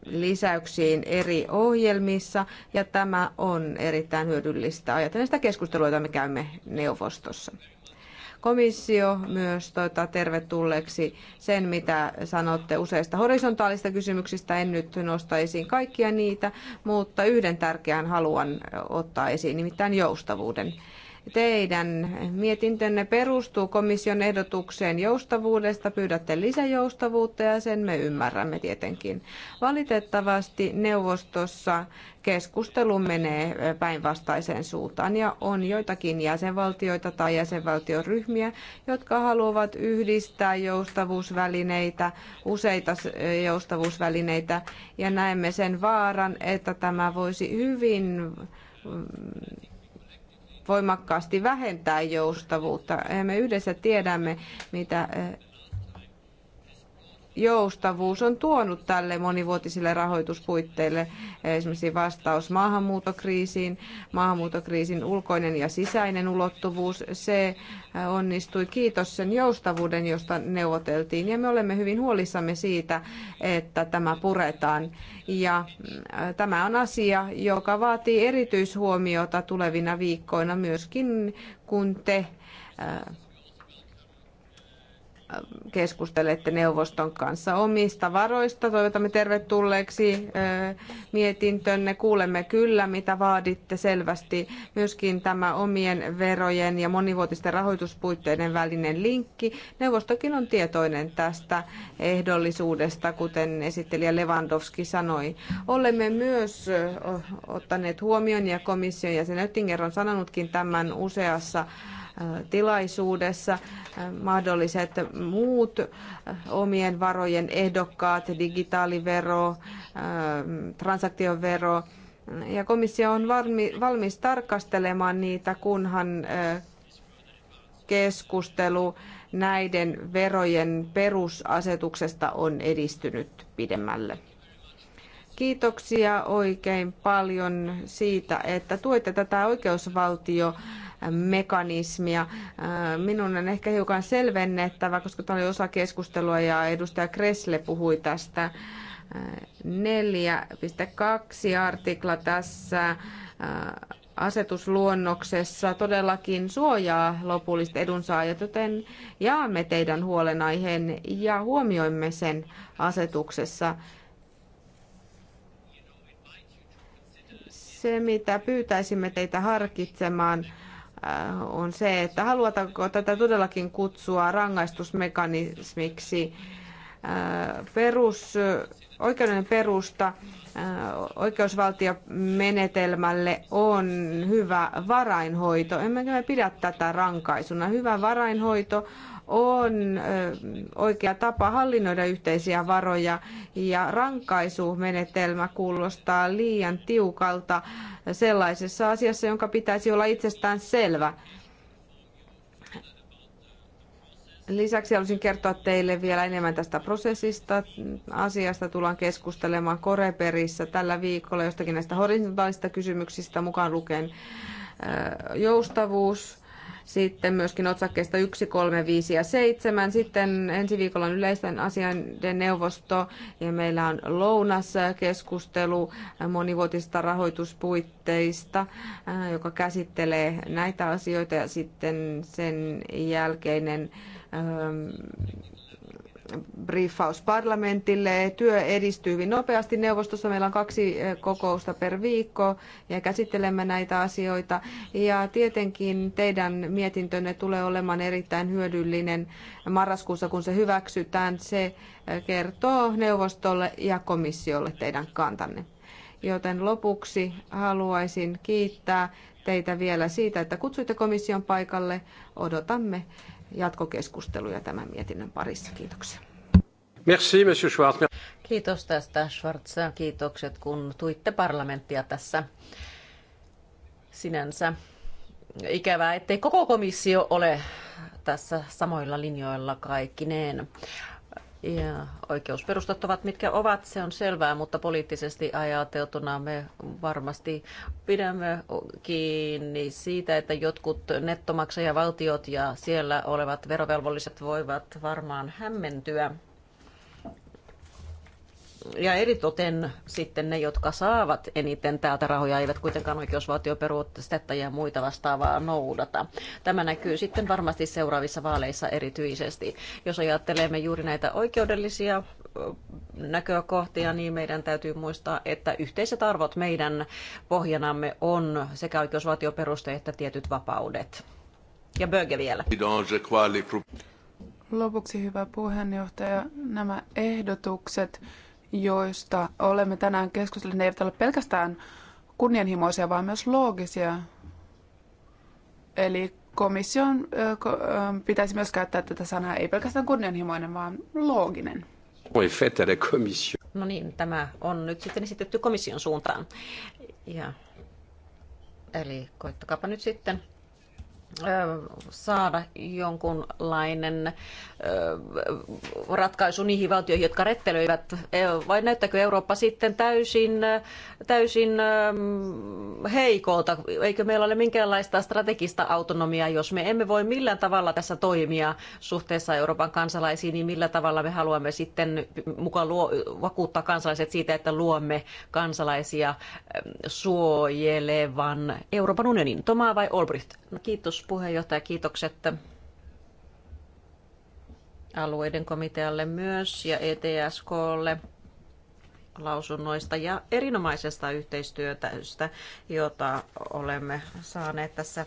lisäyksiin eri ohjelmissa, ja tämä on erittäin hyödyllistä ajatellen sitä keskustelua, jota me käymme neuvostossa. Komissio myös toivottaa tervetulleeksi sen, mitä sanotte useista horisontaalista kysymyksistä. En nyt nosta esiin kaikkia niitä, mutta yhden tärkeän haluan ottaa esiin, nimittäin joustavuuden. Teidän mietintönne perustuu komission ehdotukseen joustavuudesta. Pyydätte lisäjoustavuutta ja sen me ymmärrämme tietenkin. Valitettavasti neuvostossa keskustelu menee päinvastaiseen suuntaan ja on joitakin jäsenvaltioita tai jäsenvaltioryhmiä, jotka haluavat yhdistää joustavuusvälineitä, useita joustavuusvälineitä ja näemme sen vaaran, että tämä voisi hyvin mm, voimakkaasti vähentää joustavuutta. Me yhdessä tiedämme, mitä eh, joustavuus on tuonut tälle monivuotisille rahoituspuitteille esimerkiksi vastaus maahanmuutokriisiin, maahanmuutokriisin ulkoinen ja sisäinen ulottuvuus. Se onnistui kiitos sen joustavuuden, josta neuvoteltiin ja me olemme hyvin huolissamme siitä, että tämä puretaan. Ja tämä on asia, joka vaatii erityishuomiota tulevina viikkoina myöskin, kun te keskustelette neuvoston kanssa omista varoista. Toivotamme tervetulleeksi mietintönne. Kuulemme kyllä, mitä vaaditte selvästi. Myöskin tämä omien verojen ja monivuotisten rahoituspuitteiden välinen linkki. Neuvostokin on tietoinen tästä ehdollisuudesta, kuten esittelijä Lewandowski sanoi. Olemme myös ottaneet huomioon, ja komission jäsen Oettinger on sanonutkin tämän useassa tilaisuudessa. Mahdolliset muut omien varojen ehdokkaat, digitaalivero, transaktiovero. Ja komissio on valmis tarkastelemaan niitä, kunhan keskustelu näiden verojen perusasetuksesta on edistynyt pidemmälle. Kiitoksia oikein paljon siitä, että tuette tätä oikeusvaltio mekanismia. Äh, minun on ehkä hiukan selvennettävä, koska tämä oli osa keskustelua ja edustaja Kresle puhui tästä 4.2 äh, artikla tässä äh, asetusluonnoksessa todellakin suojaa lopulliset edunsaajat, joten jaamme teidän huolenaiheen ja huomioimme sen asetuksessa. Se, mitä pyytäisimme teitä harkitsemaan, Äh, on se, että halutaanko tätä todellakin kutsua rangaistusmekanismiksi. Äh, perus, oikeuden perusta äh, oikeusvaltiomenetelmälle on hyvä varainhoito. Emmekä me pidä tätä rankaisuna. Hyvä varainhoito on oikea tapa hallinnoida yhteisiä varoja ja rankaisumenetelmä kuulostaa liian tiukalta sellaisessa asiassa, jonka pitäisi olla itsestään selvä. Lisäksi haluaisin kertoa teille vielä enemmän tästä prosessista. Asiasta tullaan keskustelemaan Koreperissä tällä viikolla jostakin näistä horisontaalista kysymyksistä mukaan lukien joustavuus sitten myöskin otsakkeista 1, 3, 5 ja 7. Sitten ensi viikolla on yleisten asioiden neuvosto ja meillä on lounas keskustelu monivuotisista rahoituspuitteista, äh, joka käsittelee näitä asioita ja sitten sen jälkeinen ähm, briefaus parlamentille. Työ edistyy hyvin nopeasti. Neuvostossa meillä on kaksi eh, kokousta per viikko ja käsittelemme näitä asioita. Ja tietenkin teidän mietintönne tulee olemaan erittäin hyödyllinen marraskuussa, kun se hyväksytään. Se eh, kertoo neuvostolle ja komissiolle teidän kantanne. Joten lopuksi haluaisin kiittää teitä vielä siitä, että kutsuitte komission paikalle. Odotamme jatkokeskusteluja tämän mietinnön parissa. Kiitoksia. Merci, Monsieur Schwartz. Kiitos tästä, Schwartz. Kiitokset, kun tuitte parlamenttia tässä sinänsä. Ikävää, ettei koko komissio ole tässä samoilla linjoilla kaikkineen ja oikeusperustat ovat mitkä ovat, se on selvää, mutta poliittisesti ajateltuna me varmasti pidämme kiinni siitä, että jotkut nettomaksajavaltiot ja siellä olevat verovelvolliset voivat varmaan hämmentyä ja eritoten sitten ne, jotka saavat eniten täältä rahoja, eivät kuitenkaan oikeusvaltioperuotteista ja muita vastaavaa noudata. Tämä näkyy sitten varmasti seuraavissa vaaleissa erityisesti. Jos ajattelemme juuri näitä oikeudellisia näkökohtia, niin meidän täytyy muistaa, että yhteiset arvot meidän pohjanamme on sekä oikeusvaltioperuste että tietyt vapaudet. Ja Böge vielä. Lopuksi hyvä puheenjohtaja, nämä ehdotukset joista olemme tänään keskustelleet, ne eivät ole pelkästään kunnianhimoisia, vaan myös loogisia. Eli komission pitäisi myös käyttää tätä sanaa, ei pelkästään kunnianhimoinen, vaan looginen. No niin, tämä on nyt sitten esitetty komission suuntaan. Ja, eli koittakaapa nyt sitten saada jonkunlainen ratkaisu niihin valtioihin, jotka rettelöivät, e, vai näyttääkö Eurooppa sitten täysin, täysin heikolta? Eikö meillä ole minkäänlaista strategista autonomiaa, jos me emme voi millään tavalla tässä toimia suhteessa Euroopan kansalaisiin, niin millä tavalla me haluamme sitten mukaan luo, vakuuttaa kansalaiset siitä, että luomme kansalaisia suojelevan Euroopan unionin? Tomaa vai Olbricht? No, kiitos Kiitos puheenjohtaja, kiitokset alueiden komitealle myös ja ETSKlle lausunnoista ja erinomaisesta yhteistyöstä, jota olemme saaneet tässä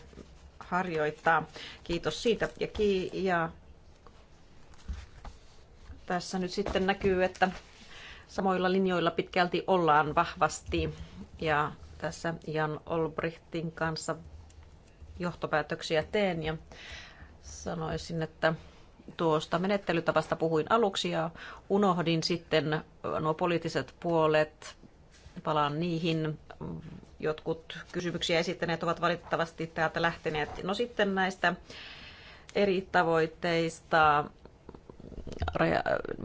harjoittaa. Kiitos siitä ja, ki- ja tässä nyt sitten näkyy, että samoilla linjoilla pitkälti ollaan vahvasti ja tässä Jan Olbrichtin kanssa johtopäätöksiä teen ja sanoisin, että tuosta menettelytavasta puhuin aluksi ja unohdin sitten äh, nuo poliittiset puolet. Palaan niihin. Jotkut kysymyksiä esittäneet ovat valitettavasti täältä lähteneet. No sitten näistä eri tavoitteista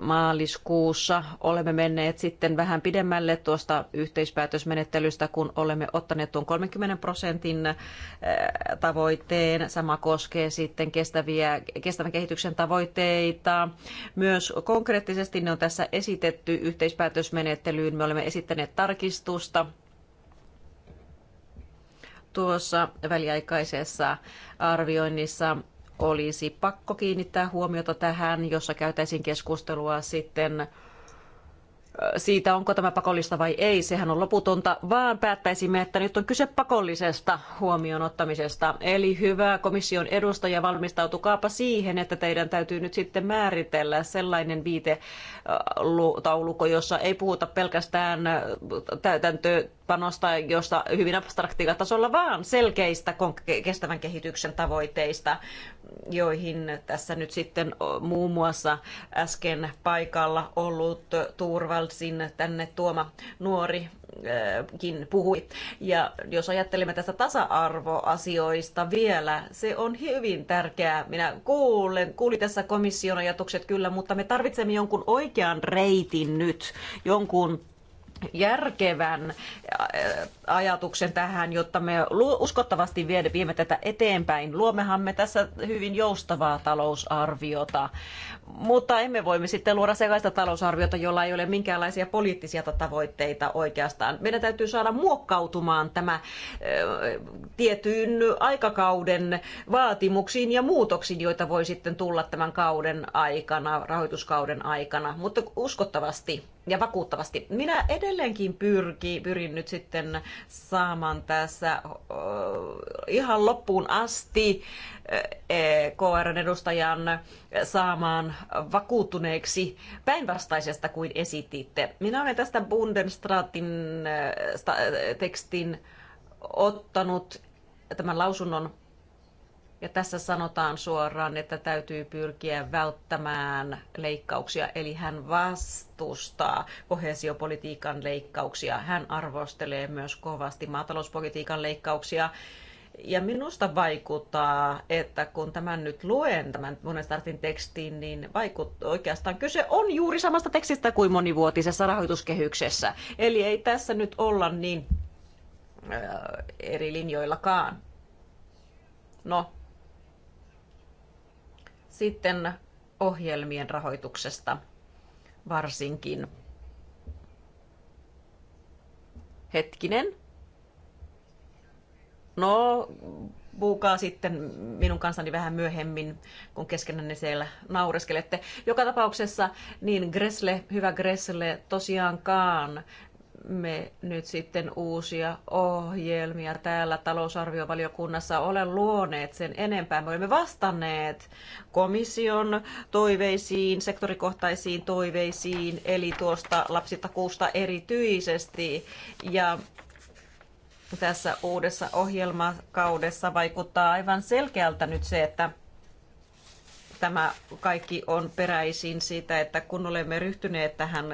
maaliskuussa olemme menneet sitten vähän pidemmälle tuosta yhteispäätösmenettelystä, kun olemme ottaneet tuon 30 prosentin äh, tavoitteen. Sama koskee sitten kestäviä, kestävän kehityksen tavoitteita. Myös konkreettisesti ne on tässä esitetty yhteispäätösmenettelyyn. Me olemme esittäneet tarkistusta tuossa väliaikaisessa arvioinnissa olisi pakko kiinnittää huomiota tähän, jossa käytäisiin keskustelua sitten siitä, onko tämä pakollista vai ei, sehän on loputonta, vaan päättäisimme, että nyt on kyse pakollisesta huomioon ottamisesta. Eli hyvä komission edustaja, valmistautukaapa siihen, että teidän täytyy nyt sitten määritellä sellainen viitetaulukko, jossa ei puhuta pelkästään täytäntö panosta, josta hyvin abstraktilla tasolla, vaan selkeistä kestävän kehityksen tavoitteista, joihin tässä nyt sitten muun muassa äsken paikalla ollut Turvalsin tänne tuoma nuorikin puhui. Ja jos ajattelemme tästä tasa-arvoasioista vielä, se on hyvin tärkeää. Minä kuulen, kuulin tässä komission ajatukset kyllä, mutta me tarvitsemme jonkun oikean reitin nyt, jonkun järkevän äh, ajatuksen tähän, jotta me uskottavasti viemme tätä eteenpäin. Luommehan me tässä hyvin joustavaa talousarviota, mutta emme voimme sitten luoda sellaista talousarviota, jolla ei ole minkäänlaisia poliittisia tavoitteita oikeastaan. Meidän täytyy saada muokkautumaan tämä tietyn aikakauden vaatimuksiin ja muutoksiin, joita voi sitten tulla tämän kauden aikana, rahoituskauden aikana, mutta uskottavasti ja vakuuttavasti. Minä edelleenkin pyrki, pyrin nyt sitten saamaan tässä ihan loppuun asti E KRn edustajan saamaan vakuuttuneeksi päinvastaisesta kuin esititte. Minä olen tästä Bundenstratin tekstin ottanut tämän lausunnon ja tässä sanotaan suoraan, että täytyy pyrkiä välttämään leikkauksia, eli hän vastustaa kohesiopolitiikan leikkauksia. Hän arvostelee myös kovasti maatalouspolitiikan leikkauksia ja minusta vaikuttaa, että kun tämän nyt luen, tämän Monestartin tekstin, niin vaikut, oikeastaan kyse on juuri samasta tekstistä kuin monivuotisessa rahoituskehyksessä. Eli ei tässä nyt olla niin äh, eri linjoillakaan. No, sitten ohjelmien rahoituksesta varsinkin. Hetkinen. No, buukaa sitten minun kanssani vähän myöhemmin, kun keskenänne siellä naureskelette. Joka tapauksessa, niin Gressle, hyvä Gressle, tosiaankaan me nyt sitten uusia ohjelmia täällä talousarviovaliokunnassa ole luoneet sen enempää. Me olemme vastanneet komission toiveisiin, sektorikohtaisiin toiveisiin, eli tuosta lapsitakuusta erityisesti. Ja tässä uudessa ohjelmakaudessa vaikuttaa aivan selkeältä nyt se, että tämä kaikki on peräisin siitä, että kun olemme ryhtyneet tähän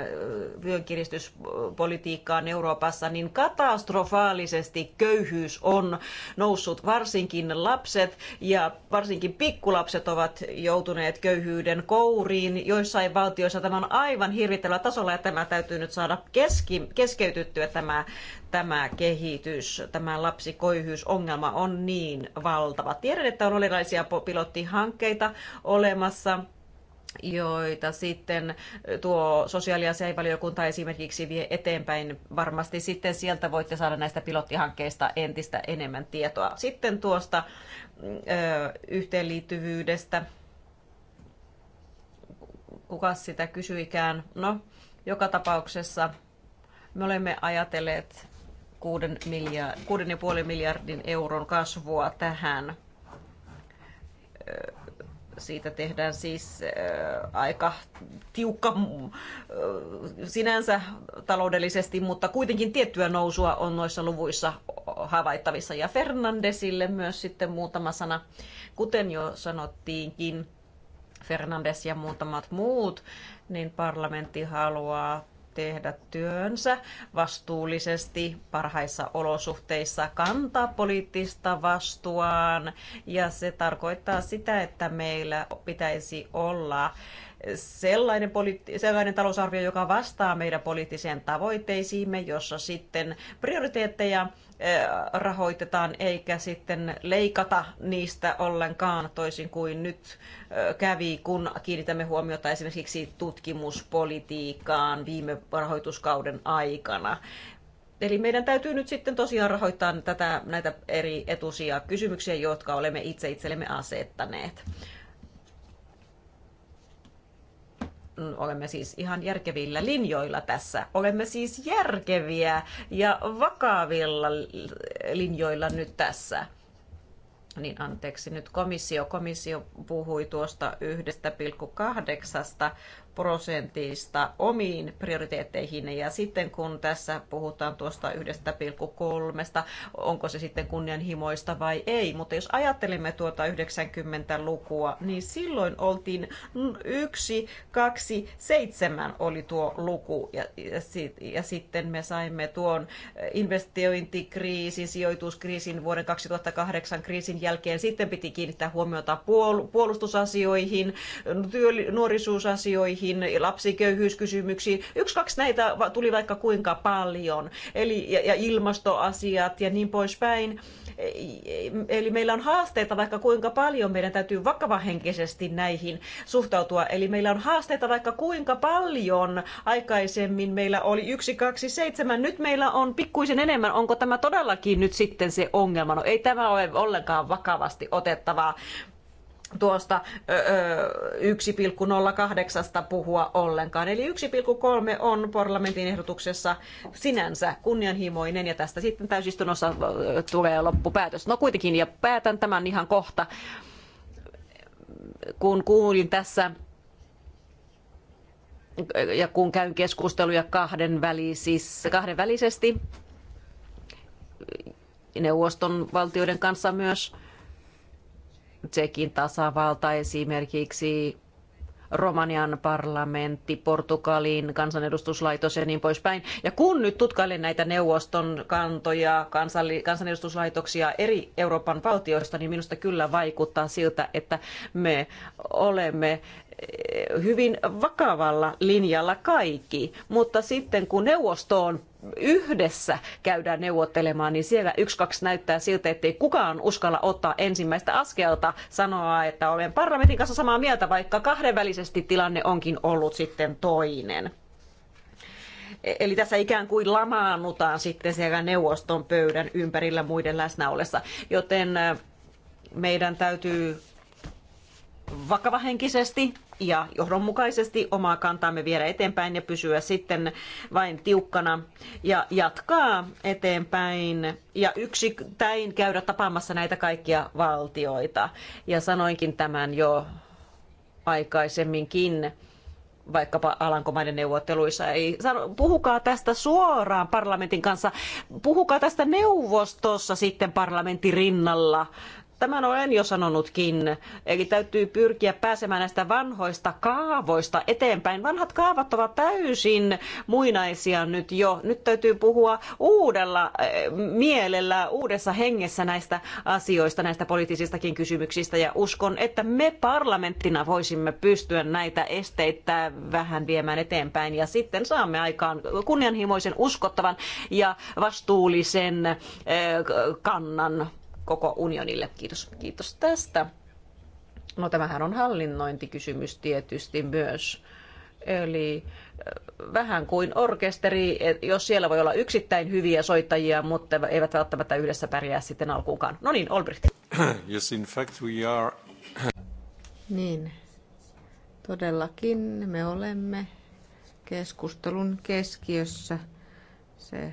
vyönkiristyspolitiikkaan Euroopassa, niin katastrofaalisesti köyhyys on noussut. Varsinkin lapset ja varsinkin pikkulapset ovat joutuneet köyhyyden kouriin. Joissain valtioissa tämä on aivan hirvittävällä tasolla ja tämä täytyy nyt saada keski, keskeytyttyä tämä tämä kehitys, tämä lapsikoihyysongelma on niin valtava. Tiedän, että on erilaisia pilottihankkeita olemassa, joita sitten tuo sosiaali- ja esimerkiksi vie eteenpäin. Varmasti sitten sieltä voitte saada näistä pilottihankkeista entistä enemmän tietoa. Sitten tuosta ö, yhteenliittyvyydestä. Kuka sitä kysyikään? No, joka tapauksessa me olemme ajatelleet 6,5 miljardin euron kasvua tähän. Siitä tehdään siis aika tiukka sinänsä taloudellisesti, mutta kuitenkin tiettyä nousua on noissa luvuissa havaittavissa. Ja Fernandesille myös sitten muutama sana. Kuten jo sanottiinkin, Fernandes ja muutamat muut, niin parlamentti haluaa tehdä työnsä vastuullisesti parhaissa olosuhteissa, kantaa poliittista vastuaan. Ja se tarkoittaa sitä, että meillä pitäisi olla sellainen, poliitt- sellainen talousarvio, joka vastaa meidän poliittiseen tavoitteisiimme, jossa sitten prioriteetteja äh, rahoitetaan eikä sitten leikata niistä ollenkaan toisin kuin nyt äh, kävi, kun kiinnitämme huomiota esimerkiksi tutkimuspolitiikkaan viime rahoituskauden aikana. Eli meidän täytyy nyt sitten tosiaan rahoittaa tätä, näitä eri etusia kysymyksiä, jotka olemme itse itsellemme asettaneet. Mm, olemme siis ihan järkevillä linjoilla tässä. Olemme siis järkeviä ja vakavilla linjoilla nyt tässä. Niin anteeksi, nyt komissio, komissio puhui tuosta 1,8 prosentista omiin prioriteetteihin. Ja sitten kun tässä puhutaan tuosta 1,3, onko se sitten kunnianhimoista vai ei, mutta jos ajattelemme tuota 90-lukua, niin silloin oltiin 1, 2, 7 oli tuo luku. Ja, ja, ja sitten me saimme tuon investointikriisin, sijoituskriisin vuoden 2008 kriisin jälkeen. Sitten piti kiinnittää huomiota puolustusasioihin, nuorisuusasioihin, köyhiin, lapsiköyhyyskysymyksiin. Yksi, kaksi näitä tuli vaikka kuinka paljon. Eli, ja, ja ilmastoasiat ja niin poispäin. E, eli meillä on haasteita vaikka kuinka paljon. Meidän täytyy vakavahenkisesti näihin suhtautua. Eli meillä on haasteita vaikka kuinka paljon. Aikaisemmin meillä oli yksi, kaksi, seitsemän. Nyt meillä on pikkuisen enemmän. Onko tämä todellakin nyt sitten se ongelma? No ei tämä ole ollenkaan vakavasti otettavaa tuosta 1,08 puhua ollenkaan. Eli 1,3 on parlamentin ehdotuksessa sinänsä kunnianhimoinen ja tästä sitten täysistunnossa tulee loppupäätös. No kuitenkin ja päätän tämän ihan kohta, kun kuulin tässä ja kun käyn keskusteluja kahden, välisissä, kahden välisesti neuvoston valtioiden kanssa myös, Tsekin tasavalta esimerkiksi, Romanian parlamentti, Portugalin kansanedustuslaitos ja niin poispäin. Ja kun nyt tutkailen näitä neuvoston kantoja, kansalli, kansanedustuslaitoksia eri Euroopan valtioista, niin minusta kyllä vaikuttaa siltä, että me olemme eh, hyvin vakavalla linjalla kaikki, mutta sitten kun neuvostoon yhdessä käydään neuvottelemaan, niin siellä yksi kaksi näyttää siltä, ettei kukaan uskalla ottaa ensimmäistä askelta sanoa, että olen parlamentin kanssa samaa mieltä, vaikka kahdenvälisesti tilanne onkin ollut sitten toinen. E, eli tässä ikään kuin lamaannutaan sitten siellä neuvoston pöydän ympärillä muiden läsnä ollessa, joten meidän täytyy vakavahenkisesti ja johdonmukaisesti omaa kantaamme viedä eteenpäin ja pysyä sitten vain tiukkana ja jatkaa eteenpäin ja yksittäin käydä tapaamassa näitä kaikkia valtioita. Ja sanoinkin tämän jo aikaisemminkin vaikkapa Alankomaiden neuvotteluissa. Ei, puhukaa tästä suoraan parlamentin kanssa, puhukaa tästä neuvostossa sitten parlamentin rinnalla Tämän olen jo sanonutkin. Eli täytyy pyrkiä pääsemään näistä vanhoista kaavoista eteenpäin. Vanhat kaavat ovat täysin muinaisia nyt jo. Nyt täytyy puhua uudella eh, mielellä, uudessa hengessä näistä asioista, näistä poliittisistakin kysymyksistä. Ja uskon, että me parlamenttina voisimme pystyä näitä esteitä vähän viemään eteenpäin. Ja sitten saamme aikaan kunnianhimoisen, uskottavan ja vastuullisen eh, kannan koko unionille. Kiitos, kiitos tästä. No tämähän on hallinnointikysymys tietysti myös. Eli äh, vähän kuin orkesteri, jos siellä voi olla yksittäin hyviä soittajia, mutta eivät välttämättä yhdessä pärjää sitten alkuunkaan. No niin, Olbricht. <clears throat> Yes, in fact we are... <clears throat> Niin, todellakin me olemme keskustelun keskiössä. Se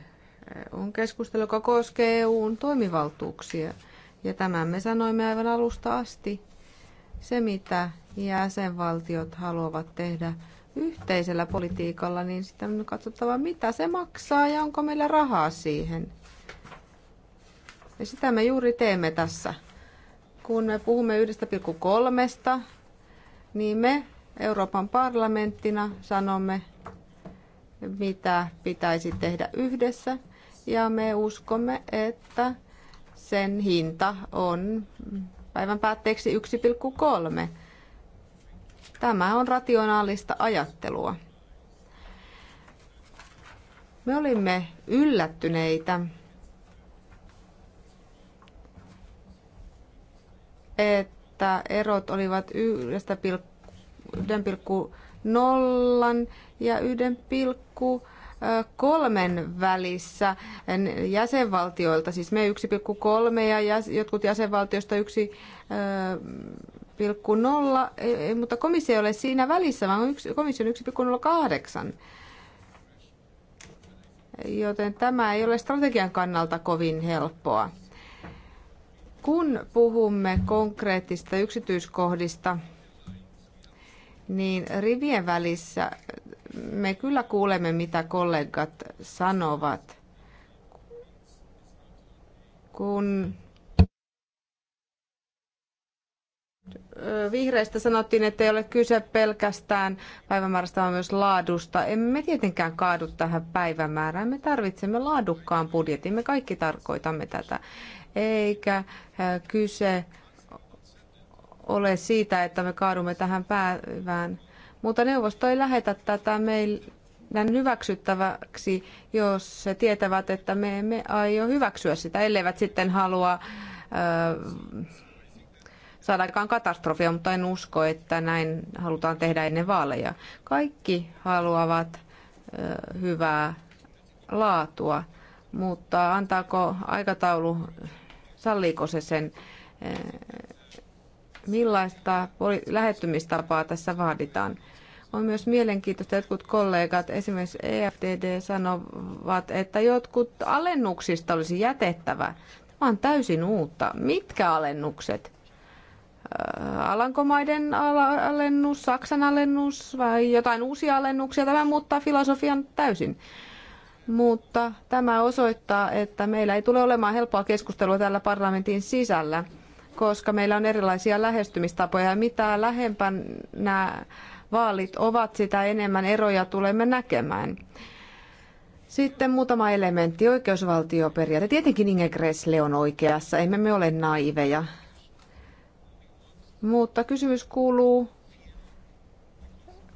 on keskustelu, joka koskee EUn toimivaltuuksia. Ja tämän me sanoimme aivan alusta asti. Se, mitä jäsenvaltiot haluavat tehdä yhteisellä politiikalla, niin sitä on katsottava, mitä se maksaa ja onko meillä rahaa siihen. Ja sitä me juuri teemme tässä. Kun me puhumme 1,3, niin me Euroopan parlamenttina sanomme, mitä pitäisi tehdä yhdessä ja me uskomme, että sen hinta on päivän päätteeksi 1,3. Tämä on rationaalista ajattelua. Me olimme yllättyneitä, että erot olivat 1,0 ja 1,3 kolmen välissä jäsenvaltioilta, siis me 1,3 ja jotkut jäsenvaltioista 1 1,0, e, e, mutta komissio ei ole siinä välissä, vaan yksi, komission 1,08. Joten tämä ei ole strategian kannalta kovin helppoa. Kun puhumme konkreettista yksityiskohdista, niin rivien välissä me kyllä kuulemme, mitä kollegat sanovat. Kun vihreistä sanottiin, että ei ole kyse pelkästään päivämäärästä, vaan myös laadusta. Emme me tietenkään kaadu tähän päivämäärään. Me tarvitsemme laadukkaan budjetin. Me kaikki tarkoitamme tätä. Eikä kyse ole siitä, että me kaadumme tähän päivään mutta neuvosto ei lähetä tätä meidän hyväksyttäväksi, jos he tietävät, että me emme aio hyväksyä sitä, elleivät sitten halua öö, saada aikaan katastrofia, mutta en usko, että näin halutaan tehdä ennen vaaleja. Kaikki haluavat hyvää laatua, mutta antaako aikataulu, salliiko se sen? millaista lähettymistapaa tässä vaaditaan. On myös mielenkiintoista, että jotkut kollegat, esimerkiksi EFDD, sanovat, että jotkut alennuksista olisi jätettävä. Tämä on täysin uutta. Mitkä alennukset? Äh, Alankomaiden alennus, Saksan alennus vai jotain uusia alennuksia. Tämä muuttaa filosofian täysin. Mutta tämä osoittaa, että meillä ei tule olemaan helppoa keskustelua täällä parlamentin sisällä koska meillä on erilaisia lähestymistapoja ja mitä lähempänä vaalit ovat, sitä enemmän eroja tulemme näkemään. Sitten muutama elementti, oikeusvaltioperiaate. Tietenkin Inge Gressle on oikeassa, emme me ole naiveja. Mutta kysymys kuuluu,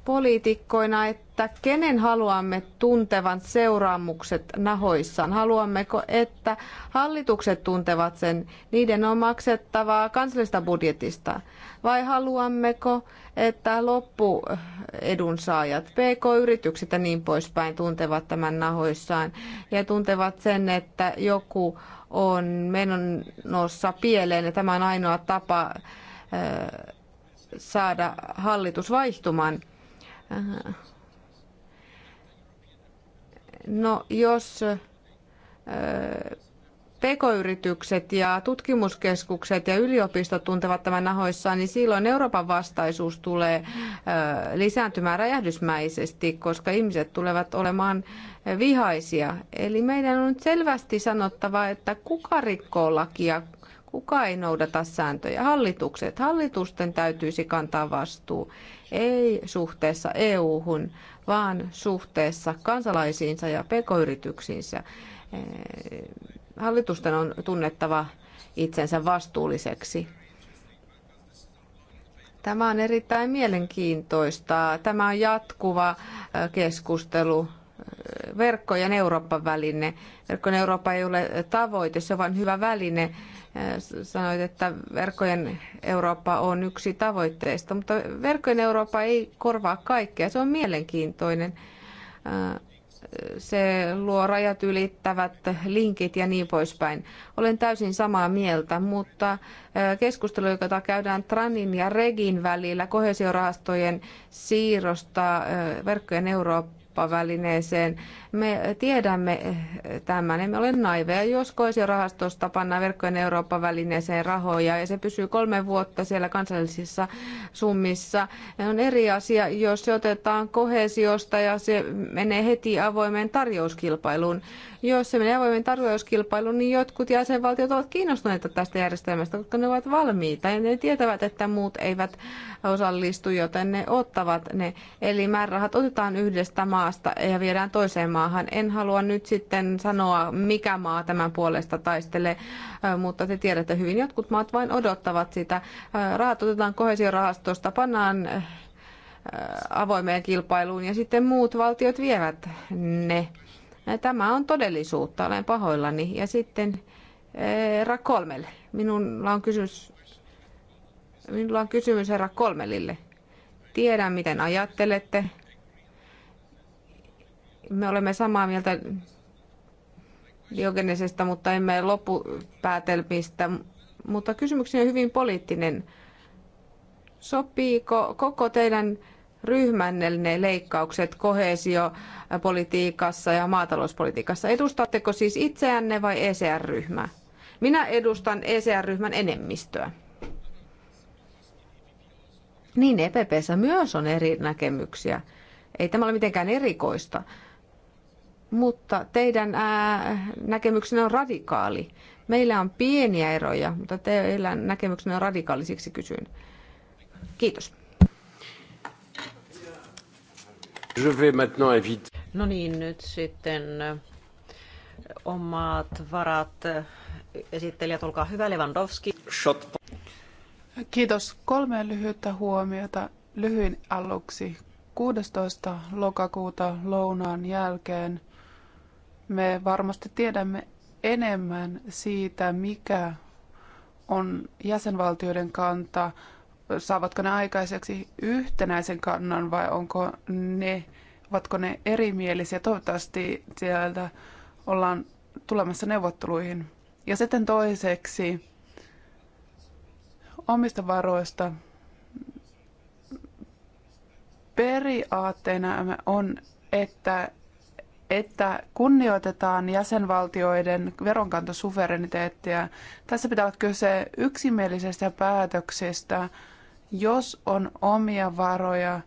poliitikkoina, että kenen haluamme tuntevan seuraamukset nahoissaan? Haluammeko, että hallitukset tuntevat sen, niiden on maksettavaa kansallista budjetista? Vai haluammeko, että loppuedunsaajat, pk-yritykset ja niin poispäin tuntevat tämän nahoissaan ja tuntevat sen, että joku on menossa pieleen ja tämä on ainoa tapa saada hallitus vaihtumaan. No jos PK-yritykset ja tutkimuskeskukset ja yliopistot tuntevat tämän nahoissaan, niin silloin Euroopan vastaisuus tulee lisääntymään räjähdysmäisesti, koska ihmiset tulevat olemaan vihaisia. Eli meidän on nyt selvästi sanottava, että kuka rikkoo lakia, kuka ei noudata sääntöjä. Hallitukset, hallitusten täytyisi kantaa vastuu, ei suhteessa EU-hun, vaan suhteessa kansalaisiinsa ja pekoyrityksiinsä. Eh, hallitusten on tunnettava itsensä vastuulliseksi. Tämä on erittäin mielenkiintoista. Tämä on jatkuva eh, keskustelu eh, verkkojen Euroopan väline. Verkkojen Eurooppa ei ole tavoite, se on vain hyvä väline Sanoit, että verkkojen Eurooppa on yksi tavoitteista, mutta verkkojen Eurooppa ei korvaa kaikkea. Se on mielenkiintoinen. Se luo rajat ylittävät linkit ja niin poispäin. Olen täysin samaa mieltä, mutta keskustelu, jota käydään Tranin ja Regin välillä kohesiorahastojen siirrosta verkkojen Eurooppa, välineeseen me tiedämme tämän, emme ole naiveja. Jos koesiorahastosta pannaan verkkojen Euroopan välineeseen rahoja ja se pysyy kolme vuotta siellä kansallisissa summissa, on eri asia, jos se otetaan kohesiosta ja se menee heti avoimeen tarjouskilpailuun. Jos se menee avoimeen tarjouskilpailuun, niin jotkut jäsenvaltiot ovat kiinnostuneita tästä järjestelmästä, koska ne ovat valmiita ja ne tietävät, että muut eivät osallistu, joten ne ottavat ne. Eli määrärahat otetaan yhdestä maasta ja viedään toiseen maahan maahan. En halua nyt sitten sanoa, mikä maa tämän puolesta taistelee, mutta te tiedätte hyvin, jotkut maat vain odottavat sitä. Rahat otetaan kohesiorahastosta, pannaan avoimeen kilpailuun ja sitten muut valtiot vievät ne. Tämä on todellisuutta, olen pahoillani. Ja sitten herra Kolmelle. Minulla on kysymys, minulla on kysymys herra Kolmelille. Tiedän, miten ajattelette me olemme samaa mieltä Diogenesesta, mutta emme loppupäätelmistä. Mutta kysymykseni on hyvin poliittinen. Sopiiko koko teidän ryhmänne ne leikkaukset kohesiopolitiikassa ja maatalouspolitiikassa? Edustatteko siis itseänne vai ECR-ryhmää? Minä edustan ECR-ryhmän enemmistöä. Niin, EPPssä myös on eri näkemyksiä. Ei tämä ole mitenkään erikoista mutta teidän ää, näkemyksenne on radikaali. Meillä on pieniä eroja, mutta teillä näkemyksenne on radikaali, siksi kysyn. Kiitos. No niin, nyt sitten omat varat. Esittelijät, olkaa hyvä, Lewandowski. Shot. Kiitos. Kolme lyhyttä huomiota. Lyhyin aluksi. 16. lokakuuta lounaan jälkeen me varmasti tiedämme enemmän siitä, mikä on jäsenvaltioiden kanta, saavatko ne aikaiseksi yhtenäisen kannan vai onko ne, ovatko ne erimielisiä. Toivottavasti sieltä ollaan tulemassa neuvotteluihin. Ja sitten toiseksi omista varoista. Periaatteena on, että että kunnioitetaan jäsenvaltioiden veronkantosuvereniteettia. Tässä pitää olla kyse yksimielisestä päätöksestä. Jos on omia varoja,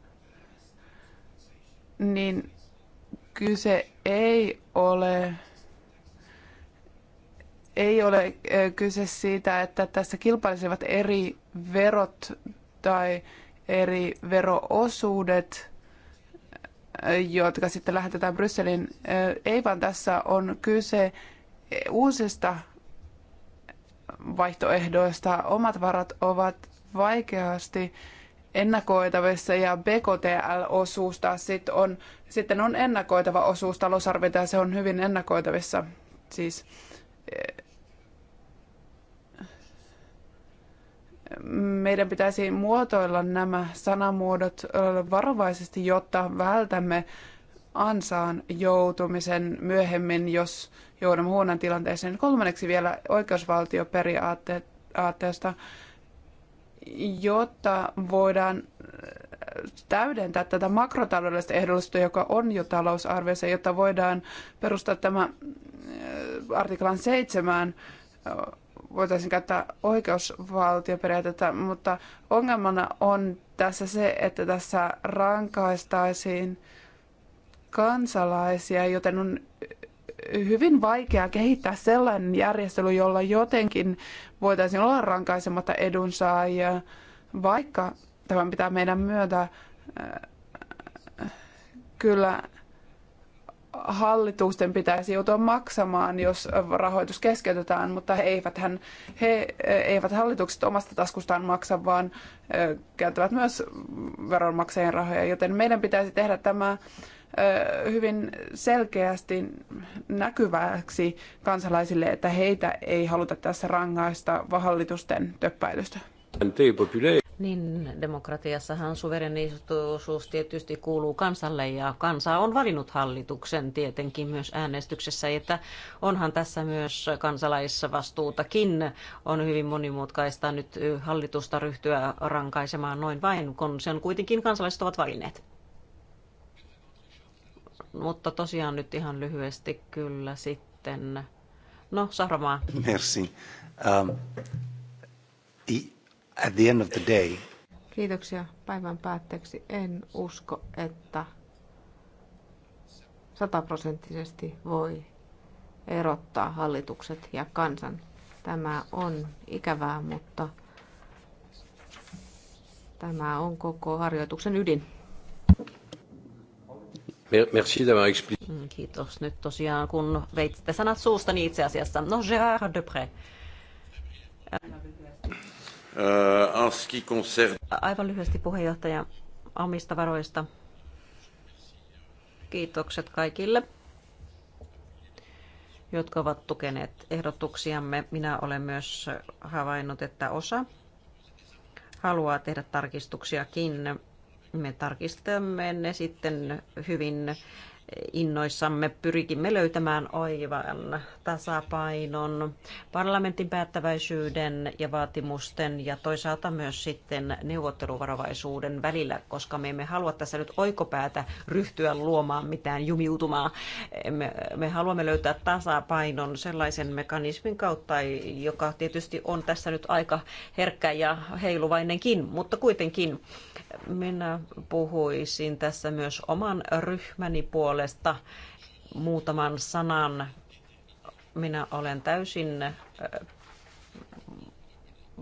niin kyse ei ole ei ole kyse siitä, että tässä kilpailisivat eri verot tai eri veroosuudet – jotka sitten lähetetään Brysseliin. Ei vaan tässä on kyse uusista vaihtoehdoista. Omat varat ovat vaikeasti ennakoitavissa ja BKTL-osuus taas sit on, sitten on ennakoitava osuus talousarviota ja se on hyvin ennakoitavissa. Siis meidän pitäisi muotoilla nämä sanamuodot varovaisesti, jotta vältämme ansaan joutumisen myöhemmin, jos joudumme huonon tilanteeseen. Kolmanneksi vielä oikeusvaltioperiaatteesta, jotta voidaan täydentää tätä makrotaloudellista ehdollista, joka on jo talousarviossa, jotta voidaan perustaa tämä artiklan seitsemään voitaisiin käyttää oikeusvaltioperiaatetta, mutta ongelmana on tässä se, että tässä rankaistaisiin kansalaisia, joten on hyvin vaikea kehittää sellainen järjestely, jolla jotenkin voitaisiin olla rankaisematta edunsaajia, vaikka tämän pitää meidän myötä äh, kyllä hallitusten pitäisi joutua maksamaan, jos rahoitus keskeytetään, mutta he eivät, hän, he eh, eivät hallitukset omasta taskustaan maksa, vaan eh, käyttävät myös veronmaksajien rahoja, joten meidän pitäisi tehdä tämä eh, hyvin selkeästi näkyväksi kansalaisille, että heitä ei haluta tässä rangaista hallitusten töppäilystä. Niin demokratiassahan suverenisuus tietysti kuuluu kansalle ja kansa on valinnut hallituksen tietenkin myös äänestyksessä, että onhan tässä myös kansalaisvastuutakin. On hyvin monimutkaista nyt hallitusta ryhtyä rankaisemaan noin vain, kun sen kuitenkin kansalaiset ovat valinneet mutta tosiaan nyt ihan lyhyesti kyllä sitten. No, Sahramaa. Merci. Um, i, at the end of the day. Kiitoksia päivän päätteeksi. En usko, että sataprosenttisesti voi erottaa hallitukset ja kansan. Tämä on ikävää, mutta tämä on koko harjoituksen ydin. Merci d'avoir expliqué. Mm, kiitos. Nyt tosiaan, kun veitsitte sanat niin itse asiassa. No, Gérard Depré. Euh, aivan lyhyesti puheenjohtaja omista varoista. Kiitokset kaikille, jotka ovat tukeneet ehdotuksiamme. Minä olen myös havainnut, että osa haluaa tehdä tarkistuksiakin. Me tarkistamme ne sitten hyvin innoissamme pyrikimme löytämään oivan tasapainon parlamentin päättäväisyyden ja vaatimusten ja toisaalta myös sitten neuvotteluvarovaisuuden välillä, koska me emme halua tässä nyt oikopäätä ryhtyä luomaan mitään jumiutumaa. Me, me haluamme löytää tasapainon sellaisen mekanismin kautta, joka tietysti on tässä nyt aika herkkä ja heiluvainenkin, mutta kuitenkin minä puhuisin tässä myös oman ryhmäni puolesta puolesta muutaman sanan. Minä olen täysin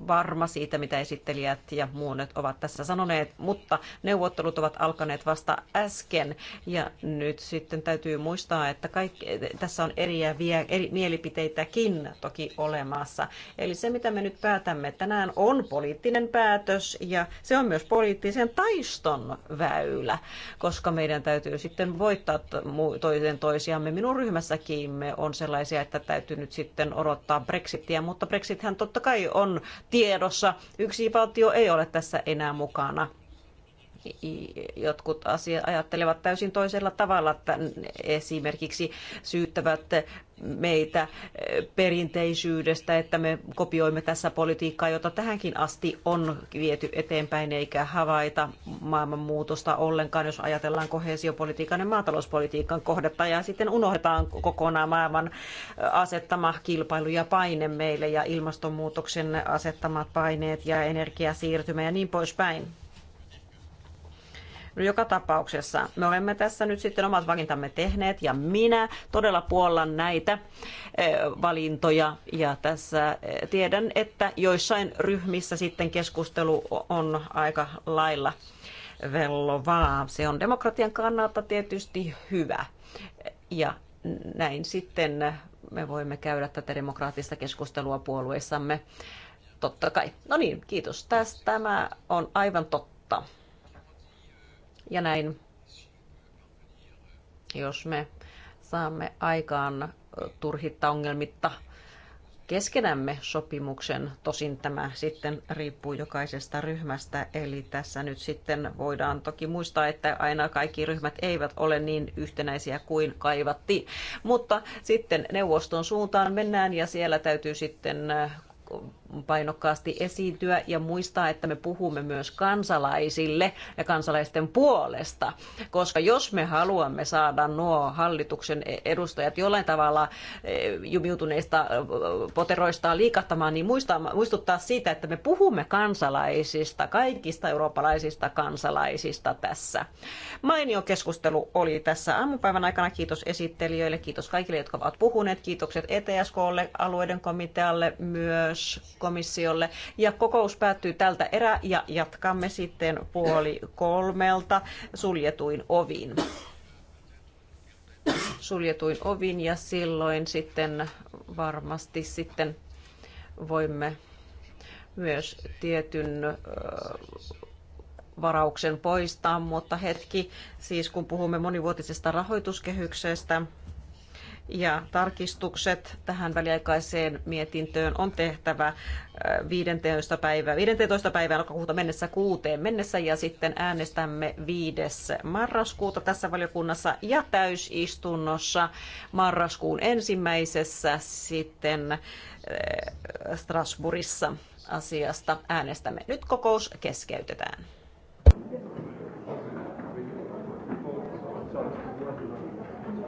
varma siitä, mitä esittelijät ja muunet ovat tässä sanoneet, mutta neuvottelut ovat alkaneet vasta äsken ja nyt sitten täytyy muistaa, että kaikki, tässä on vie, eri mielipiteitäkin toki olemassa. Eli se, mitä me nyt päätämme tänään, on poliittinen päätös ja se on myös poliittisen taiston väylä, koska meidän täytyy sitten voittaa toisen toisiamme. Minun ryhmässäkin me on sellaisia, että täytyy nyt sitten odottaa Brexitia, mutta Brexithän totta kai on tiedossa. Yksi valtio ei ole tässä enää mukana jotkut asiat ajattelevat täysin toisella tavalla, että esimerkiksi syyttävät meitä perinteisyydestä, että me kopioimme tässä politiikkaa, jota tähänkin asti on viety eteenpäin, eikä havaita maailmanmuutosta ollenkaan, jos ajatellaan kohesiopolitiikan ja maatalouspolitiikan kohdetta, ja sitten unohdetaan kokonaan maailman asettama kilpailu ja paine meille, ja ilmastonmuutoksen asettamat paineet ja energiasiirtymä ja niin poispäin joka tapauksessa me olemme tässä nyt sitten omat valintamme tehneet ja minä todella puollan näitä eh, valintoja ja tässä eh, tiedän, että joissain ryhmissä sitten keskustelu on aika lailla vellovaa. Se on demokratian kannalta tietysti hyvä ja näin sitten me voimme käydä tätä demokraattista keskustelua puolueissamme. Totta kai. No niin, kiitos tästä. Tämä on aivan totta. Ja näin, jos me saamme aikaan turhitta ongelmitta keskenämme sopimuksen. Tosin tämä sitten riippuu jokaisesta ryhmästä, eli tässä nyt sitten voidaan toki muistaa, että aina kaikki ryhmät eivät ole niin yhtenäisiä kuin kaivattiin. Mutta sitten neuvoston suuntaan mennään ja siellä täytyy sitten painokkaasti esiintyä ja muistaa, että me puhumme myös kansalaisille ja kansalaisten puolesta. Koska jos me haluamme saada nuo hallituksen edustajat jollain tavalla eh, jumiutuneista eh, poteroista liikahtamaan, niin muistuttaa siitä, että me puhumme kansalaisista, kaikista eurooppalaisista kansalaisista tässä. Mainio keskustelu oli tässä aamupäivän aikana. Kiitos esittelijöille, kiitos kaikille, jotka ovat puhuneet. Kiitokset ETSKlle, alueiden komitealle myös komissiolle. Ja kokous päättyy tältä erää ja jatkamme sitten puoli kolmelta suljetuin ovin. Suljetuin ovin ja silloin sitten varmasti sitten voimme myös tietyn varauksen poistaa, mutta hetki, siis kun puhumme monivuotisesta rahoituskehyksestä, ja tarkistukset tähän väliaikaiseen mietintöön on tehtävä 15. päivää, 15. päivää lokakuuta mennessä kuuteen mennessä ja sitten äänestämme 5. marraskuuta tässä valiokunnassa ja täysistunnossa marraskuun ensimmäisessä sitten äh, Strasbourgissa asiasta äänestämme. Nyt kokous keskeytetään.